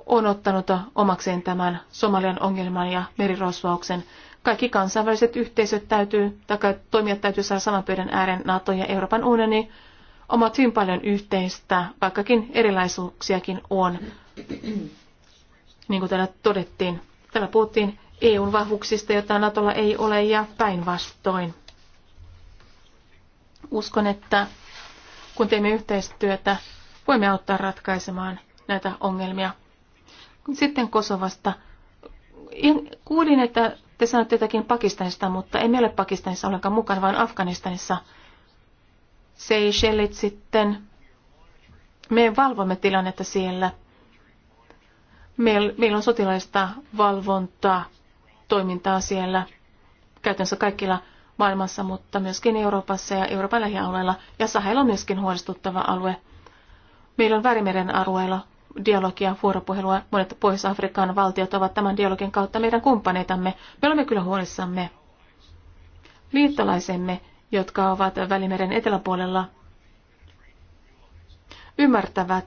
on ottanut omakseen tämän Somalian ongelman ja merirosvauksen. Kaikki kansainväliset yhteisöt täytyy, tai toimijat täytyy saada saman pöydän ääreen NATO ja Euroopan unioni Omat hyvin paljon yhteistä, vaikkakin erilaisuuksiakin on. Niin kuin täällä todettiin, täällä puhuttiin EUn vahvuuksista, joita NATOlla ei ole, ja päinvastoin. Uskon, että kun teemme yhteistyötä, voimme auttaa ratkaisemaan näitä ongelmia. Sitten Kosovasta. Kuulin, että te sanotte jotakin Pakistanista, mutta emme ole Pakistanissa ollenkaan mukana, vaan Afganistanissa. Seychellit sitten. Me valvomme tilannetta siellä. Meillä on sotilaista valvontaa, toimintaa siellä käytännössä kaikilla maailmassa, mutta myöskin Euroopassa ja Euroopan lähialueilla. Ja Sahel on myöskin huolestuttava alue. Meillä on Värimeren alueella dialogia, vuoropuhelua. Monet Pohjois-Afrikan valtiot ovat tämän dialogin kautta meidän kumppaneitamme. Me olemme kyllä huolissamme. Liittolaisemme, jotka ovat Välimeren eteläpuolella, ymmärtävät,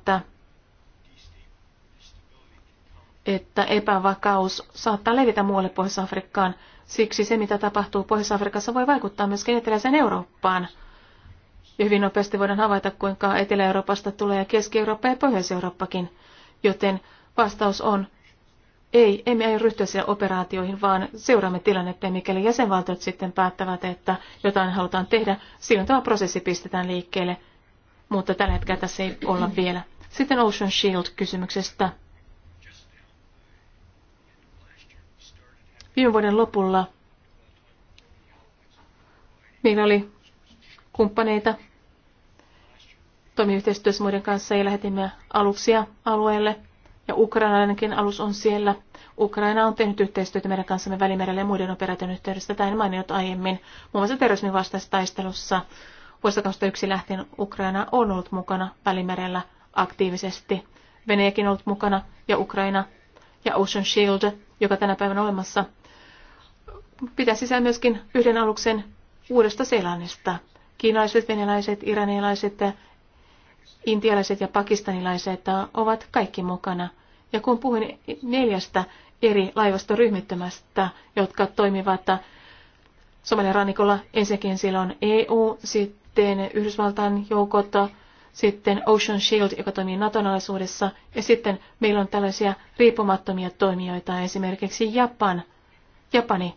että epävakaus saattaa levitä muualle Pohjois-Afrikkaan. Siksi se, mitä tapahtuu Pohjois-Afrikassa, voi vaikuttaa myöskin eteläiseen Eurooppaan – ja hyvin nopeasti voidaan havaita, kuinka Etelä-Euroopasta tulee Keski-Eurooppa ja Pohjois-Eurooppakin. Joten vastaus on, ei, emme aio ryhtyä siihen operaatioihin, vaan seuraamme tilannetta, mikäli jäsenvaltiot sitten päättävät, että jotain halutaan tehdä, silloin tämä prosessi pistetään liikkeelle. Mutta tällä hetkellä tässä ei olla vielä. Sitten Ocean Shield-kysymyksestä. Viime vuoden lopulla meillä oli kumppaneita. Toimin yhteistyössä muiden kanssa ja lähetimme aluksia alueelle. Ja ukrainalainenkin alus on siellä. Ukraina on tehnyt yhteistyötä meidän kanssamme Välimerelle ja muiden operaation yhteydessä. Tätä en maininnut aiemmin. Muun muassa terrorismin vastaisessa taistelussa vuodesta 2001 lähtien Ukraina on ollut mukana Välimerellä aktiivisesti. Venäjäkin on ollut mukana ja Ukraina ja Ocean Shield, joka tänä päivänä on olemassa, pitää sisään myöskin yhden aluksen uudesta Seelannista. Kiinalaiset, venäläiset, iranilaiset, intialaiset ja pakistanilaiset ovat kaikki mukana. Ja kun puhuin neljästä eri laivastoryhmittymästä, jotka toimivat Somalian rannikolla, ensinnäkin siellä on EU, sitten Yhdysvaltain joukot, sitten Ocean Shield, joka toimii Naton alaisuudessa, ja sitten meillä on tällaisia riippumattomia toimijoita, esimerkiksi Japan, Japani,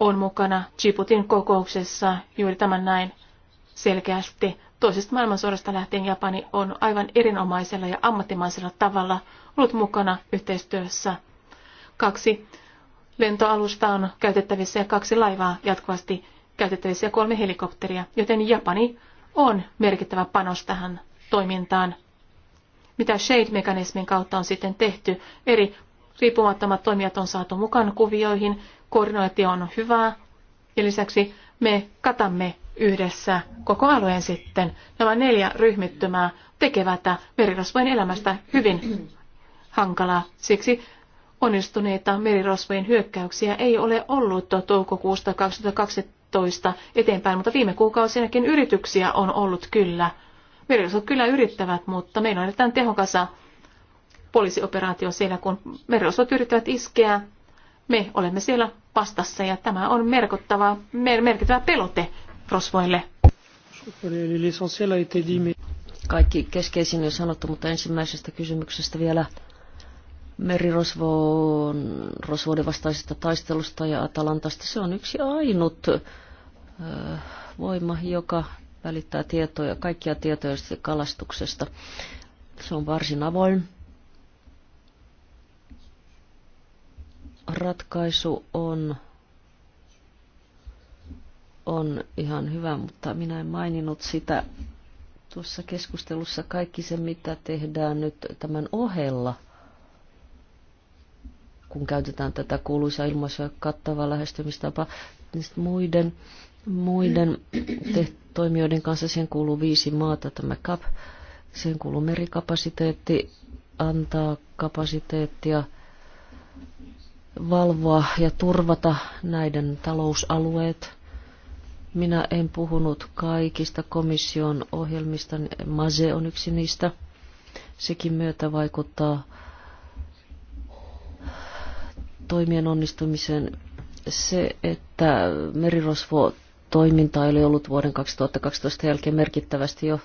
on mukana Djiboutin kokouksessa juuri tämän näin selkeästi. Toisesta maailmansodasta lähtien Japani on aivan erinomaisella ja ammattimaisella tavalla ollut mukana yhteistyössä. Kaksi lentoalusta on käytettävissä ja kaksi laivaa jatkuvasti käytettävissä ja kolme helikopteria, joten Japani on merkittävä panos tähän toimintaan. Mitä shade-mekanismin kautta on sitten tehty? Eri riippumattomat toimijat on saatu mukaan kuvioihin, koordinaatio on hyvää ja lisäksi me katamme yhdessä koko alueen sitten. Nämä neljä ryhmittymää tekevät merirosvojen elämästä hyvin hankalaa. Siksi onnistuneita merirosvojen hyökkäyksiä ei ole ollut toukokuusta 2012 eteenpäin, mutta viime kuukausinakin yrityksiä on ollut kyllä. Merirosvot kyllä yrittävät, mutta meillä on erittäin tehokas poliisioperaatio siellä, kun merirosvot yrittävät iskeä me olemme siellä vastassa ja tämä on merkittävä, merkittävä pelote rosvoille. Kaikki keskeisin on sanottu, mutta ensimmäisestä kysymyksestä vielä merirosvoon, rosvoiden vastaisesta taistelusta ja Atalantasta. Se on yksi ainut äh, voima, joka välittää tietoja, kaikkia tietoja kalastuksesta. Se on varsin avoin ratkaisu on, on ihan hyvä, mutta minä en maininnut sitä tuossa keskustelussa kaikki se, mitä tehdään nyt tämän ohella, kun käytetään tätä kuuluisaa ilmaisua kattavaa lähestymistapa, niin muiden, muiden toimijoiden kanssa siihen kuuluu viisi maata, tämä CAP, siihen kuuluu merikapasiteetti, antaa kapasiteettia valvoa ja turvata näiden talousalueet. Minä en puhunut kaikista komission ohjelmista, Mase on yksi niistä. Sekin myötä vaikuttaa toimien onnistumiseen se, että merirosvo toiminta ei ollut vuoden 2012 jälkeen merkittävästi jo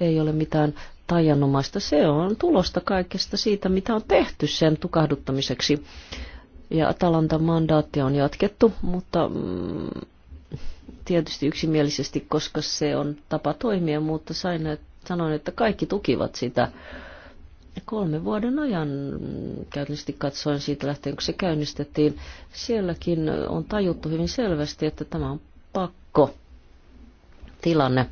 ei ole mitään tajanomaista. Se on tulosta kaikesta siitä, mitä on tehty sen tukahduttamiseksi ja Atalantan mandaattia on jatkettu, mutta mm, tietysti yksimielisesti, koska se on tapa toimia, mutta sain, että sanoin, että kaikki tukivat sitä kolmen vuoden ajan mm, käytännössä katsoen siitä lähtien, kun se käynnistettiin. Sielläkin on tajuttu hyvin selvästi, että tämä on pakko tilanne.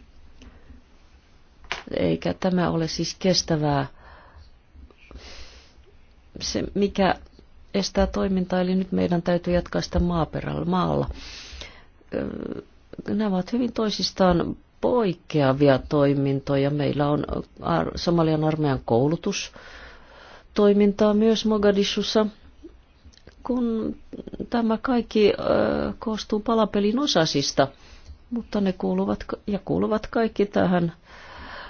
Eikä tämä ole siis kestävää. Se, mikä estää toimintaa, eli nyt meidän täytyy jatkaa sitä maaperällä, maalla. Nämä ovat hyvin toisistaan poikkeavia toimintoja. Meillä on Somalian armeijan koulutus, toimintaa myös Mogadishussa, kun tämä kaikki koostuu palapelin osasista, mutta ne kuuluvat ja kuuluvat kaikki tähän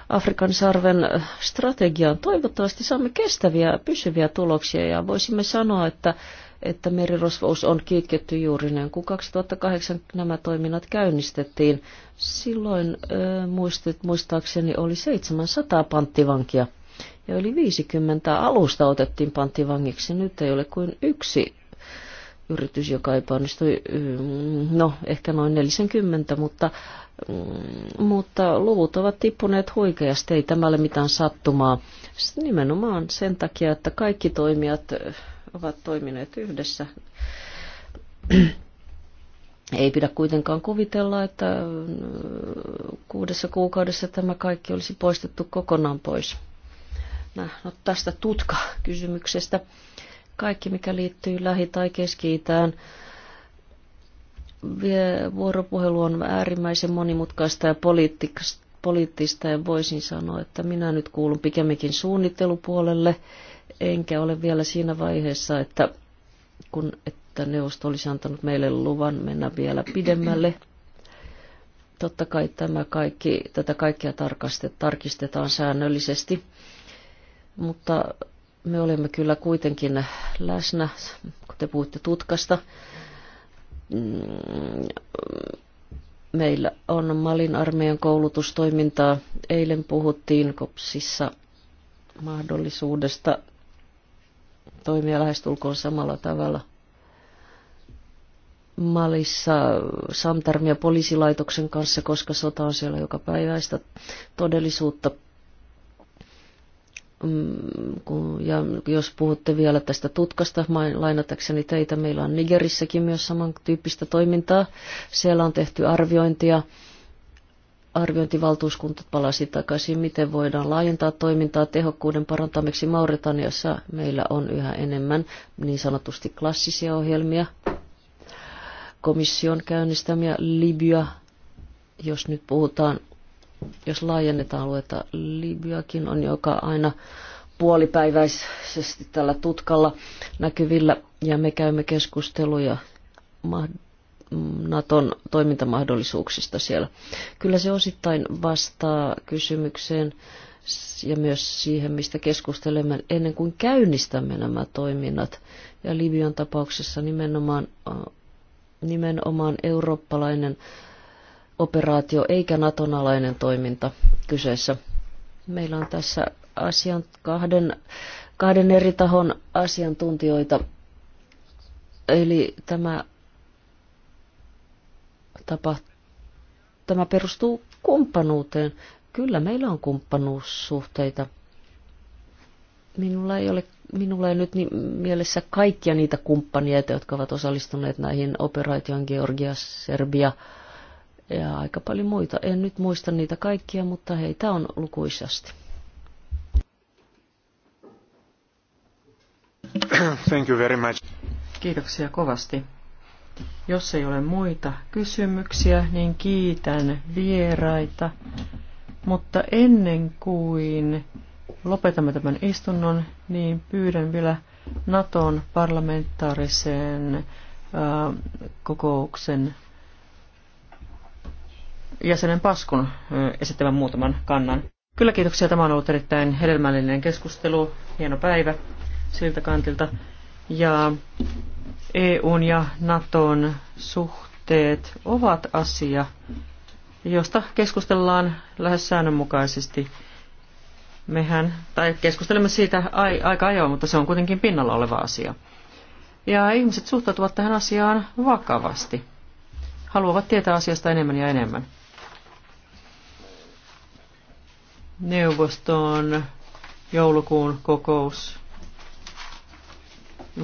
Afrikan sarven äh, strategiaan. Toivottavasti saamme kestäviä, pysyviä tuloksia ja voisimme sanoa, että, että merirosvous on kitketty juuri näin. Kun 2008 nämä toiminnat käynnistettiin, silloin äh, muistit, muistaakseni oli 700 panttivankia ja yli 50 alusta otettiin panttivangiksi. Nyt ei ole kuin yksi yritys, joka epäonnistui, mm, no ehkä noin 40, mutta Mm, mutta luvut ovat tippuneet huikeasti, ei tämä ole mitään sattumaa. Nimenomaan sen takia, että kaikki toimijat eh, ovat toimineet yhdessä. Ei pidä kuitenkaan kuvitella, että mm, kuudessa kuukaudessa tämä kaikki olisi poistettu kokonaan pois. No, tästä tutka-kysymyksestä. Kaikki, mikä liittyy lähi- tai keski vuoropuhelu on äärimmäisen monimutkaista ja poliittista ja voisin sanoa, että minä nyt kuulun pikemminkin suunnittelupuolelle, enkä ole vielä siinä vaiheessa, että, kun, että neuvosto olisi antanut meille luvan mennä vielä pidemmälle. Totta kai tämä kaikki, tätä kaikkea tarkistetaan säännöllisesti, mutta me olemme kyllä kuitenkin läsnä, kun te puhutte tutkasta, Mm, meillä on Malin armeijan koulutustoimintaa. Eilen puhuttiin Kopsissa mahdollisuudesta toimia lähestulkoon samalla tavalla. Malissa Samtarmia poliisilaitoksen kanssa, koska sota on siellä joka päiväistä todellisuutta. Mm, ja jos puhutte vielä tästä tutkasta, lainatakseni teitä, meillä on Nigerissäkin myös samantyyppistä toimintaa. Siellä on tehty arviointia. Arviointivaltuuskunta palasi takaisin, miten voidaan laajentaa toimintaa tehokkuuden parantamiseksi. Mauritaniassa meillä on yhä enemmän niin sanotusti klassisia ohjelmia, komission käynnistämiä Libya, jos nyt puhutaan jos laajennetaan aluetta, Libyakin on joka aina puolipäiväisesti tällä tutkalla näkyvillä ja me käymme keskusteluja Naton toimintamahdollisuuksista siellä. Kyllä se osittain vastaa kysymykseen ja myös siihen, mistä keskustelemme ennen kuin käynnistämme nämä toiminnat. Ja Libyan tapauksessa nimenomaan, äh, nimenomaan eurooppalainen äh, operaatio eikä Naton alainen toiminta kyseessä. Meillä on tässä asian kahden, kahden eri tahon asiantuntijoita. Eli tämä, tapa, tämä perustuu kumppanuuteen. Kyllä meillä on kumppanuussuhteita. Minulla ei ole minulla ei nyt niin mielessä kaikkia niitä kumppaneita, jotka ovat osallistuneet näihin operaatioon Georgia, Serbia, ja aika paljon muita. En nyt muista niitä kaikkia, mutta heitä on lukuisasti. Thank you very much. Kiitoksia kovasti. Jos ei ole muita kysymyksiä, niin kiitän vieraita. Mutta ennen kuin lopetamme tämän istunnon, niin pyydän vielä Naton parlamentaarisen kokouksen jäsenen Paskun esittämän muutaman kannan. Kyllä kiitoksia. Tämä on ollut erittäin hedelmällinen keskustelu. Hieno päivä siltä kantilta. Ja EUn ja Naton suhteet ovat asia, josta keskustellaan lähes säännönmukaisesti. Mehän, tai keskustelemme siitä ai, aika ajoin, mutta se on kuitenkin pinnalla oleva asia. Ja ihmiset suhtautuvat tähän asiaan vakavasti. Haluavat tietää asiasta enemmän ja enemmän. neuvoston joulukuun kokous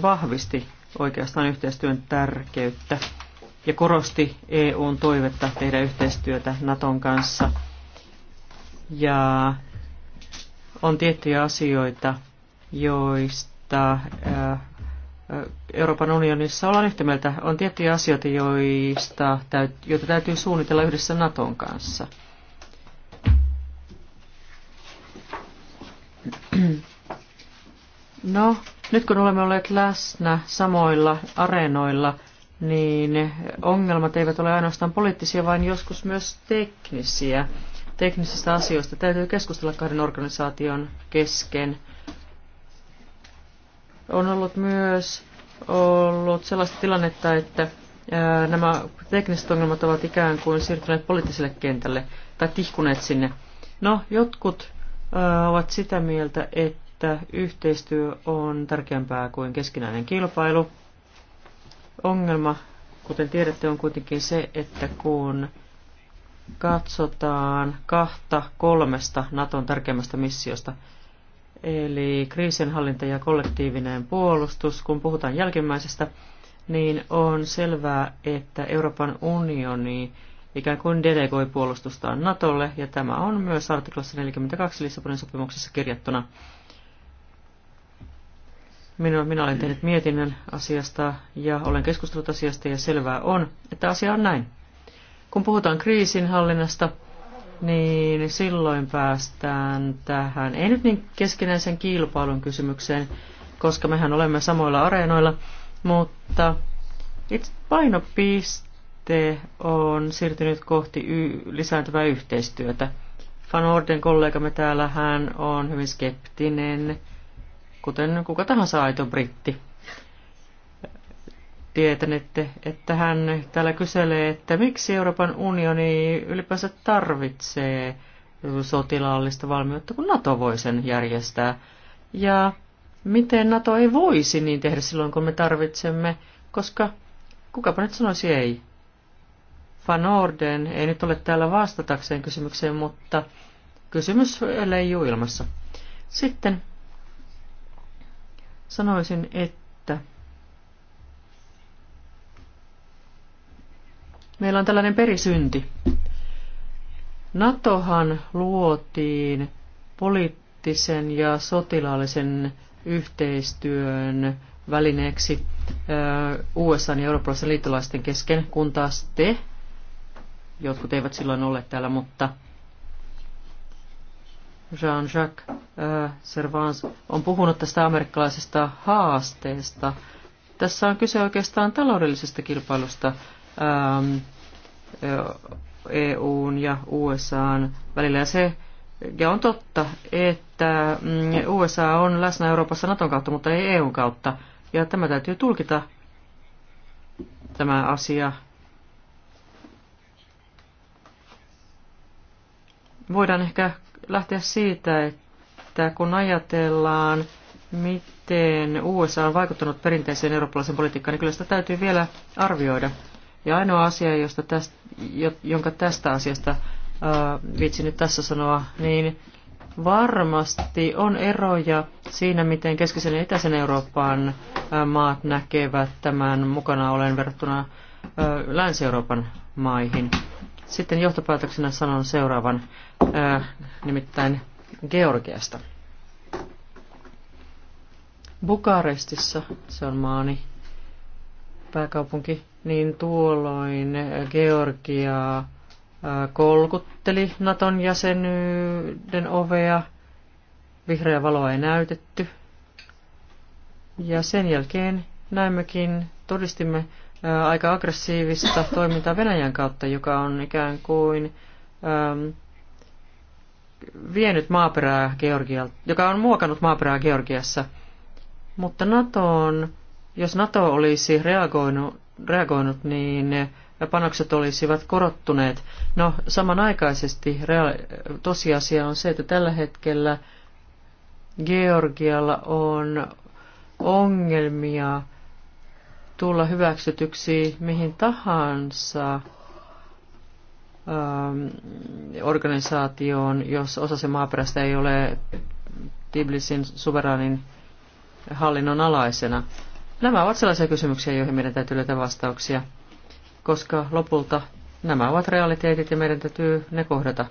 vahvisti oikeastaan yhteistyön tärkeyttä ja korosti EUn toivetta tehdä yhteistyötä Naton kanssa. Ja on tiettyjä asioita, joista Euroopan unionissa ollaan yhtä mieltä. On tiettyjä asioita, joista, joita täytyy suunnitella yhdessä Naton kanssa – No, nyt kun olemme olleet läsnä samoilla areenoilla, niin ongelmat eivät ole ainoastaan poliittisia, vaan joskus myös teknisiä. Teknisistä asioista täytyy keskustella kahden organisaation kesken. On ollut myös ollut sellaista tilannetta, että nämä tekniset ongelmat ovat ikään kuin siirtyneet poliittiselle kentälle tai tihkuneet sinne. No, jotkut ovat sitä mieltä, että yhteistyö on tärkeämpää kuin keskinäinen kilpailu. Ongelma, kuten tiedätte, on kuitenkin se, että kun katsotaan kahta kolmesta Naton tärkeimmästä missiosta, eli kriisinhallinta ja kollektiivinen puolustus, kun puhutaan jälkimmäisestä, niin on selvää, että Euroopan unioni ikään kuin delegoi puolustustaan Natolle, ja tämä on myös artiklassa 42 Lissabonin sopimuksessa kirjattuna. Minä, minä olen tehnyt mietinnön asiasta ja olen keskustellut asiasta ja selvää on, että asia on näin. Kun puhutaan kriisin hallinnasta, niin silloin päästään tähän, ei nyt niin keskinäisen kilpailun kysymykseen, koska mehän olemme samoilla areenoilla, mutta itse painopiste on siirtynyt kohti y- lisääntyvää yhteistyötä. Van Orden kollegamme täällä, hän on hyvin skeptinen, kuten kuka tahansa aito britti. Tietänette, että hän täällä kyselee, että miksi Euroopan unioni ylipäänsä tarvitsee sotilaallista valmiutta, kun NATO voi sen järjestää. Ja miten NATO ei voisi niin tehdä silloin, kun me tarvitsemme, koska kukapa nyt sanoisi ei. Van Orden ei nyt ole täällä vastatakseen kysymykseen, mutta kysymys leijuu ilmassa. Sitten sanoisin, että meillä on tällainen perisynti. Natohan luotiin poliittisen ja sotilaallisen yhteistyön välineeksi USA ja eurooppalaisten liittolaisten kesken, kun taas te Jotkut eivät silloin ole täällä, mutta Jean-Jacques äh, Servans on puhunut tästä amerikkalaisesta haasteesta. Tässä on kyse oikeastaan taloudellisesta kilpailusta ähm, äh, EUn ja USAn välillä. Ja, se, ja on totta, että mm, USA on läsnä Euroopassa Naton kautta, mutta ei EUn kautta. Ja tämä täytyy tulkita tämä asia voidaan ehkä lähteä siitä, että kun ajatellaan, miten USA on vaikuttanut perinteiseen eurooppalaisen politiikkaan, niin kyllä sitä täytyy vielä arvioida. Ja ainoa asia, josta tästä, jonka tästä asiasta viitsin nyt tässä sanoa, niin varmasti on eroja siinä, miten keskisen ja itäisen Euroopan maat näkevät tämän mukana olen verrattuna Länsi-Euroopan maihin. Sitten johtopäätöksenä sanon seuraavan. Äh, nimittäin Georgiasta. Bukarestissa, se on maani pääkaupunki, niin tuolloin Georgia äh, kolkutteli Naton jäsenyyden ovea. Vihreä valoa ei näytetty. Ja sen jälkeen näimmekin, todistimme äh, aika aggressiivista toimintaa Venäjän kautta, joka on ikään kuin ähm, vienyt maaperää Georgialta, joka on muokannut maaperää Georgiassa. Mutta NATOon, jos NATO olisi reagoinut, reagoinut niin panokset olisivat korottuneet. No, samanaikaisesti rea- tosiasia on se, että tällä hetkellä Georgialla on ongelmia tulla hyväksytyksi mihin tahansa Ähm, organisaatioon, jos osa se maaperästä ei ole Tiblisin suveraanin hallinnon alaisena? Nämä ovat sellaisia kysymyksiä, joihin meidän täytyy löytää vastauksia, koska lopulta nämä ovat realiteetit ja meidän täytyy ne kohdata.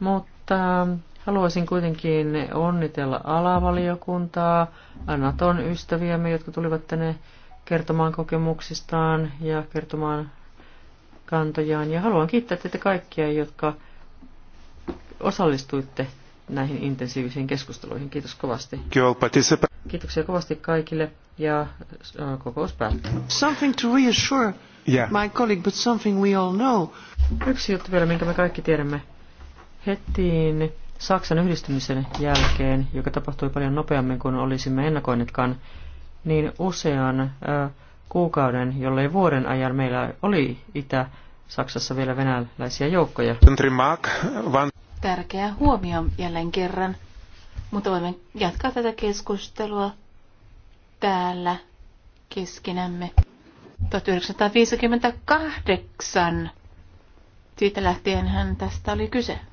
Mutta haluaisin kuitenkin onnitella alavaliokuntaa, Naton ystäviämme, jotka tulivat tänne kertomaan kokemuksistaan ja kertomaan kantojaan. Ja haluan kiittää teitä kaikkia, jotka osallistuitte näihin intensiivisiin keskusteluihin. Kiitos kovasti. Kiitoksia kovasti kaikille ja kokous päättyy. Something to reassure yeah. my colleague, but something we all know. Yksi juttu vielä, minkä me kaikki tiedämme. heti Saksan yhdistymisen jälkeen, joka tapahtui paljon nopeammin kuin olisimme ennakoinnitkaan, niin usean äh, kuukauden, jollei vuoden ajan meillä oli Itä-Saksassa vielä venäläisiä joukkoja. Tärkeä huomio jälleen kerran, mutta voimme jatkaa tätä keskustelua täällä keskenämme. 1958. Siitä lähtien hän tästä oli kyse.